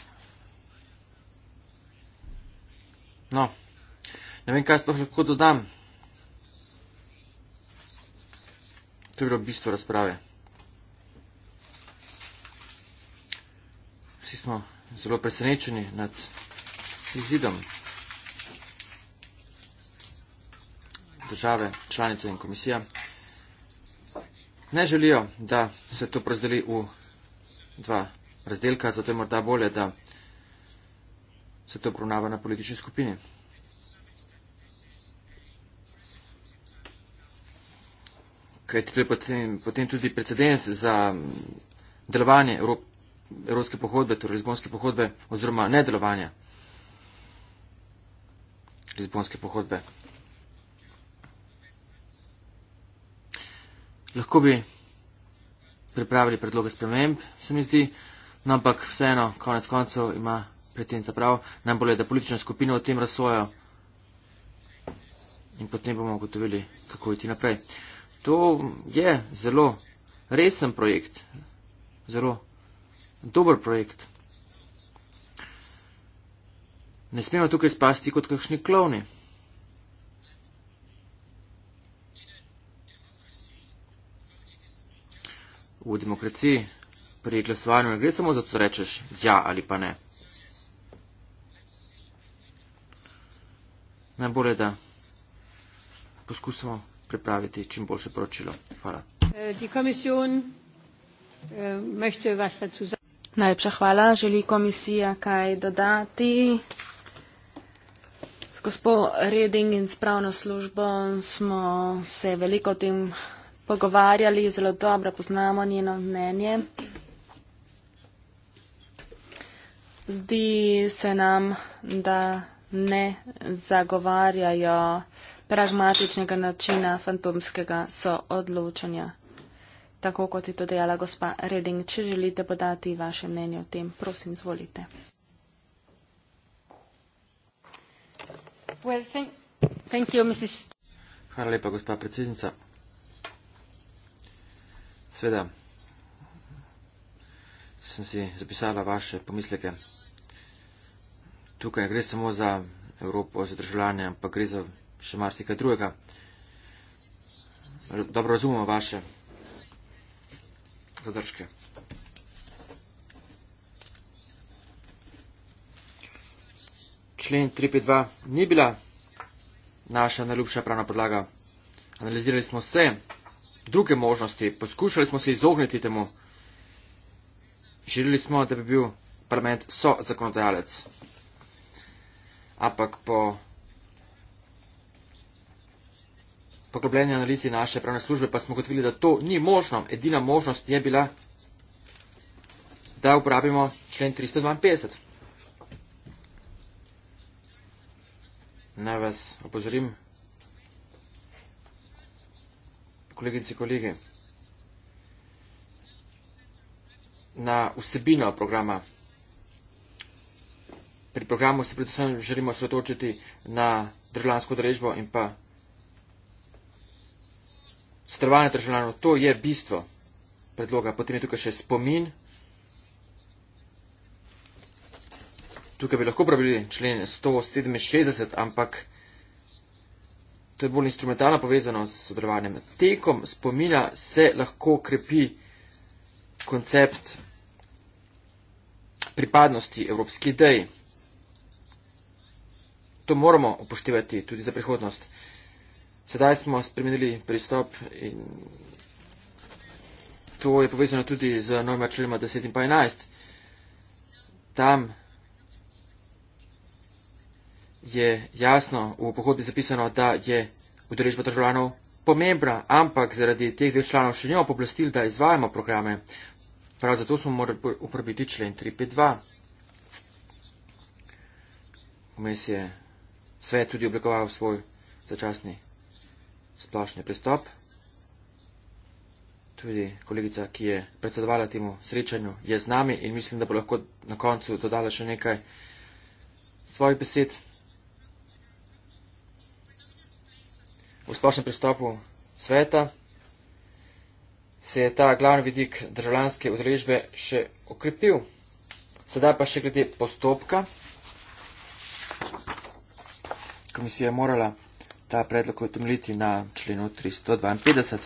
Speaker 2: No, ne vem, kaj sploh lahko dodam. To je bilo bistvo razprave. Vsi smo zelo presenečeni nad izidom države, članice in komisija. Ne želijo, da se to prazdeli v dva razdelka, zato je morda bolje, da se to obravnava na politični skupini. Kaj ti to je potem, potem tudi precedens za delovanje Evrop evropske pohodbe, torej Lizbonske pohodbe, oziroma nedelovanja Lizbonske pohodbe. Lahko bi pripravili predloge sprememb, se mi zdi, no, ampak vseeno, konec koncev ima predsednica prav, najbolje je, da politična skupina o tem razsoja in potem bomo ugotovili, kako iti naprej. To je zelo resen projekt, zelo dober projekt. Ne smemo tukaj spasti kot kakšni klovni. V demokraciji pri glasovanju ne gre samo za to, da rečeš ja ali pa ne. najbolje, da poskusimo pripraviti čim boljše poročilo. Hvala.
Speaker 1: Äh,
Speaker 3: Najlepša hvala. Želi komisija kaj dodati? S gospod Reding in spravno službo smo se veliko o tem pogovarjali, zelo dobro poznamo njeno mnenje. Zdi se nam, da ne zagovarjajo pragmatičnega načina fantomskega soodločanja. Tako kot je to dejala gospa Reding, če želite podati vaše mnenje o tem, prosim, izvolite. Well, thank, thank you, Mrs.
Speaker 2: Hvala lepa, gospa predsednica. Sveda, sem si zapisala vaše pomisleke tukaj ne gre samo za Evropo, za državljane, ampak gre za še marsikaj drugega. Dobro razumemo vaše zadržke. Člen 3.2 ni bila naša najljubša pravna podlaga. Analizirali smo vse druge možnosti, poskušali smo se izogniti temu. Želeli smo, da bi bil parlament so zakonodajalec ampak po poglobljeni analizi naše pravne službe pa smo gotovili, da to ni možno. Edina možnost je bila, da uporabimo člen 352. Naj vas opozorim, kolegice in kolege, na vsebino programa pri programu se predvsem želimo sredočiti na državljansko drežbo in pa strvanje državljanov. To je bistvo predloga. Potem je tukaj še spomin. Tukaj bi lahko pravili člen 167, ampak to je bolj instrumentalna povezanost s sodelovanjem. Tekom spomina se lahko krepi koncept pripadnosti evropski ideji to moramo upoštevati tudi za prihodnost. Sedaj smo spremenili pristop in to je povezano tudi z novima člema 10 in pa 11. Tam je jasno v pohodbi zapisano, da je udeležba državljanov pomembna, ampak zaradi teh dveh članov še nimamo poblastil, da izvajamo programe. Prav zato smo morali uporabiti člen 352. Vmes je svet tudi oblikoval svoj začasni splošni pristop. Tudi kolegica, ki je predsedovala temu srečanju, je z nami in mislim, da bo lahko na koncu dodala še nekaj svojih besed. V splošnem pristopu sveta se je ta glavni vidik državljanske udeležbe še okrepil. Sedaj pa še glede postopka komisija morala ta predlog utemeljiti na členu 352.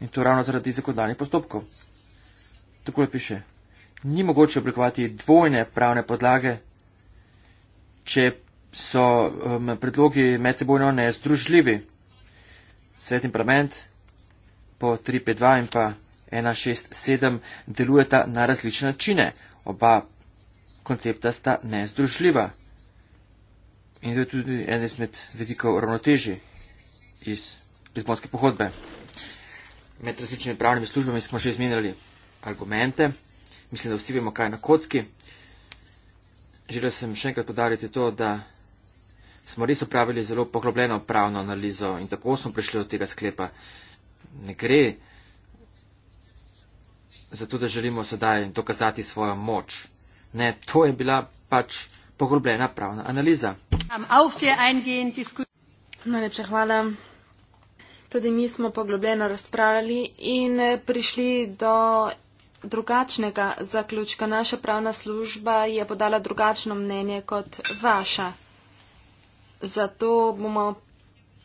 Speaker 2: In to ravno zaradi zakonodajnih postopkov. Tako je piše. Ni mogoče oblikovati dvojne pravne podlage, če so um, predlogi medsebojno nezdružljivi. Svet in parlament po 352 in pa 167 delujeta na različne načine. Oba koncepta sta nezdružljiva. In to je tudi ena izmed vidikov ravnoteži iz Lizbonske pohodbe. Med različnimi pravnimi službami smo že izmenjali argumente. Mislim, da vsi vemo, kaj je na kocki. Želel sem še enkrat podariti to, da smo res upravili zelo poglobljeno pravno analizo in tako smo prišli do tega sklepa. Ne gre za to, da želimo sedaj dokazati svojo moč. Ne, to je bila pač poglobljena pravna analiza.
Speaker 3: Najlepša hvala. Tudi mi smo poglobljeno razpravljali in eh, prišli do drugačnega zaključka. Naša pravna služba je podala drugačno mnenje kot vaša. Zato bomo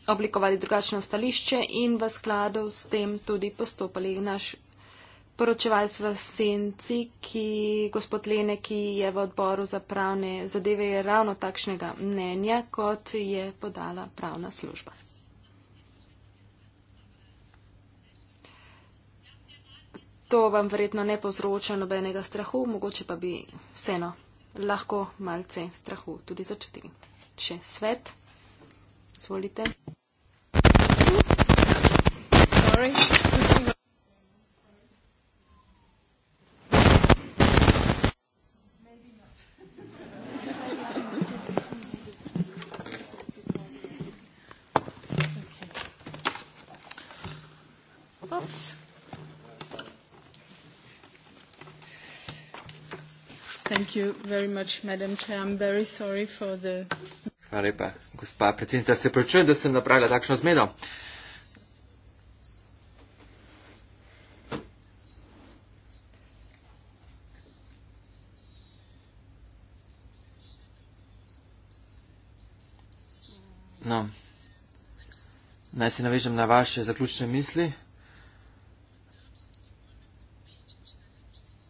Speaker 3: oblikovali drugačno stališče in v skladu s tem tudi postopali. Naš poročevalstva Senci, ki gospod Lene, ki je v odboru za pravne zadeve, je ravno takšnega mnenja, kot je podala pravna služba. To vam verjetno ne povzroča nobenega strahu, mogoče pa bi vseeno lahko malce strahu tudi začutili. Še svet, zvolite. Sorry. Thank you very much, Madam Chair. I'm very sorry for the.
Speaker 2: Hvala lepa, gospa predsednica. Se pravčujem, da sem napravila takšno zmedo. No, naj se navežem na vaše zaključne misli.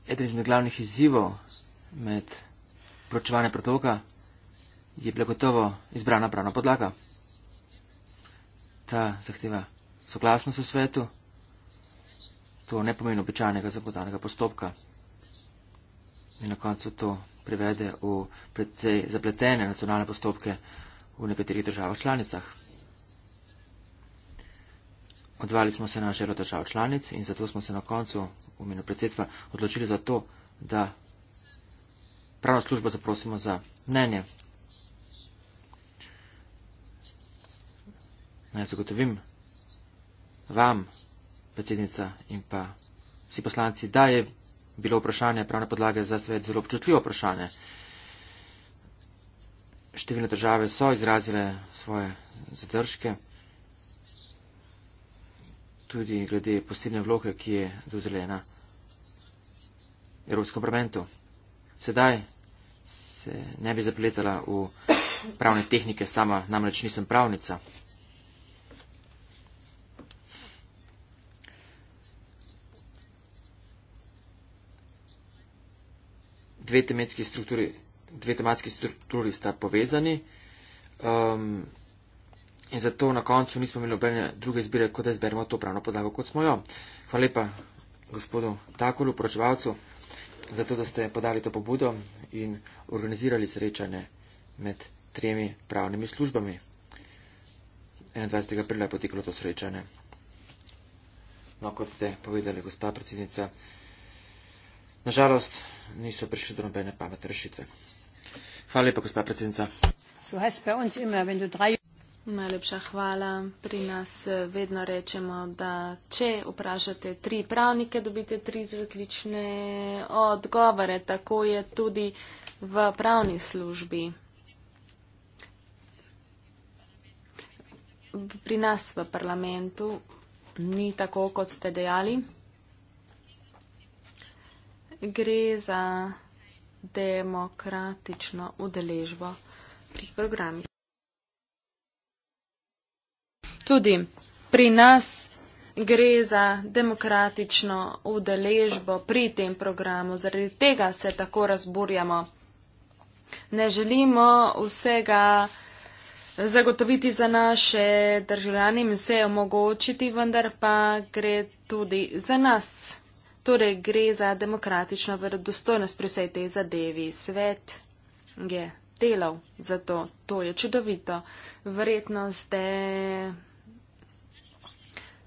Speaker 2: Eden izmed glavnih izzivov med pročevanjem pretoka, je bila gotovo izbrana pravna podlaga. Ta zahteva soglasnost v svetu, to ne pomeni običajnega zakonodajnega postopka. In na koncu to privede v predvsej zapletene nacionalne postopke v nekaterih državah članicah. Odvali smo se na želo držav članic in zato smo se na koncu v imenu predsedstva odločili za to, da pravna služba zaprosimo za mnenje. Naj zagotovim vam, predsednica in pa vsi poslanci, da je bilo vprašanje pravne podlage za svet zelo občutljivo vprašanje. Številne države so izrazile svoje zadržke, tudi glede posebne vloge, ki je dodeljena Evropskemu parlamentu sedaj se ne bi zapletala v pravne tehnike, sama namreč nisem pravnica. Dve tematski strukturi, dve tematski strukturi sta povezani um, in zato na koncu nismo imeli obrne druge izbire, kot da izberemo to pravno podlago, kot smo jo. Hvala lepa gospodu Takolu, poročevalcu zato da ste podali to pobudo in organizirali srečanje med tremi pravnimi službami. 21. aprila je poteklo to srečanje. No, kot ste povedali, gospa predsednica, nažalost niso prišli do nobene pametne rešitve. Hvala lepa, gospa predsednica.
Speaker 1: So has bei uns immer, wenn du drei
Speaker 3: Najlepša hvala. Pri nas eh, vedno rečemo, da če vprašate tri pravnike, dobite tri različne odgovore. Tako je tudi v pravni službi. Pri nas v parlamentu ni tako, kot ste dejali. Gre za demokratično udeležbo pri programih tudi pri nas gre za demokratično udeležbo pri tem programu. Zaradi tega se tako razburjamo. Ne želimo vsega zagotoviti za naše državljane in vse omogočiti, vendar pa gre tudi za nas. Torej gre za demokratično verodostojnost pri vsej tej zadevi. Svet je delal za to. To je čudovito. Verjetno ste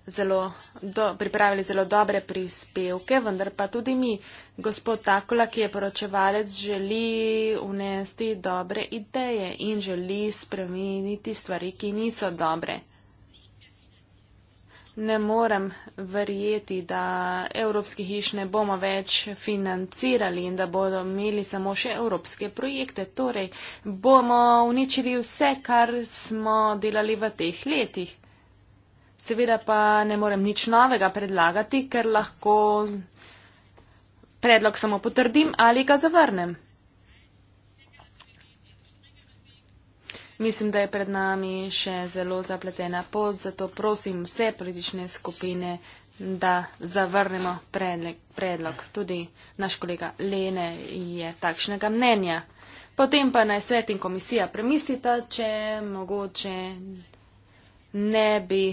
Speaker 3: zelo do, pripravili zelo dobre prispevke, vendar pa tudi mi, gospod Takula, ki je poročevalec, želi unesti dobre ideje in želi spremeniti stvari, ki niso dobre. Ne morem verjeti, da evropski hiš ne bomo več financirali in da bodo imeli samo še evropske projekte. Torej, bomo uničili vse, kar smo delali v teh letih. Seveda pa ne morem nič novega predlagati, ker lahko predlog samo potrdim ali ga zavrnem. Mislim, da je pred nami še zelo zapletena pot, zato prosim vse politične skupine, da zavrnemo predlog. Tudi naš kolega Lene je takšnega mnenja. Potem pa naj svet in komisija premislita, če mogoče ne bi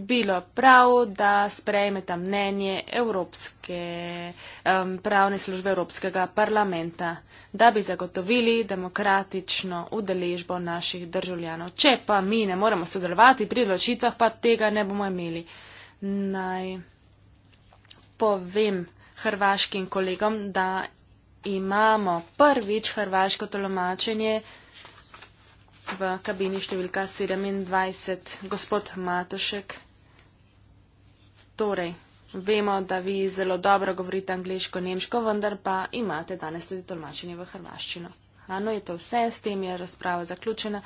Speaker 3: bilo prav, da sprejmeta mnenje Evropske, um, pravne službe Evropskega parlamenta, da bi zagotovili demokratično udeležbo naših državljanov. Če pa mi ne moremo sodelovati pri odločitvah, pa tega ne bomo imeli. Naj povem hrvaškim kolegom, da imamo prvič hrvaško tolmačenje v kabini številka 27, gospod Matošek. Torej, vemo, da vi zelo dobro govorite angliško, nemško, vendar pa imate danes tudi tolmačenje v hrvaščino. Ano je to vse, s tem je razprava zaključena.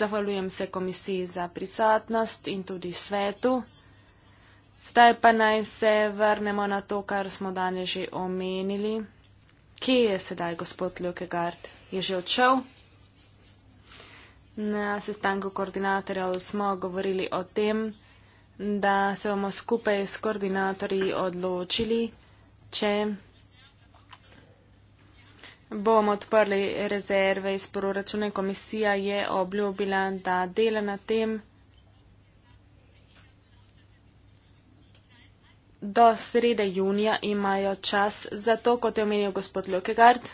Speaker 3: Zahvaljujem se komisiji za prisotnost in tudi svetu. Zdaj pa naj se vrnemo na to, kar smo danes že omenili. Kje je sedaj gospod Ljukegard? Je že odšel? Na sestanku koordinatorjev smo govorili o tem, da se bomo skupaj s koordinatorji odločili, če bomo odprli rezerve iz proračuna. Komisija je obljubila, da dela na tem. Do srede junija imajo čas za to, kot je omenil gospod Lukegard.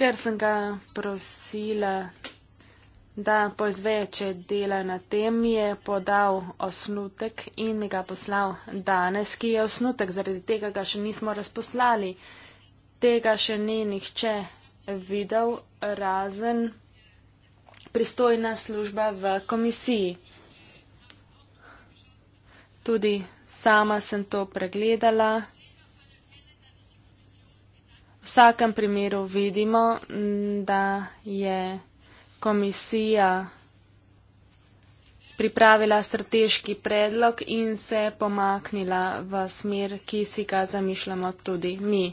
Speaker 3: ker sem ga prosila, da poizve, če dela na tem, je podal osnutek in mi ga poslal danes, ki je osnutek, zaradi tega ga še nismo razposlali. Tega še ni nihče videl, razen pristojna služba v komisiji. Tudi sama sem to pregledala. V vsakem primeru vidimo, da je komisija pripravila strateški predlog in se pomaknila v smer, ki si ga zamišljamo tudi mi.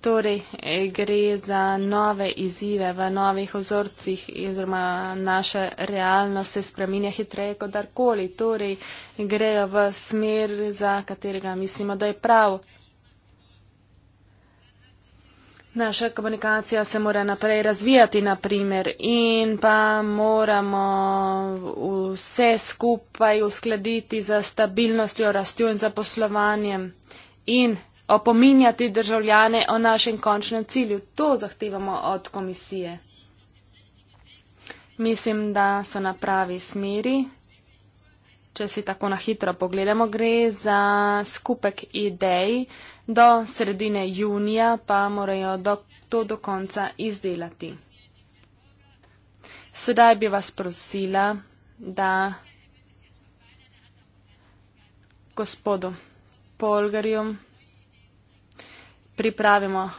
Speaker 3: Torej, eh, gre za nove izzive v novih ozorcih oziroma naša realnost se spreminja hitreje kot darkoli. Torej, grejo v smer, za katerega mislimo, da je prav. Naša komunikacija se mora naprej razvijati, naprimer, in pa moramo vse skupaj uskladiti za stabilnostjo, rastjo in zaposlovanjem in opominjati državljane o našem končnem cilju. To zahtevamo od komisije. Mislim, da so na pravi smeri. Če si tako na hitro pogledamo, gre za skupek idej, do sredine junija pa morajo do, to do konca izdelati. Sedaj bi vas prosila, da gospodu Polgarju pripravimo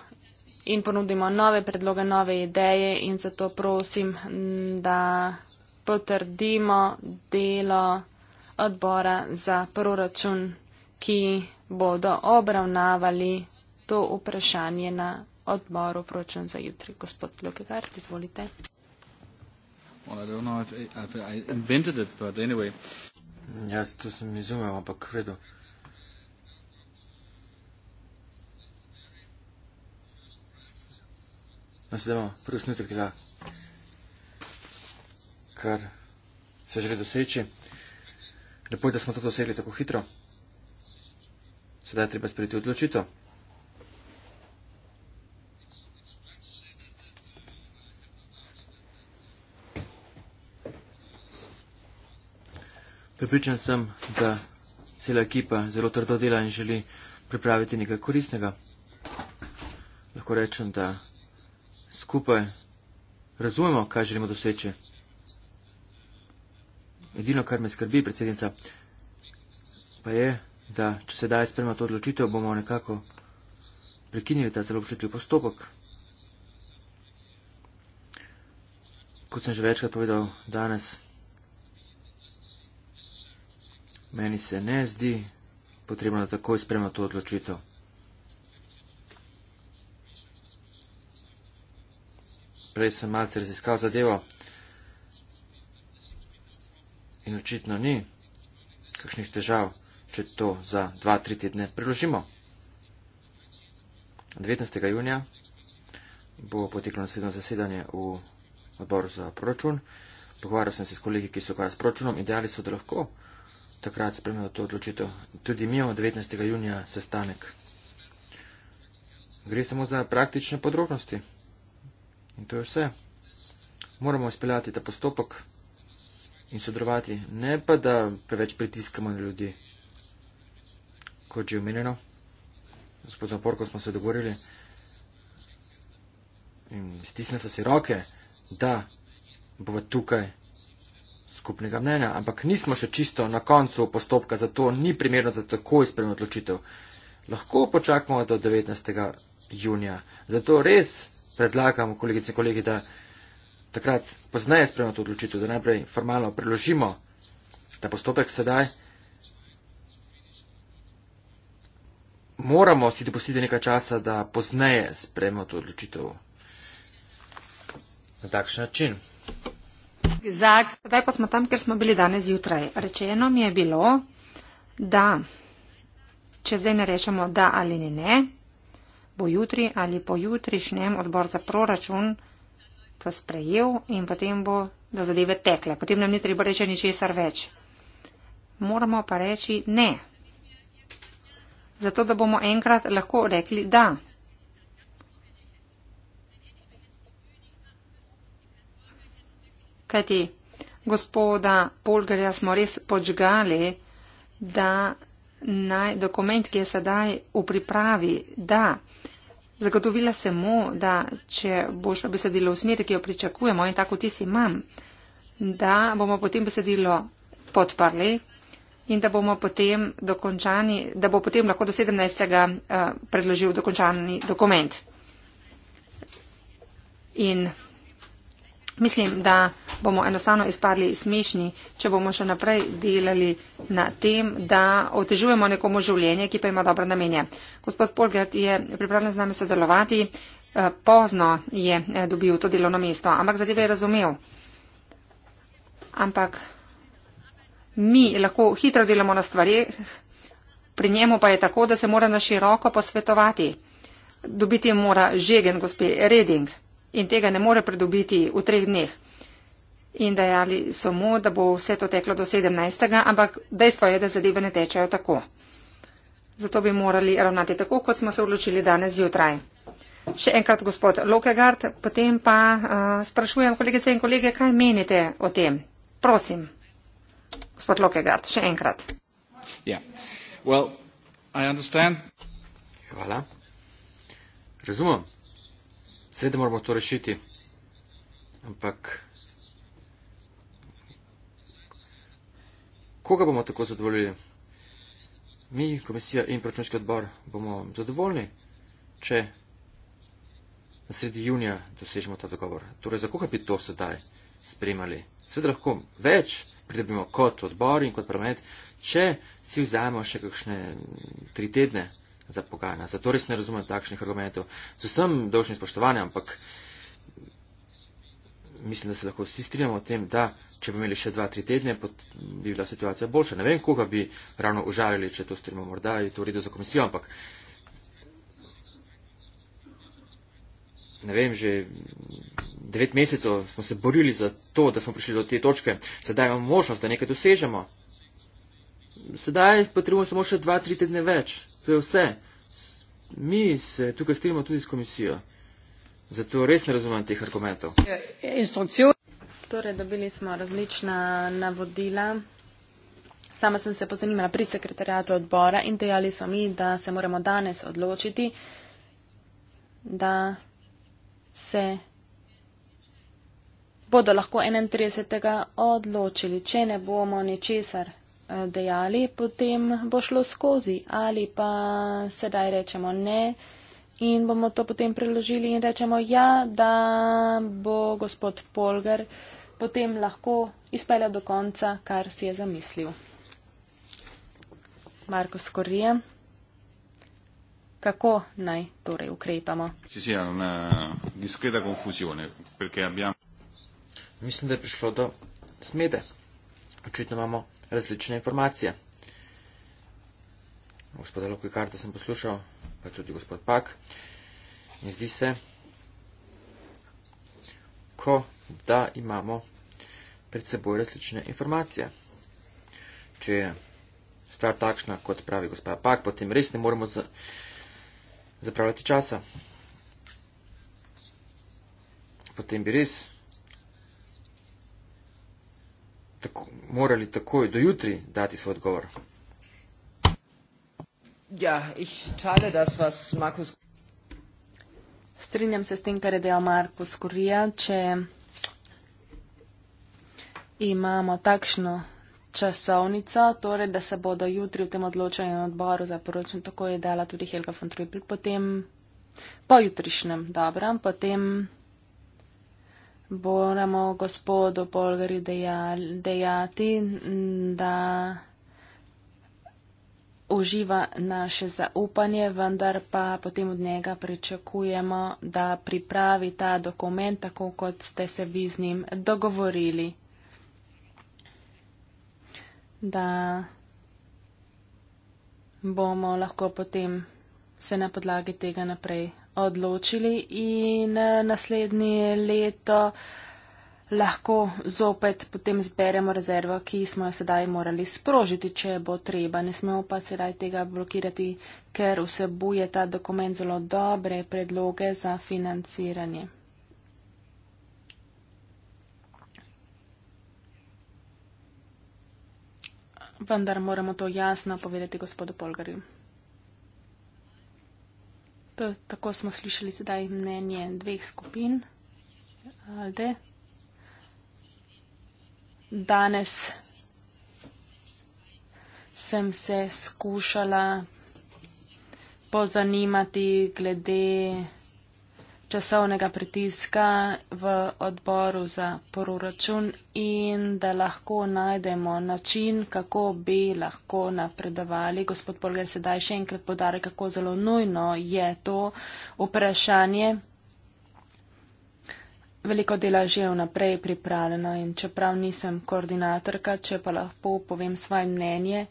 Speaker 3: in ponudimo nove predloge, nove ideje in zato prosim, da potrdimo delo odbora za proračun, ki bodo obravnavali to vprašanje na odboru pročen za jutri. Gospod Lukegard, izvolite.
Speaker 2: Jaz to sem izumel, ampak vedel. Na no, sedemo, prvi snutek tega, kar se želi doseči. Lepo je, da smo to dosegli tako hitro sedaj treba sprejeti odločitev. Pripričan sem, da cela ekipa zelo trdo dela in želi pripraviti nekaj koristnega. Lahko rečem, da skupaj razumemo, kaj želimo doseči. Edino, kar me skrbi, predsednica, pa je, da če se daj sprema to odločitev, bomo nekako prekinili ta zelo občutljiv postopek. Kot sem že večkrat povedal danes, meni se ne zdi potrebno, da takoj sprema to odločitev. Prej sem malce raziskal zadevo in očitno ni kakšnih težav če to za 2-3 tedne preložimo. 19. junija bo poteklo naslednjo zasedanje v odboru za proračun. Pogovarjal sem se s kolegi, ki so kar s proračunom in dejali so, da lahko takrat spremljajo to odločitev. Tudi mi imamo 19. junija sestanek. Gre samo za praktične podrobnosti. In to je vse. Moramo izpeljati ta postopek in sodelovati, ne pa da preveč pritiskamo na ljudi kot že omenjeno, gospod Zaporko smo se dogovorili in stisne se si roke, da bova tukaj skupnega mnenja, ampak nismo še čisto na koncu postopka, zato ni primerno, da tako izpremo odločitev. Lahko počakamo do 19. junija, zato res predlagam, kolegice in kolegi, da takrat pozneje spremo to odločitev, da najprej formalno preložimo ta postopek sedaj. moramo si dopustiti nekaj časa, da pozneje sprejmemo to odločitev. Na takšen način.
Speaker 1: Zag. Zdaj pa smo tam, ker smo bili danes jutraj. Rečeno mi je bilo, da če zdaj ne rečemo da ali ne, ne bo jutri ali pojutrišnjem odbor za proračun to sprejel in potem bo do zadeve tekle. Potem nam ni treba reči ničesar več. Moramo pa reči ne zato da bomo enkrat lahko rekli da. Kajti, gospoda Polgarja smo res počgali, da naj dokument, ki je sedaj v pripravi, da zagotovila se mu, da če boš besedilo v smeri, ki jo pričakujemo in tako ti si imam, da bomo potem besedilo podprli, in da, da bo potem lahko do 17. Eh, predložil dokončani dokument. In mislim, da bomo enostavno izpadli smešni, če bomo še naprej delali na tem, da otežujemo nekomu življenje, ki pa ima dobre namenje. Gospod Polgert je pripravljen z nami sodelovati, eh, pozno je eh, dobil to delovno mesto, ampak zadeve je razumel. Ampak mi lahko hitro delamo na stvari, pri njemu pa je tako, da se mora na široko posvetovati. Dobiti mora žegen gospe Reding in tega ne more pridobiti v treh dneh. In dejali so mu, da bo vse to teklo do 17. ampak dejstvo je, da zadeve ne tečejo tako. Zato bi morali ravnati tako, kot smo se odločili danes zjutraj. Še enkrat, gospod Lokegard, potem pa uh, sprašujem kolegice in kolege, kaj menite o tem. Prosim. Gospod Lokegard, še enkrat.
Speaker 2: Yeah. Ja. Well, Hvala. Razumem. Sedaj moramo to rešiti. Ampak koga bomo tako zadovoljili? Mi, komisija in pročunski odbor, bomo zadovoljni, če na sredi junija dosežemo ta dogovor. Torej, za koga bi to sedaj spremljali? seveda lahko več pridobimo kot odbor in kot parlament, če si vzamemo še kakšne tri tedne za pogajanja. Zato res ne razumem takšnih argumentov. Z vsem dolžnim spoštovanjem, ampak mislim, da se lahko vsi strinjamo o tem, da če bi imeli še dva, tri tedne, bi bila situacija boljša. Ne vem, koga bi ravno užalili, če to strinjamo. Morda je to uredo za komisijo, ampak. Ne vem, že devet mesecev smo se borili za to, da smo prišli do te točke. Sedaj imamo možnost, da nekaj dosežemo. Sedaj potrebujemo samo še dva, tri tedne več. To je vse. Mi se tukaj strinjamo tudi s komisijo. Zato res ne razumem teh argumentov.
Speaker 3: Torej, dobili smo različna navodila. Sama sem se pozanimala pri sekretarjatu odbora in dejali so mi, da se moramo danes odločiti, da se bodo lahko 31. odločili, če ne bomo ničesar eh, dejali, potem bo šlo skozi ali pa sedaj rečemo ne in bomo to potem preložili in rečemo ja, da bo gospod Polgar potem lahko izpeljal do konca, kar si je zamislil. Marko Skorije, kako naj torej ukrepamo?
Speaker 2: Si, si, na, mislim, da je prišlo do smede. Očitno imamo različne informacije. Gospoda Loki Karta sem poslušal, pa tudi gospod Pak. In zdi se, ko da imamo pred seboj različne informacije. Če je stvar takšna, kot pravi gospa Pak, potem res ne moremo zapravljati časa. Potem bi res tako, morali takoj do jutri dati svoj odgovor. Ja, ich teile das, was Markus.
Speaker 3: Strinjam se s tem, kar je dejal Markus Kurija. Če imamo takšno časovnico, torej, da se bodo jutri v tem odločenem odboru za poročen, tako je dala tudi Helga von Trippel, potem pojutrišnjem, dobro, potem moramo gospodu Polgari dejati, da uživa naše zaupanje, vendar pa potem od njega pričakujemo, da pripravi ta dokument tako, kot ste se vi z njim dogovorili. Da bomo lahko potem se na podlagi tega naprej odločili in eh, naslednje leto lahko zopet potem zberemo rezervo, ki smo jo sedaj morali sprožiti, če bo treba. Ne smemo pa sedaj tega blokirati, ker vsebuje ta dokument zelo dobre predloge za financiranje. Vendar moramo to jasno povedati gospodu Polgarju. To, tako smo slišali zdaj mnenje dveh skupin. Alde. Danes sem se skušala pozanimati glede časovnega pritiska v odboru za proračun in da lahko najdemo način, kako bi lahko napredovali. Gospod Polger sedaj še enkrat podare, kako zelo nujno je to vprašanje. Veliko dela že vnaprej je pripravljeno in čeprav nisem koordinatorka, če pa lahko povem svoje mnenje,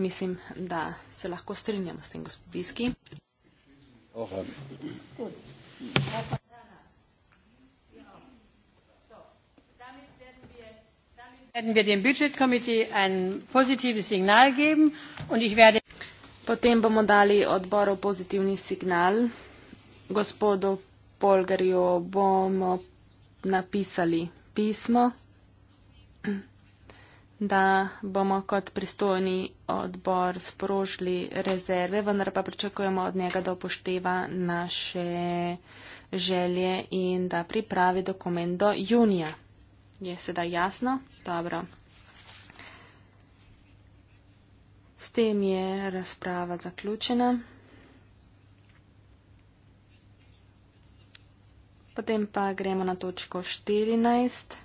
Speaker 3: mislim, da se lahko strinjam s tem gospodijski. Oh, um. Good
Speaker 1: werden wir dem Budžetkomitee ein positives Signal geben und ich werde
Speaker 3: potem bomo dali odboru pozitivni signal gospodu Polgarju bomo napisali pismo da bomo kot pristojni odbor sprožili rezerve, vendar pa pričakujemo od njega, da upošteva naše želje in da pripravi dokument do junija. Je sedaj jasno? Dobro. S tem je razprava zaključena. Potem pa gremo na točko 14.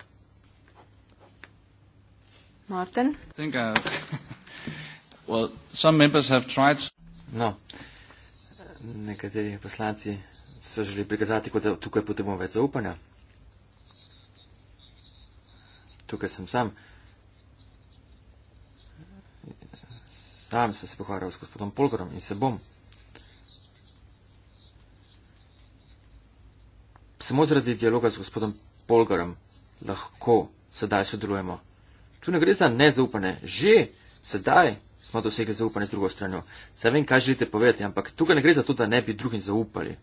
Speaker 3: Martin.
Speaker 1: I think, uh, well, some members have tried.
Speaker 2: No, nekateri poslanci so želi prikazati, da tukaj potrebujemo več zaupanja. Tukaj sem sam. Sam sem se pogovarjal s gospodom Polgorom in se bom. Samo zaradi dialoga z gospodom Polgorom lahko sedaj sodelujemo. Tu ne gre za nezaupanje. Že sedaj smo dosegli zaupanje z drugo stranjo. Zdaj vem, kaj želite povedati, ampak tukaj ne gre za to, da ne bi drugim zaupali.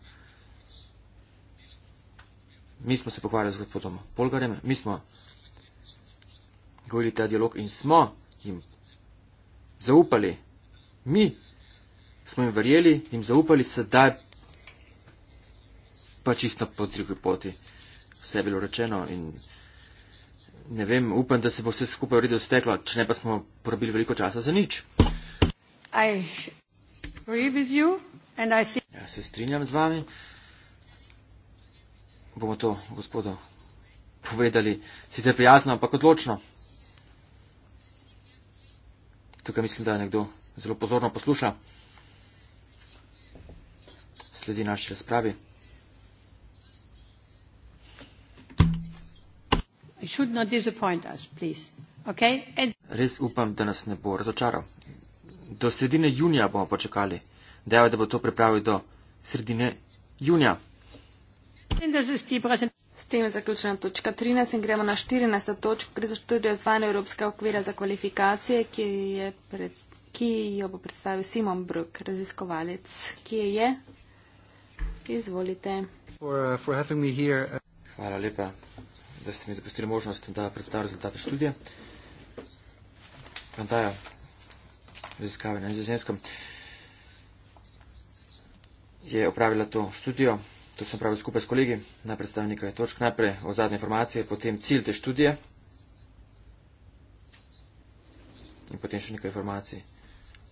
Speaker 2: Mi smo se pogovarjali z gospodom Polgarem, mi smo govorili ta dialog in smo jim zaupali. Mi smo jim verjeli, jim zaupali, sedaj pa čisto po drugi poti. Vse je bilo rečeno in ne vem, upam, da se bo vse skupaj v redu steklo, če ne pa smo porabili veliko časa za nič. Ja, se strinjam z vami. Bomo to, gospodo, povedali sicer prijazno, ampak odločno. Tukaj mislim, da nekdo zelo pozorno posluša. Sledi naši razpravi. Res upam, da nas ne bo razočaral. Do sredine junija bomo počakali. Dejal je, da bo to pripravil do sredine junija.
Speaker 3: S tem zaključujem točka 13 in gremo na 14. točko, gre za študijo zvane Evropska okvira za kvalifikacije, ki, je pred, ki jo bo predstavil Simon Brug, raziskovalec. Kje je? Izvolite.
Speaker 1: For, uh,
Speaker 2: for uh- Hvala lepa da ste mi dopustili možnost, da predstavim rezultate študije. Kandaja, raziskave na nizozemskem, je opravila to študijo, to sem pravil skupaj s kolegi, na predstavnika je točk, najprej o zadnje informacije, potem cilj te študije in potem še nekaj informacij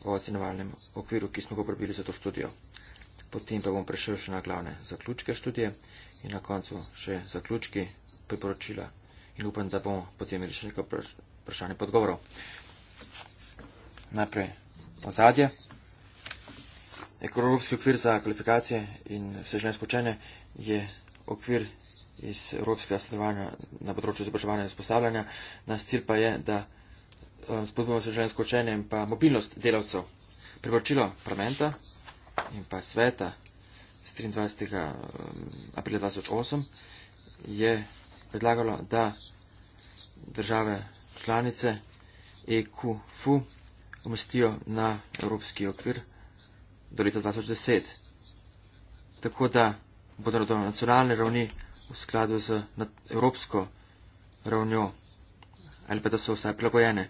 Speaker 2: o ocenovalnem okviru, ki smo ga uporabili za to študijo potem pa bom prešel še na glavne zaključke študije in na koncu še zaključki priporočila in upam, da bomo potem imeli še nekaj vprašanje podgovorov. Najprej ozadje. Ekologski okvir za kvalifikacije in vseživljenjsko učenje je okvir iz evropskega sodelovanja na področju izobraževanja in usposabljanja. Naš cilj pa je, da eh, spodbujamo vseživljenjsko učenje in pa mobilnost delavcev. Priporočilo parlamenta in pa sveta z 23. Um, aprila 2008 je predlagalo, da države članice EQFU umestijo na evropski okvir do leta 2010. Tako da bodo na nacionalni ravni v skladu z evropsko ravnjo ali pa da so vsaj prilagojene.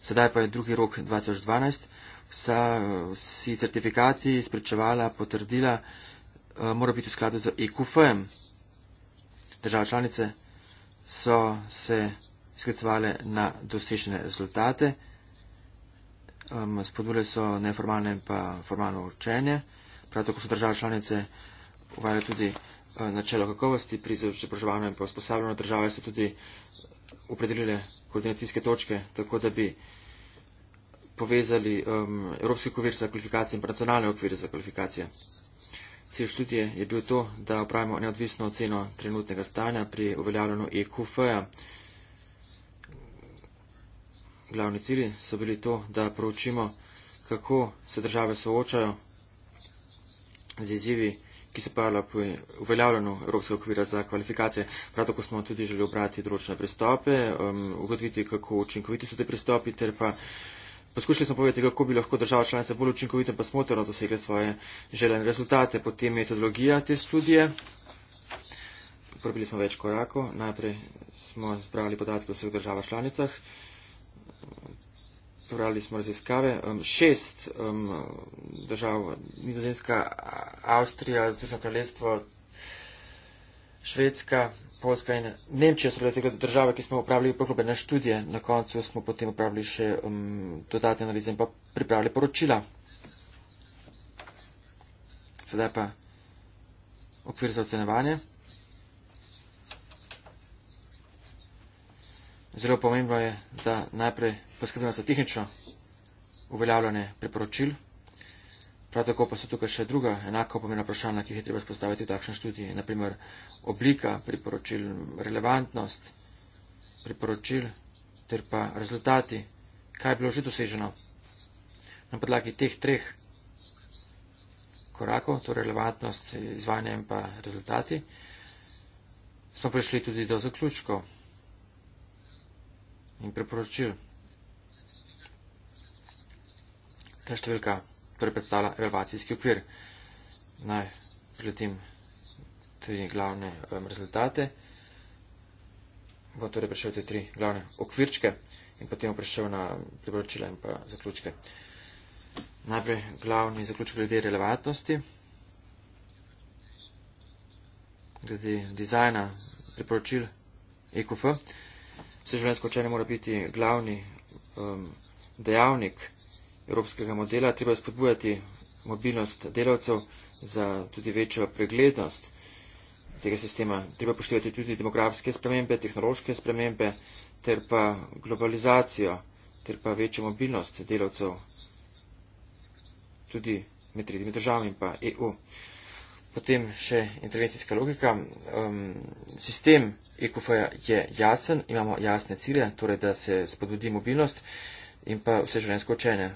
Speaker 2: Sedaj pa je drugi rok 2012 vsa, vsi certifikati, sprečevala, potrdila, eh, mora biti v skladu z EQFM. Država članice so se sklicovali na dosežene rezultate, spodbude so neformalne pa formalno učenje, prav tako so države članice uvajale tudi eh, načelo kakovosti pri izobraževanju in pa usposabljanju države so tudi opredelile koordinacijske točke, tako da bi povezali um, Evropski okvir za kvalifikacije in nacionalne okvire za kvalifikacije. Cilj študije je bil to, da upravimo neodvisno oceno trenutnega stanja pri uveljavljanju EQF-ja. Glavni cilji so bili to, da proučimo, kako se države soočajo z izzivi, ki se pojavljajo pri uveljavljanju Evropskega okvira za kvalifikacije. Prav tako smo tudi želeli obrati določene pristope, um, ugotoviti, kako učinkoviti so te pristopi, ter pa Poskušali smo povedati, kako bi lahko država članica bolj učinkovito pa smotrno dosegla svoje želene rezultate. Potem metodologija te študije. Probili smo več korakov. Najprej smo zbrali podatke o vseh državah članicah. Zbrali smo raziskave. Um, šest um, držav, Nizozemska, Avstrija, Združeno kraljestvo, Švedska, Polska in Nemčija so bile te države, ki smo upravili poglobljene študije. Na koncu smo potem upravili še um, dodatne analize in pa pripravili poročila. Sedaj pa okvir za ocenevanje. Zelo pomembno je, da najprej poskrbimo za tehnično uveljavljanje priporočil. Prav tako pa so tukaj še druga enako pomena vprašanja, ki jih je treba spostaviti v takšni študiji. Naprimer, oblika priporočil, relevantnost priporočil ter pa rezultati, kaj je bilo že doseženo. Na podlagi teh treh korakov, torej relevantnost, izvajanje in pa rezultati, smo prišli tudi do zaključkov in priporočil. Ta številka torej predstavlja evalvacijski okvir. Naj zletim tri glavne um, rezultate. Bo torej prišel te tri glavne okvirčke in potem prišel na priporočila in pa zaključke. Najprej glavni zaključek glede relevantnosti, glede dizajna priporočil EQF. Vse življenjsko učenje mora biti glavni um, dejavnik evropskega modela, treba spodbujati mobilnost delavcev za tudi večjo preglednost tega sistema. Treba poštevati tudi demografske spremembe, tehnološke spremembe ter pa globalizacijo ter pa večjo mobilnost delavcev tudi med tretjimi državami in pa EU. Potem še intervencijska logika. Um, sistem EQF je jasen, imamo jasne cilje, torej da se spodbudi mobilnost in pa vse življenjsko učenje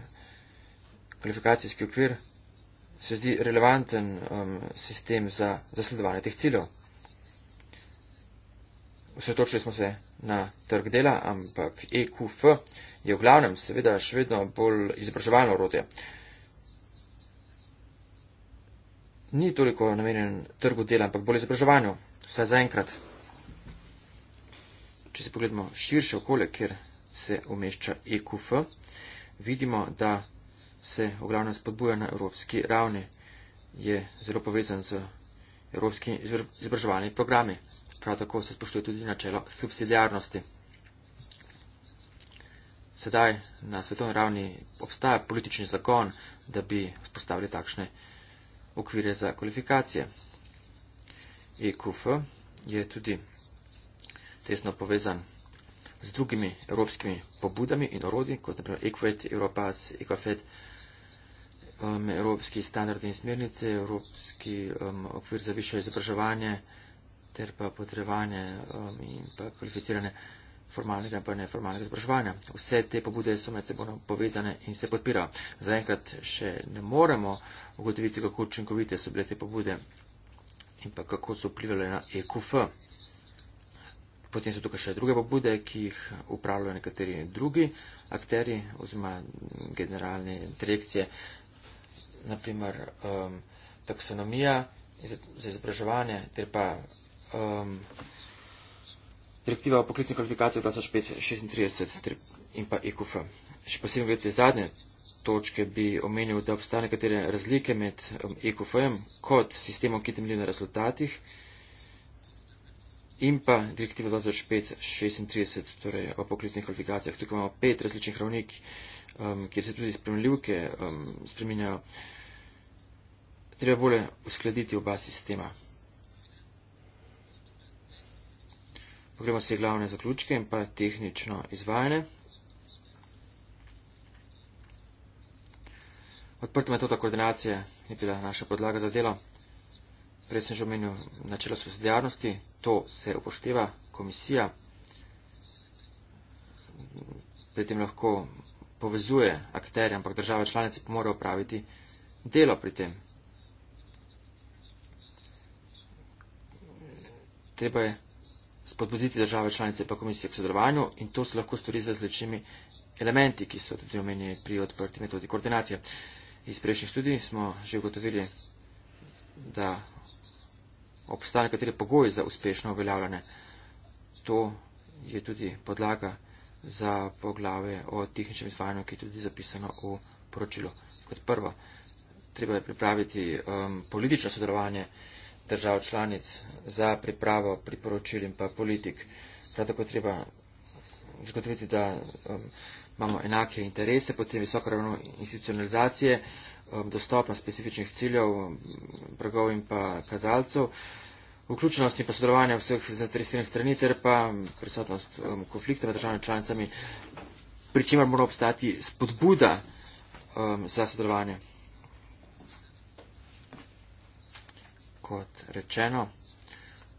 Speaker 2: kvalifikacijski okvir se zdi relevanten um, sistem za zasledovanje teh ciljev. Vsredotočili smo se na trg dela, ampak EQF je v glavnem seveda še vedno bolj izobraževalno orodje. Ni toliko namenjen trgu dela, ampak bolj izobraževanju, vsaj zaenkrat. Če se pogledamo širše okolje, kjer se umešča EQF, vidimo, da se v glavnem spodbuja na evropski ravni, je zelo povezan z evropskimi izobraževalnimi programi. Prav tako se spoštuje tudi načelo subsidijarnosti. Sedaj na svetovni ravni obstaja politični zakon, da bi vzpostavili takšne okvire za kvalifikacije. EQF je tudi tesno povezan z drugimi evropskimi pobudami in orodji, kot naprimer EQUET, EUROPAS, EQUAFED, EQUAFED, um, evropski standardi in smernice, evropski um, okvir za višjo izobraževanje ter pa potrebovanje um, in pa kvalificirane formalnega in neformalnega izobraževanja. Vse te pobude so med seboj povezane in se podpirajo. Zaenkrat še ne moremo ugotoviti, kako učinkovite so bile te pobude in pa kako so vplivali na EQF. Potem so tukaj še druge pobude, ki jih upravljajo nekateri drugi akteri oziroma generalne direkcije naprimer um, taksonomija za izobraževanje, ter pa um, direktiva o poklicni kvalifikaciji 2035 in pa IQF. E Še posebej glede zadnje točke bi omenil, da obstajajo nekatere razlike med IQF-em um, e kot sistemom, ki temelji na rezultatih in pa direktiva 2005-36, torej o poklicnih kvalifikacijah. Tukaj imamo pet različnih ravnik, um, kjer se tudi spremljivke um, spreminjajo. Treba bolje uskladiti oba sistema. Pogremo se glavne zaključke in pa tehnično izvajanje. Odprta metoda koordinacije je bila naša podlaga za delo prej sem že omenil načelo subsidijarnosti, to se upošteva komisija, pri tem lahko povezuje akterje, ampak države članice pa morajo opraviti delo pri tem. Treba je spodbuditi države članice pa komisije k sodelovanju in to se lahko stori z različnimi elementi, ki so tudi omenjeni pri odprti metodi koordinacije. Iz prejšnjih študij smo že ugotovili, da obstajajo nekateri pogoji za uspešno uveljavljanje. To je tudi podlaga za poglavje o tehničnem izvajanju, ki je tudi zapisano v poročilu. Kot prvo, treba je pripraviti um, politično sodelovanje držav članic za pripravo priporočil in pa politik. Prav tako treba zagotoviti, da um, imamo enake interese, potem visoko ravno institucionalizacije, Um, dostopnost specifičnih ciljev, pragov um, in pa kazalcev, vključnost in posodrovanje vseh zainteresiranih strani ter pa um, prisotnost um, konflikta med državami članicami, pri čemer mora obstati spodbuda um, za sodelovanje. Kot rečeno,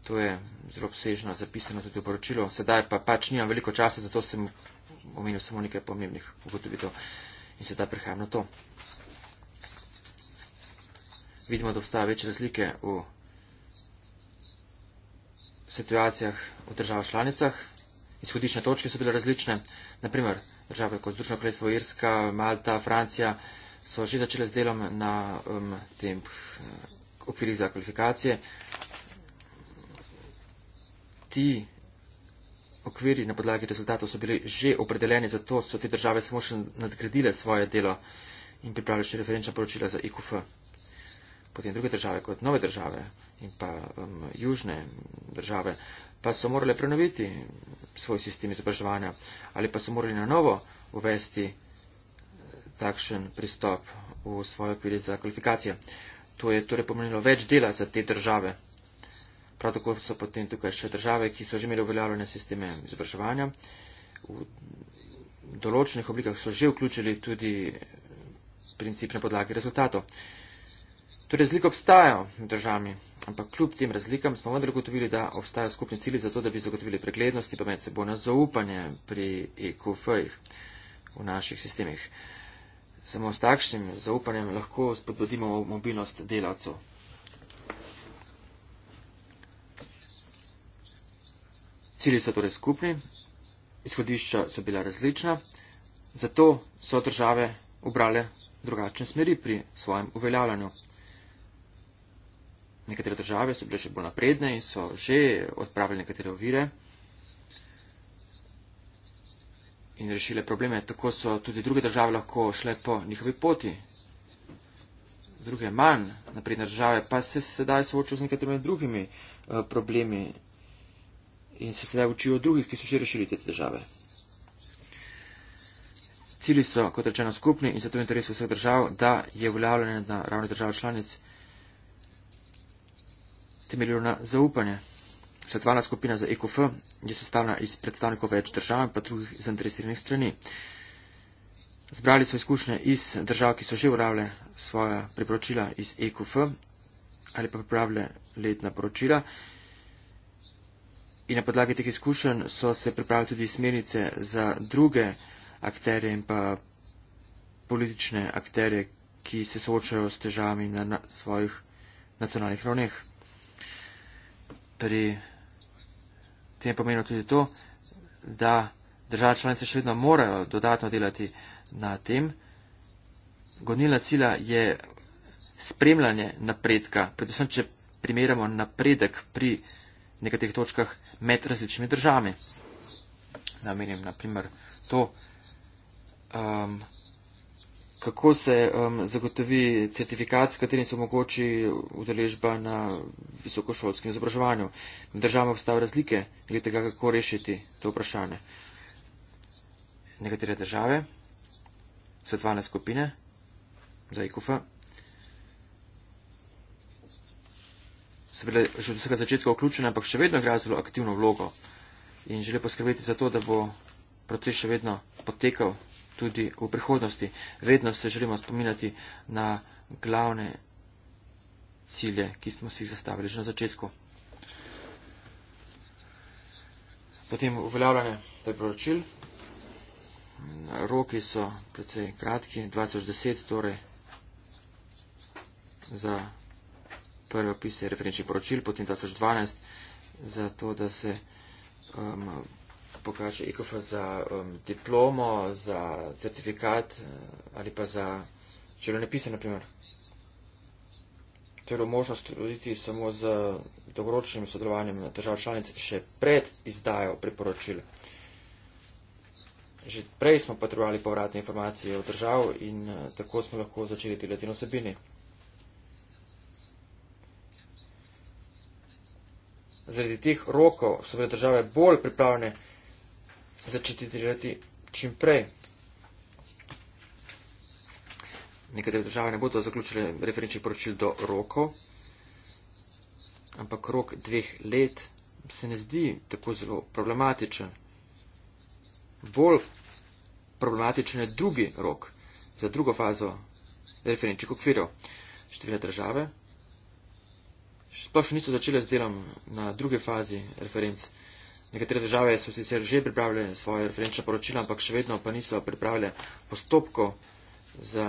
Speaker 2: to je zelo obsežno zapisano tudi v poročilu. Sedaj pa pač nimam veliko časa, zato sem omenil samo nekaj pomembnih ugotovitev in sedaj prihajam na to vidimo, da obstaja več razlike v situacijah v državah članicah. Izhodišne točke so bile različne. Naprimer, države kot Združeno kraljestvo Irska, Malta, Francija so že začele z delom na um, tem eh, okvirih za kvalifikacije. Ti okviri na podlagi rezultatov so bili že opredeljeni, zato so te države samo še nadgradile svoje delo in pripravili še referenčna poročila za IQF potem druge države, kot nove države in pa um, južne države, pa so morali prenoviti svoj sistem izobraževanja ali pa so morali na novo uvesti eh, takšen pristop v svoje okvirje za kvalifikacije. To je torej pomenilo več dela za te države. Prav tako so potem tukaj še države, ki so že imeli uveljavljene sisteme izobraževanja. V določenih oblikah so že vključili tudi principne podlage rezultatov. To torej, razliko obstajajo med državami, ampak kljub tem razlikam smo vendar ugotovili, da obstajajo skupni cilji za to, da bi zagotovili preglednost in pa medsebojno zaupanje pri EQF-jih v naših sistemih. Samo s takšnim zaupanjem lahko spodbudimo mobilnost delavcev. Cilji so torej skupni, izhodišča so bila različna, zato so države obrale drugačne smeri pri svojem uveljavljanju. Nekatere države so bile že bolj napredne in so že odpravili nekatere ovire in rešile probleme. Tako so tudi druge države lahko šle po njihovi poti. Druge manj napredne države pa se sedaj soočajo z nekaterimi drugimi uh, problemi in se sedaj učijo od drugih, ki so že rešili te države. Cili so, kot rečeno, skupni in zato je interes vseh držav, da je uveljavljanje na ravni držav članic temeljilo na zaupanje. Svetovalna skupina za EKF je sestavljena iz predstavnikov več držav in pa drugih zainteresiranih strani. Zbrali so izkušnje iz držav, ki so že uravljale svoja priporočila iz EKF ali pa pripravljale letna poročila. In na podlagi teh izkušenj so se pripravili tudi smernice za druge akterje in pa politične akterje, ki se soočajo s težavami na, na svojih nacionalnih ravneh pri tem pomenu tudi to, da države članice še vedno morajo dodatno delati na tem. Gonilna sila je spremljanje napredka, predvsem, če primerjamo napredek pri nekaterih točkah med različnimi državami. Namenim, naprimer, to, um, kako se um, zagotovi certifikat, s katerim se omogoči udeležba na visokošolskem izobraževanju. Država obstaja razlike, glede tega, kako rešiti to vprašanje. Nekatere države, svetovne skupine, za IKF, so bile že od vsega začetka vključene, ampak še vedno igrajo zelo aktivno vlogo in želijo poskrbeti za to, da bo proces še vedno potekal tudi v prihodnosti. Vedno se želimo spominjati na glavne cilje, ki smo si jih zastavili že na začetku. Potem uveljavljanje priporočil. Roki so precej kratki, 2010 torej za prve opise referenčnih poročil, potem 2012 za to, da se um, pokaže ikofa za um, diplomo, za certifikat eh, ali pa za življenjepise, na primer. To je bilo možnost truditi samo z dogoročnim sodelovanjem držav članic še pred izdajo priporočila. Že prej smo potrebovali povratne informacije od držav in eh, tako smo lahko začeli delati na osebini. Zaradi teh rokov so bile države bolj pripravljene začeti delati čim prej. Nekatere države ne bodo zaključile referenčnih poročil do rokov, ampak rok dveh let se ne zdi tako zelo problematičen. Bolj problematičen je drugi rok za drugo fazo referenčnih okvirov. Številne države sploh še niso začele z delom na druge fazi referenci Nekatere države so sicer že pripravile svoje referenčne poročila, ampak še vedno pa niso pripravile postopko za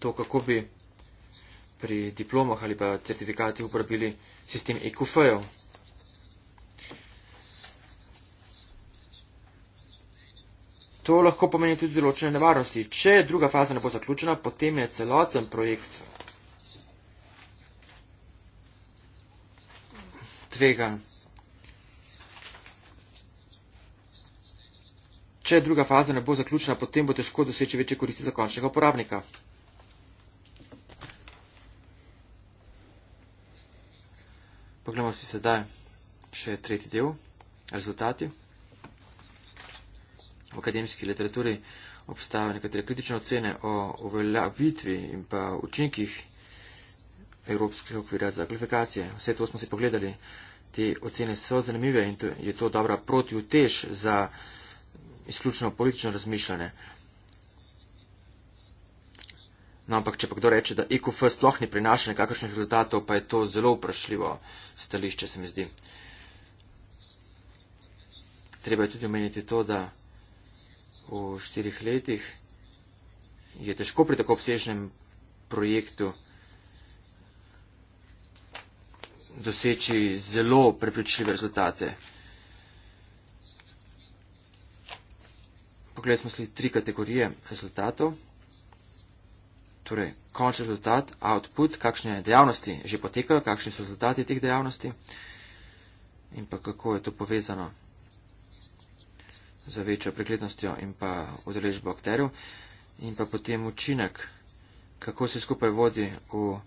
Speaker 2: to, kako bi pri diplomah ali pa certifikati uporabili sistem EQF-jev. To lahko pomeni tudi določene nevarnosti. Če druga faza ne bo zaključena, potem je celoten projekt tvega. Če druga faza ne bo zaključena, potem bo težko doseči večje koristi za končnega uporabnika. Poglejmo si sedaj še tretji del, rezultati. V akademski literaturi obstajajo nekatere kritične ocene o uveljavitvi in pa učinkih evropskih okvirja za kvalifikacije. Vse to smo si pogledali te ocene so zanimive in to, je to dobra protiutež za izključno politično razmišljanje. No, ampak če pa kdo reče, da IQF e sploh ni prinaša nekakšnih rezultatov, pa je to zelo vprašljivo stališče, se mi zdi. Treba je tudi omeniti to, da v štirih letih je težko pri tako obsežnem projektu doseči zelo prepričljive rezultate. Poglej smo sli tri kategorije rezultatov. Torej, končni rezultat, output, kakšne dejavnosti že potekajo, kakšni so rezultati teh dejavnosti in pa kako je to povezano za večjo preglednostjo in pa udeležbo akterjev in pa potem učinek, kako se skupaj vodi v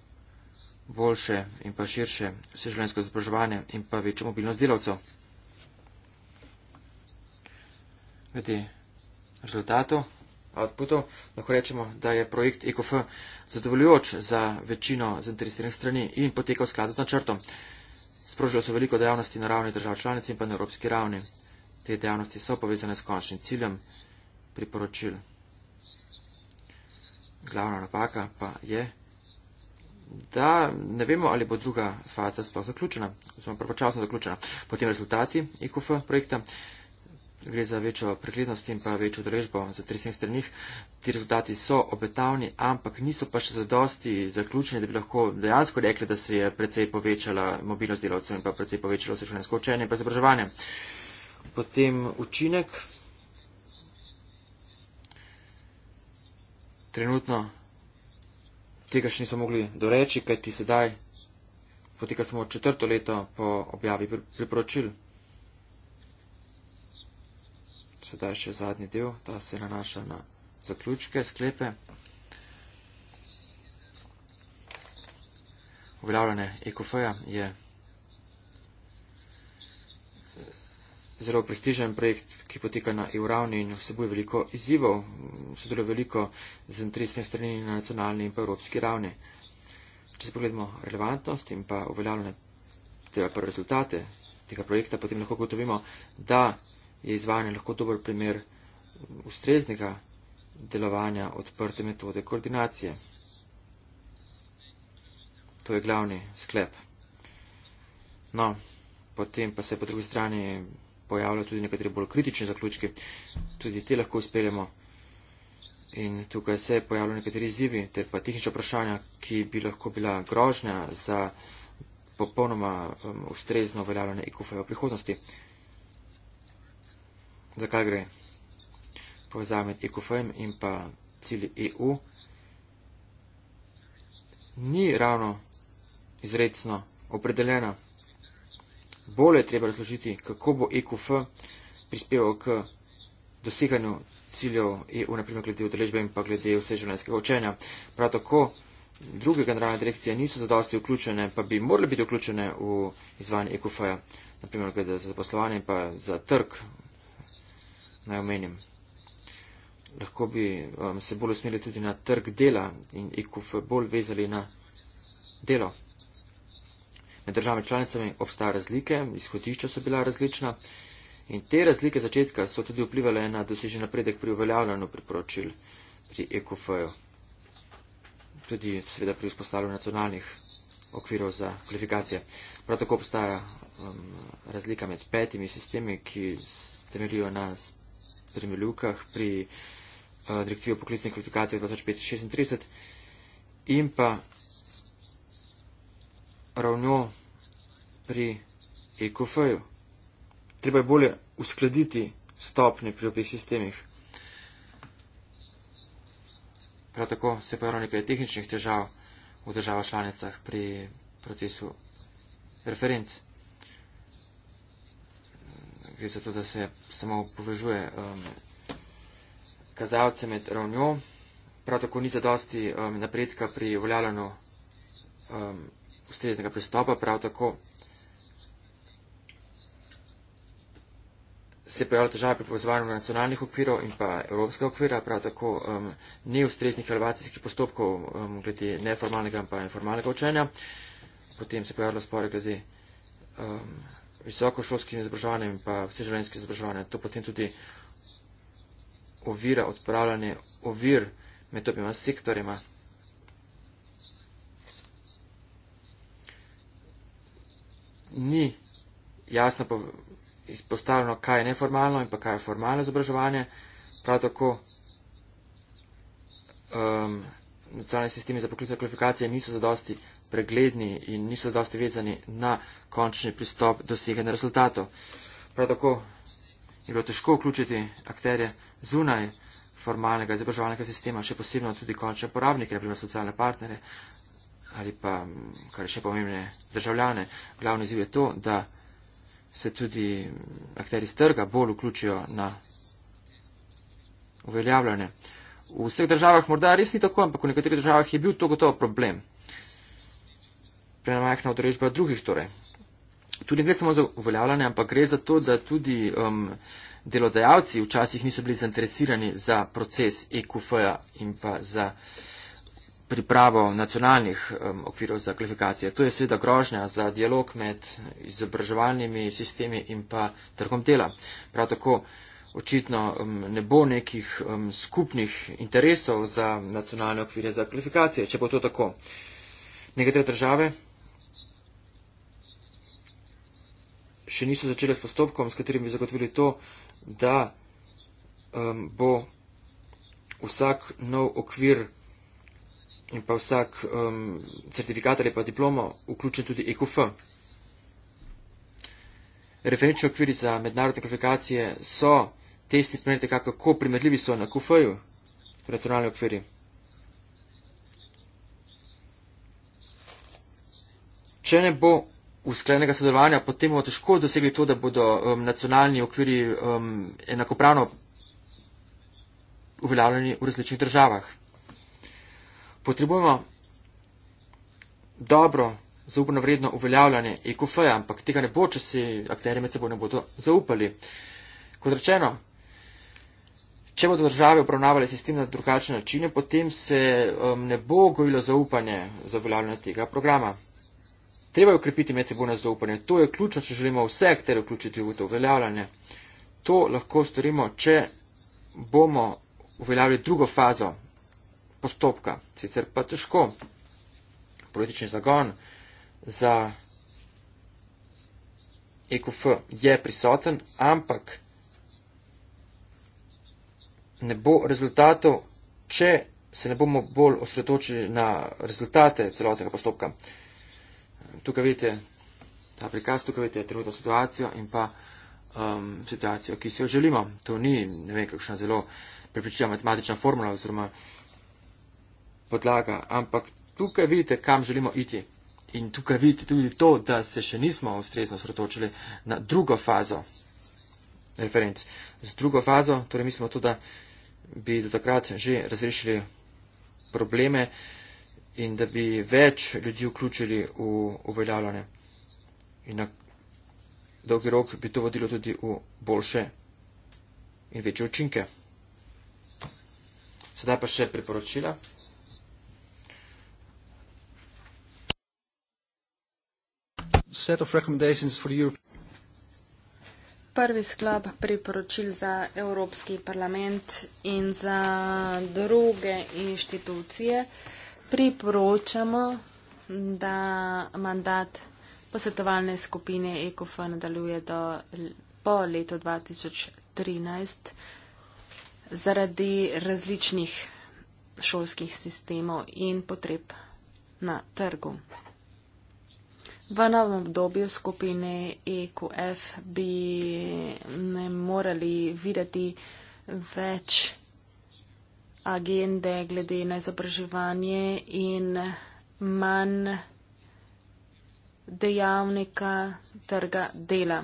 Speaker 2: boljše in pa širše vseživljenjsko izobraževanje in pa večjo mobilnost delavcev. Glede rezultatov, outputov, lahko rečemo, da je projekt EKF zadovoljujoč za večino zainteresiranih strani in poteka v skladu z načrtom. Sprožilo so veliko dejavnosti na ravni držav članic in pa na evropski ravni. Te dejavnosti so povezane s končnim ciljem priporočil. Glavna napaka pa je, da ne vemo, ali bo druga faza sploh zaključena, oziroma pravočasno zaključena. Potem rezultati IKF e projekta, gre za večjo preglednost in pa večjo drežbo za 37 stranih. Ti rezultati so obetavni, ampak niso pa še zadosti zaključeni, da bi lahko dejansko rekli, da se je precej povečala mobilnost delavcev in pa precej povečalo se šolensko učenje in pa izobraževanje. Potem učinek. Trenutno tega še niso mogli doreči, kaj ti sedaj poteka samo četrto leto po objavi priporočil. Sedaj še zadnji del, ta se nanaša na zaključke, sklepe. Uveljavljanje EKF-ja je zelo prestižen projekt, ki poteka na EU ravni in vseboj veliko izzivov, sodeluje veliko z interesne strani na nacionalni in pa evropski ravni. Če se pogledamo relevantnost in pa uveljavljene tega prve rezultate tega projekta, potem lahko gotovimo, da je izvajanje lahko dober primer ustreznega delovanja odprte metode koordinacije. To je glavni sklep. No, potem pa se po drugi strani pojavljajo tudi nekateri bolj kritični zaključki, tudi te lahko uspeljamo. In tukaj se pojavljajo nekateri izzivi ter pa tehnična vprašanja, ki bi lahko bila grožnja za popolnoma um, ustrezno uveljavljanje ekofe v prihodnosti. Zakaj gre? Povezave med ekofem in pa cilji EU ni ravno izredno opredeljena bolj je treba razložiti, kako bo EQF prispeval k doseganju ciljev EU, naprimer glede udeležbe in pa glede vse življenjskega učenja. Prav tako druge generalne direkcije niso zadosti vključene, pa bi morali biti vključene v izvajanje EQF-ja, naprimer glede za zaposlovanje in pa za trg, naj omenim. Lahko bi um, se bolj usmerili tudi na trg dela in EQF bolj vezali na delo med državami članicami obstaja razlike, izhodišča so bila različna in te razlike začetka so tudi vplivali na dosežen napredek pri uveljavljanju priporočil pri EKF-ju, tudi seveda pri vzpostavljanju nacionalnih okvirov za kvalifikacije. Prav tako obstaja um, razlika med petimi sistemi, ki temeljijo na spremljivkah pri uh, direktivi o poklicnih kvalifikacijah 2536 in pa ravno pri EKF-ju. Treba je bolje uskladiti stopnje pri obeh sistemih. Prav tako se pojavlja nekaj tehničnih težav v državah članicah pri procesu referenc. Gre za to, da se samo povežuje um, kazalce med ravnjo. Prav tako ni zadosti um, napredka pri uveljavljanju um, ustreznega pristopa, prav tako se pojavlja težava pri povezovanju nacionalnih okvirov in pa evropskega okvira, prav tako um, ni ustreznih evalvacijskih postopkov um, glede neformalnega in pa informalnega učenja. Potem se pojavlja spore glede um, visokošolskih izobraževanj in pa vseživljenjskih izobraževanj. To potem tudi ovira odpravljanje ovir med obima sektorima. Ni jasno povedano, izpostavljeno, kaj je neformalno in pa kaj je formalno izobraževanje. Prav tako um, nacionalni sistemi za poklicne kvalifikacije niso zadosti pregledni in niso dosti vezani na končni pristop dosegane rezultatov. Prav tako je bilo težko vključiti akterje zunaj formalnega izobraževalnega sistema, še posebno tudi končne uporabnike, naprimer socialne partnere ali pa, kar je še pomembne, državljane. Glavni ziv je to, da se tudi akteri z trga bolj vključijo na uveljavljanje. V vseh državah morda res ni tako, ampak v nekaterih državah je bil to gotovo problem. Prenamajhna odrežba drugih torej. Tudi ne samo za uveljavljanje, ampak gre za to, da tudi um, delodajalci včasih niso bili zainteresirani za proces EQF-ja in pa za pripravo nacionalnih um, okvirov za kvalifikacije. To je seveda grožnja za dialog med izobraževalnimi sistemi in pa trgom dela. Prav tako očitno um, ne bo nekih um, skupnih interesov za nacionalne okvire za kvalifikacije, če bo to tako. Nekatere države še niso začele s postopkom, s katerim bi zagotovili to, da um, bo vsak nov okvir in pa vsak um, certifikat ali pa diplomo vključen tudi EQF. Referenčni okviri za mednarodne kvalifikacije so testi, pomenite, kako primerljivi so na QF-ju racionalni okviri. Če ne bo usklenega sodelovanja, potem bomo težko dosegli to, da bodo um, nacionalni okviri um, enakopravno uveljavljeni v različnih državah potrebujemo dobro, zaupno vredno uveljavljanje ekofeja, ampak tega ne bo, če si akteri med seboj ne bodo zaupali. Kot rečeno, če bodo države obravnavali sistem na drugačne načine, potem se um, ne bo gojilo zaupanje za uveljavljanje tega programa. Treba je ukrepiti med seboj na zaupanje. To je ključno, če želimo vse akteri vključiti v to uveljavljanje. To lahko storimo, če bomo uveljavili drugo fazo postopka. Sicer pa težko. Politični zagon za EKF je prisoten, ampak ne bo rezultatov, če se ne bomo bolj osredotočili na rezultate celotnega postopka. Tukaj vidite ta prikaz, tukaj vidite trenutno situacijo in pa um, situacijo, ki si jo želimo. To ni, ne vem, kakšna zelo prepričljiva matematična formula oziroma uh, podlaga, ampak tukaj vidite, kam želimo iti. In tukaj vidite tudi to, da se še nismo ustrezno sredotočili na drugo fazo referenc. Z drugo fazo, torej mislimo to, da bi do takrat že razrešili probleme in da bi več ljudi vključili v uveljavljanje. In na dolgi rok bi to vodilo tudi v boljše in večje učinke. Sedaj pa še priporočila. set of recommendations for Europe.
Speaker 3: Prvi sklop priporočil za Evropski parlament in za druge inštitucije priporočamo, da mandat posvetovalne skupine EKOF nadaljuje do po letu 2013 zaradi različnih šolskih sistemov in potreb na trgu. V novem obdobju skupine EQF bi ne morali videti več agende glede na izobraževanje in manj dejavnika trga dela.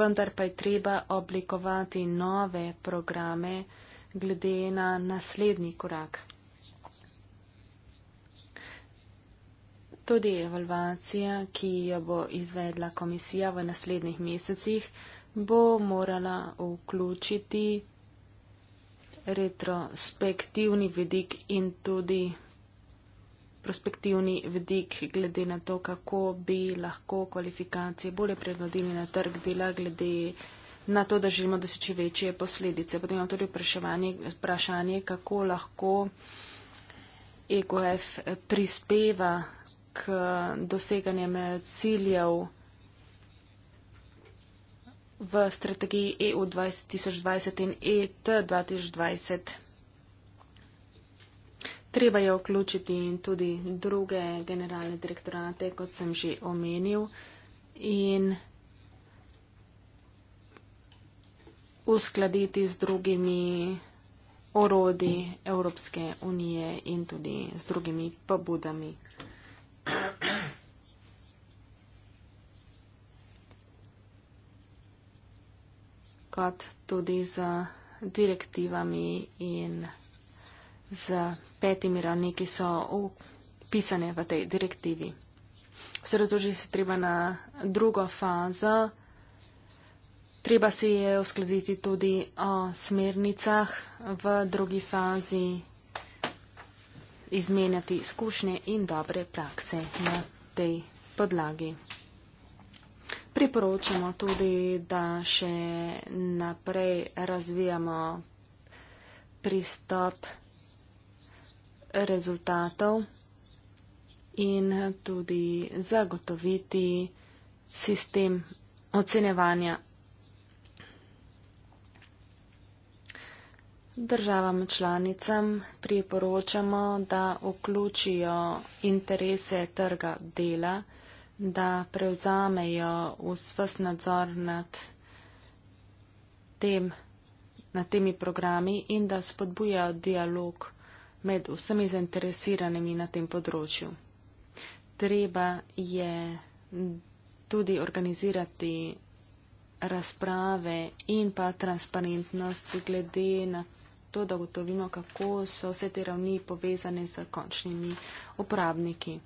Speaker 3: Vendar pa je treba oblikovati nove programe glede na naslednji korak. Tudi evalvacija, ki jo bo izvedla komisija v naslednjih mesecih, bo morala vključiti retrospektivni vidik in tudi prospektivni vidik glede na to, kako bi lahko kvalifikacije bolje prevladili na trg dela, glede na to, da želimo doseči večje posledice. Potem imamo tudi vprašanje, vprašanje kako lahko EGF prispeva k doseganjem ciljev v strategiji EU 2020 in e ET 2020. Treba je vključiti in tudi druge generalne direktorate, kot sem že omenil, in uskladiti z drugimi orodi Evropske unije in tudi z drugimi pobudami kot tudi z direktivami in z petimi ravni, ki so upisane v tej direktivi. Sredotoči se treba na drugo fazo. Treba si je uskladiti tudi o smernicah v drugi fazi izmenjati izkušnje in dobre prakse na tej podlagi. Priporočamo tudi, da še naprej razvijamo pristop rezultatov in tudi zagotoviti sistem ocenevanja Državam članicam priporočamo, da vključijo interese trga dela, da prevzamejo vsvas nadzor nad, tem, nad temi programi in da spodbujajo dialog med vsemi zainteresiranimi na tem področju. Treba je tudi organizirati razprave in pa transparentnost glede na to, da ugotovimo, kako so vse te ravni povezane z končnimi uporabniki.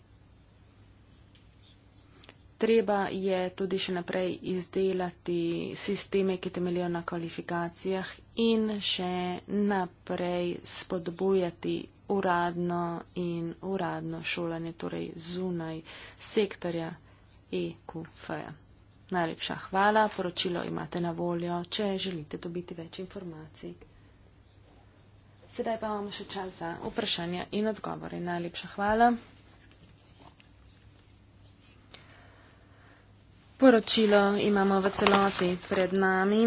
Speaker 3: Treba je tudi še naprej izdelati sisteme, ki temeljajo na kvalifikacijah in še naprej spodbujati uradno in uradno šolanje, torej zunaj sektorja EQF. Najlepša hvala, poročilo imate na voljo, če želite dobiti več informacij. Sedaj pa imamo še čas za vprašanja in odgovore. Najlepša hvala. Poročilo imamo v celoti pred nami.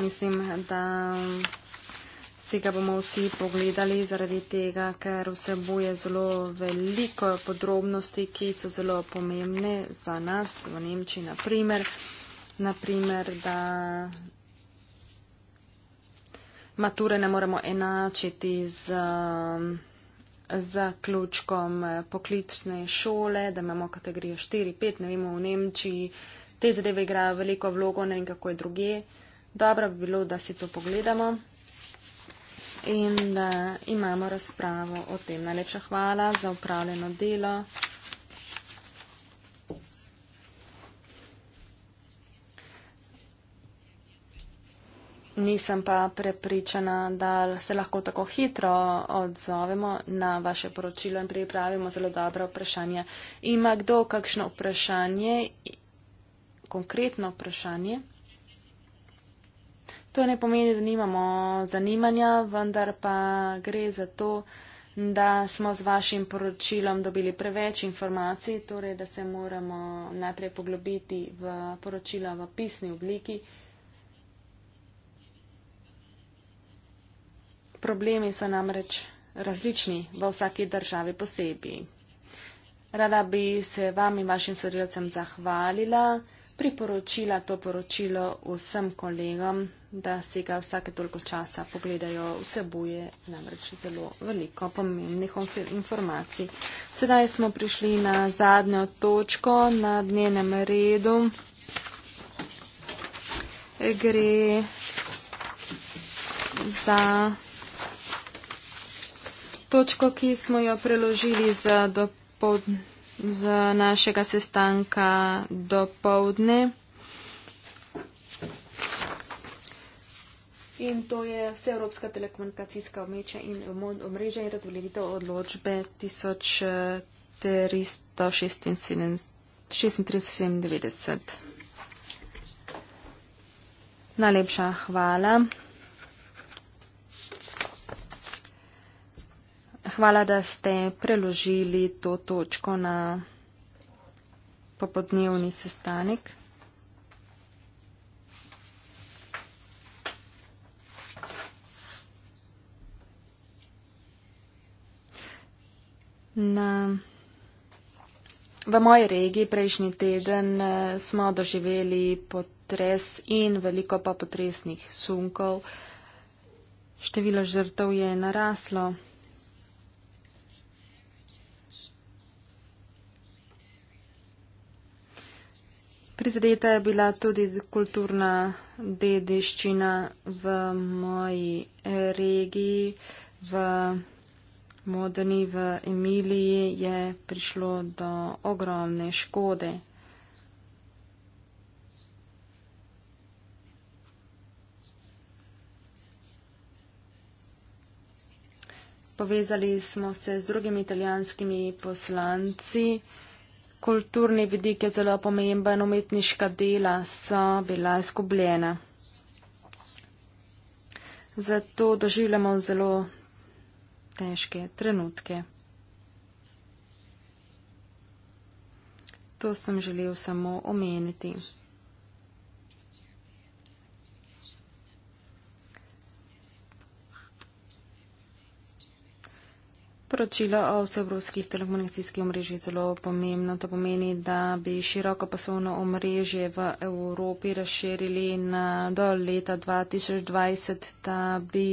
Speaker 3: Mislim, da si ga bomo vsi pogledali zaradi tega, ker vsebuje zelo veliko podrobnosti, ki so zelo pomembne za nas v Nemčiji. Naprimer, naprimer da mature ne moremo enačiti z um, zaključkom eh, poklicne šole, da imamo kategorijo 4-5, ne vemo v Nemčiji, te zadeve igrajo veliko vlogo, ne vem kako je druge. Dobro bi bilo, da si to pogledamo in da imamo razpravo o tem. Najlepša hvala za upravljeno delo. nisem pa prepričana, da se lahko tako hitro odzovemo na vaše poročilo in pripravimo zelo dobro vprašanje. Ima kdo kakšno vprašanje, konkretno vprašanje? To ne pomeni, da nimamo zanimanja, vendar pa gre za to, da smo z vašim poročilom dobili preveč informacij, torej da se moramo najprej poglobiti v poročilo v pisni obliki. problemi so namreč različni v vsaki državi posebej. Rada bi se vam in vašim sodelavcem zahvalila, priporočila to poročilo vsem kolegom, da si ga vsake toliko časa pogledajo. Vsebuje namreč zelo veliko pomembnih informacij. Sedaj smo prišli na zadnjo točko na dnevnem redu. Gre za točko, ki smo jo preložili za, pod, za našega sestanka do povdne. In to je vseevropska telekomunikacijska omrežja in, omrežja in razveljavitev odločbe 1396. Najlepša hvala. Hvala, da ste preložili to točko na popodnevni sestanek. Na, v moji regiji prejšnji teden eh, smo doživeli potres in veliko pa potresnih sunkov. Število žrtev je naraslo. Prizadeta je bila tudi kulturna dediščina v moji regiji, v Modeni, v Emiliji je prišlo do ogromne škode. Povezali smo se z drugimi italijanskimi poslanci kulturni vidik je zelo pomemben, umetniška dela so bila izgubljena. Zato doživljamo zelo težke trenutke. To sem želel samo omeniti. Poročilo o vsebrovskih telekomunikacijskih omrežjih je zelo pomembno. To pomeni, da bi široko poslovno omrežje v Evropi razširili na, do leta 2020, da bi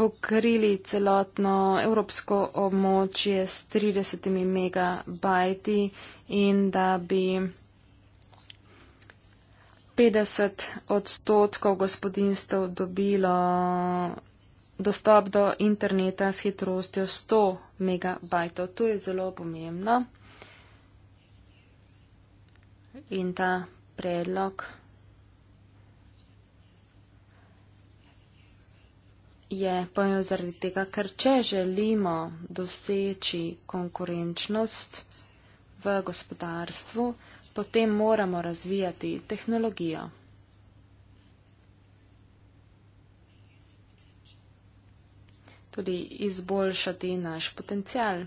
Speaker 3: pokrili celotno evropsko območje s 30 megabajti in da bi 50 odstotkov gospodinstv dobilo dostop do interneta s hitrostjo 100 MB. To je zelo pomembno. In ta predlog je pomemben zaradi tega, ker če želimo doseči konkurenčnost v gospodarstvu, potem moramo razvijati tehnologijo. tudi izboljšati naš potencial.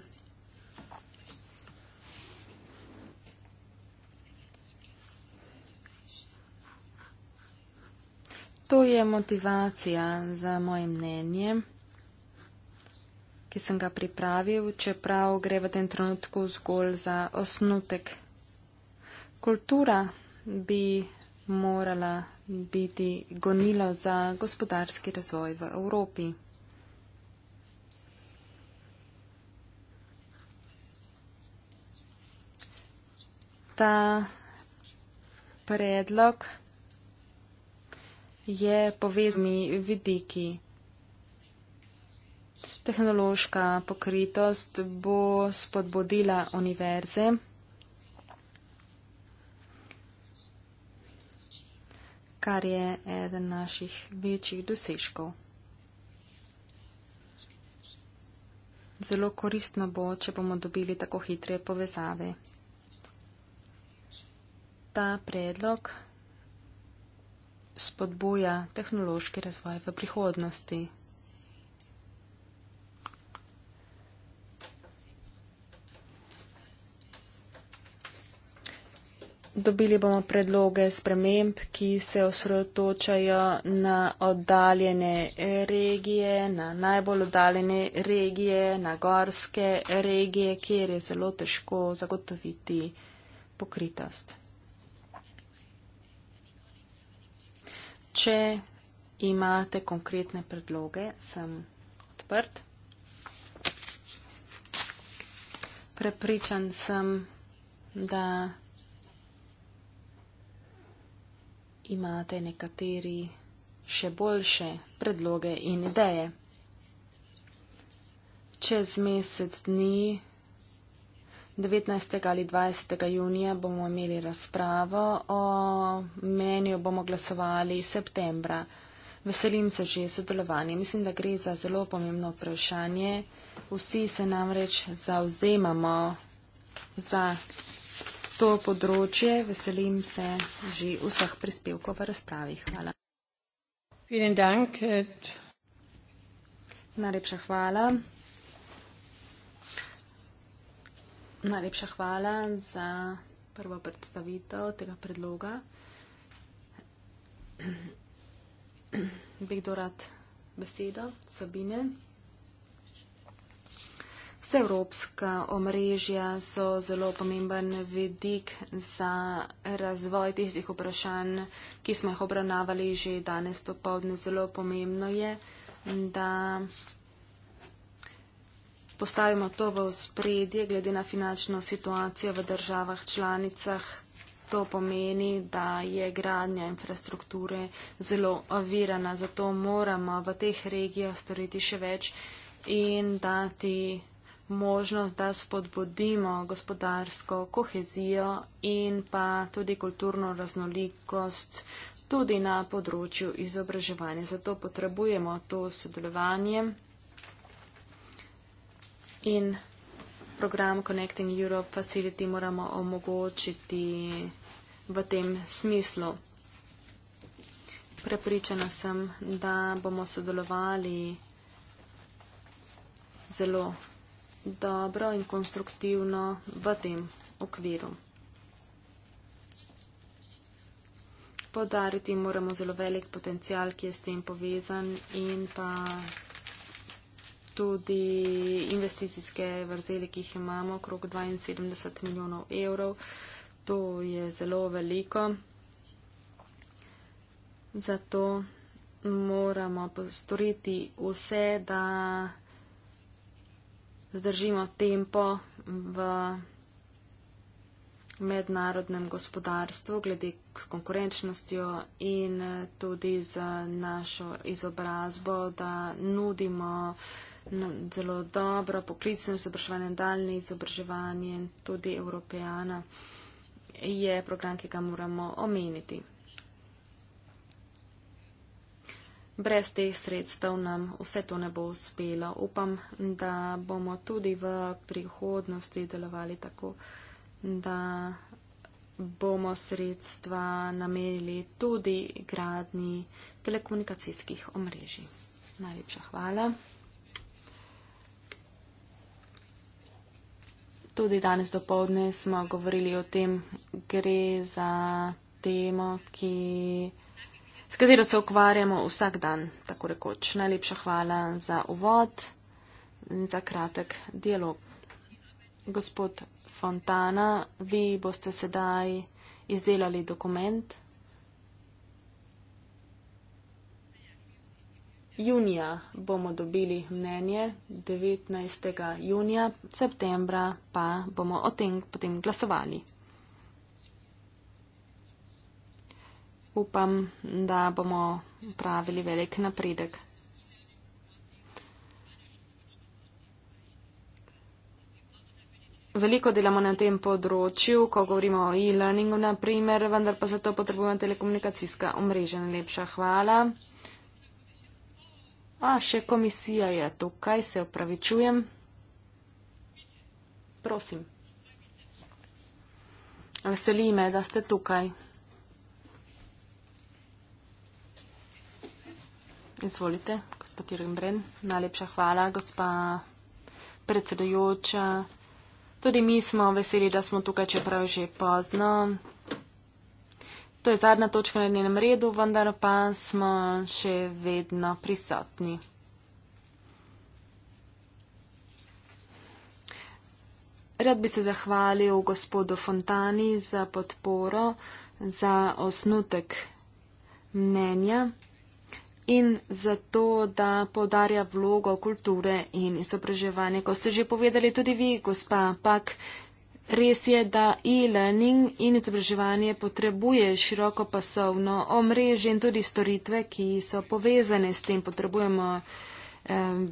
Speaker 3: To je motivacija za moje mnenje, ki sem ga pripravil, čeprav gre v tem trenutku zgolj za osnutek. Kultura bi morala biti gonilo za gospodarski razvoj v Evropi. ta predlog je povezni vidiki. Tehnološka pokritost bo spodbudila univerze, kar je eden naših večjih dosežkov. Zelo koristno bo, če bomo dobili tako hitre povezave ta predlog spodbuja tehnološki razvoj v prihodnosti. Dobili bomo predloge sprememb, ki se osredotočajo na oddaljene regije, na najbolj oddaljene regije, na gorske regije, kjer je zelo težko zagotoviti pokritost. Če imate konkretne predloge, sem odprt. Prepričan sem, da imate nekateri še boljše predloge in ideje. Čez mesec dni. 19. ali 20. junija bomo imeli razpravo, o menju bomo glasovali septembra. Veselim se že sodelovanja. Mislim, da gre za zelo pomembno vprašanje. Vsi se namreč zauzemamo za to področje. Veselim se že vseh prispevkov v razpravi. Hvala. Najlepša hvala. Najlepša hvala za prvo predstavitev tega predloga. Bi kdo rad besedo? Sabine. Vse evropska omrežja so zelo pomemben vedik za razvoj tistih vprašanj, ki smo jih obravnavali že danes dopovdne. Zelo pomembno je, da postavimo to v spredje, glede na finančno situacijo v državah članicah. To pomeni, da je gradnja infrastrukture zelo ovirana, zato moramo v teh regijah storiti še več in dati možnost, da spodbudimo gospodarsko kohezijo in pa tudi kulturno raznolikost tudi na področju izobraževanja. Zato potrebujemo to sodelovanje in program Connecting Europe Facility moramo omogočiti v tem smislu. Prepričana sem, da bomo sodelovali zelo dobro in konstruktivno v tem okviru. Podariti moramo zelo velik potencial, ki je s tem povezan in pa tudi investicijske vrzeli, ki jih imamo, okrog 72 milijonov evrov. To je zelo veliko. Zato moramo postoriti vse, da zdržimo tempo v mednarodnem gospodarstvu, glede s konkurenčnostjo in tudi z našo izobrazbo, da nudimo uh, No, zelo dobro, poklicno izobraževanje, daljne izobraževanje, tudi Evropejana je program, ki ga moramo omeniti. Brez teh sredstev nam vse to ne bo uspelo. Upam, da bomo tudi v prihodnosti delovali tako, da bomo sredstva namenili tudi gradni telekomunikacijskih omrežij. Najlepša hvala. Tudi danes dopovdne smo govorili o tem, gre za temo, ki, s katero se ukvarjamo vsak dan, tako rekoč. Najlepša hvala za uvod in za kratek dialog. Gospod Fontana, vi boste sedaj izdelali dokument. Junija bomo dobili mnenje, 19. junija, septembra pa bomo o tem potem glasovali. Upam, da bomo pravili velik napredek. Veliko delamo na tem področju, ko govorimo o e-learningu, naprimer, vendar pa za to potrebujemo telekomunikacijska omrežja. Najlepša hvala. A, še komisija je tukaj, se opravičujem. Prosim. Veseli me, da ste tukaj. Izvolite, gospod Jürgen, najlepša hvala, gospa predsedujoča. Tudi mi smo veseli, da smo tukaj, čeprav je že pozno. To je zadnja točka na njenem redu, vendar pa smo še vedno prisotni. Rad bi se zahvalil gospodu Fontani za podporo, za osnutek mnenja in za to, da podarja vlogo kulture in izobraževanja. Ko ste že povedali tudi vi, gospa Pak, Res je, da e-learning in izobraževanje potrebuje široko pasovno omrežje in tudi storitve, ki so povezane s tem. Potrebujemo eh,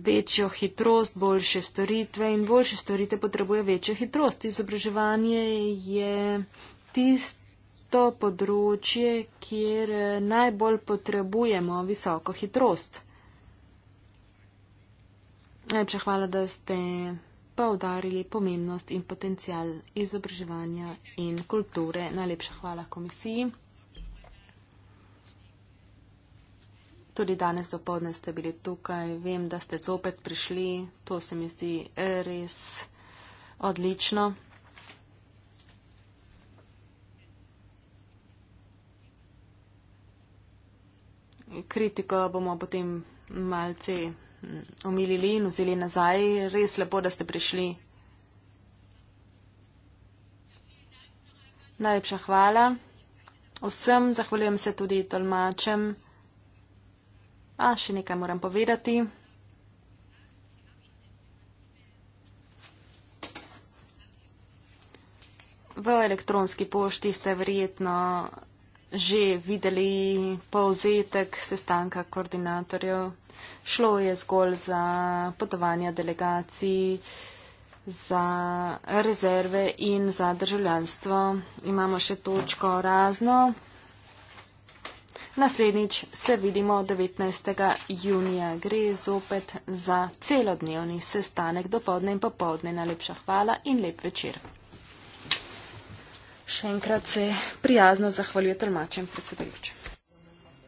Speaker 3: večjo hitrost, boljše storitve in boljše storitve potrebuje večjo hitrost. Izobraževanje je tisto področje, kjer eh, najbolj potrebujemo visoko hitrost. Najlepša hvala, da ste poudarili pomembnost in potencial izobraževanja in kulture. Najlepša hvala komisiji. Tudi danes dopoledne ste bili tukaj, vem, da ste zopet prišli, to se mi zdi res odlično. Kritiko bomo potem malce omilili in vzeli nazaj. Res lepo, da ste prišli. Najlepša hvala. Vsem zahvaljujem se tudi tolmačem. A, še nekaj moram povedati. V elektronski pošti ste verjetno že videli povzetek sestanka koordinatorjev. Šlo je zgolj za potovanja delegacij, za rezerve in za državljanstvo. Imamo še točko razno. Naslednjič se vidimo 19. junija. Gre zopet za celodnevni sestanek. Dopovdne in popovdne. Najlepša hvala in lep večer. Še enkrat se prijazno zahvaljujem tolmačem predsedujočem.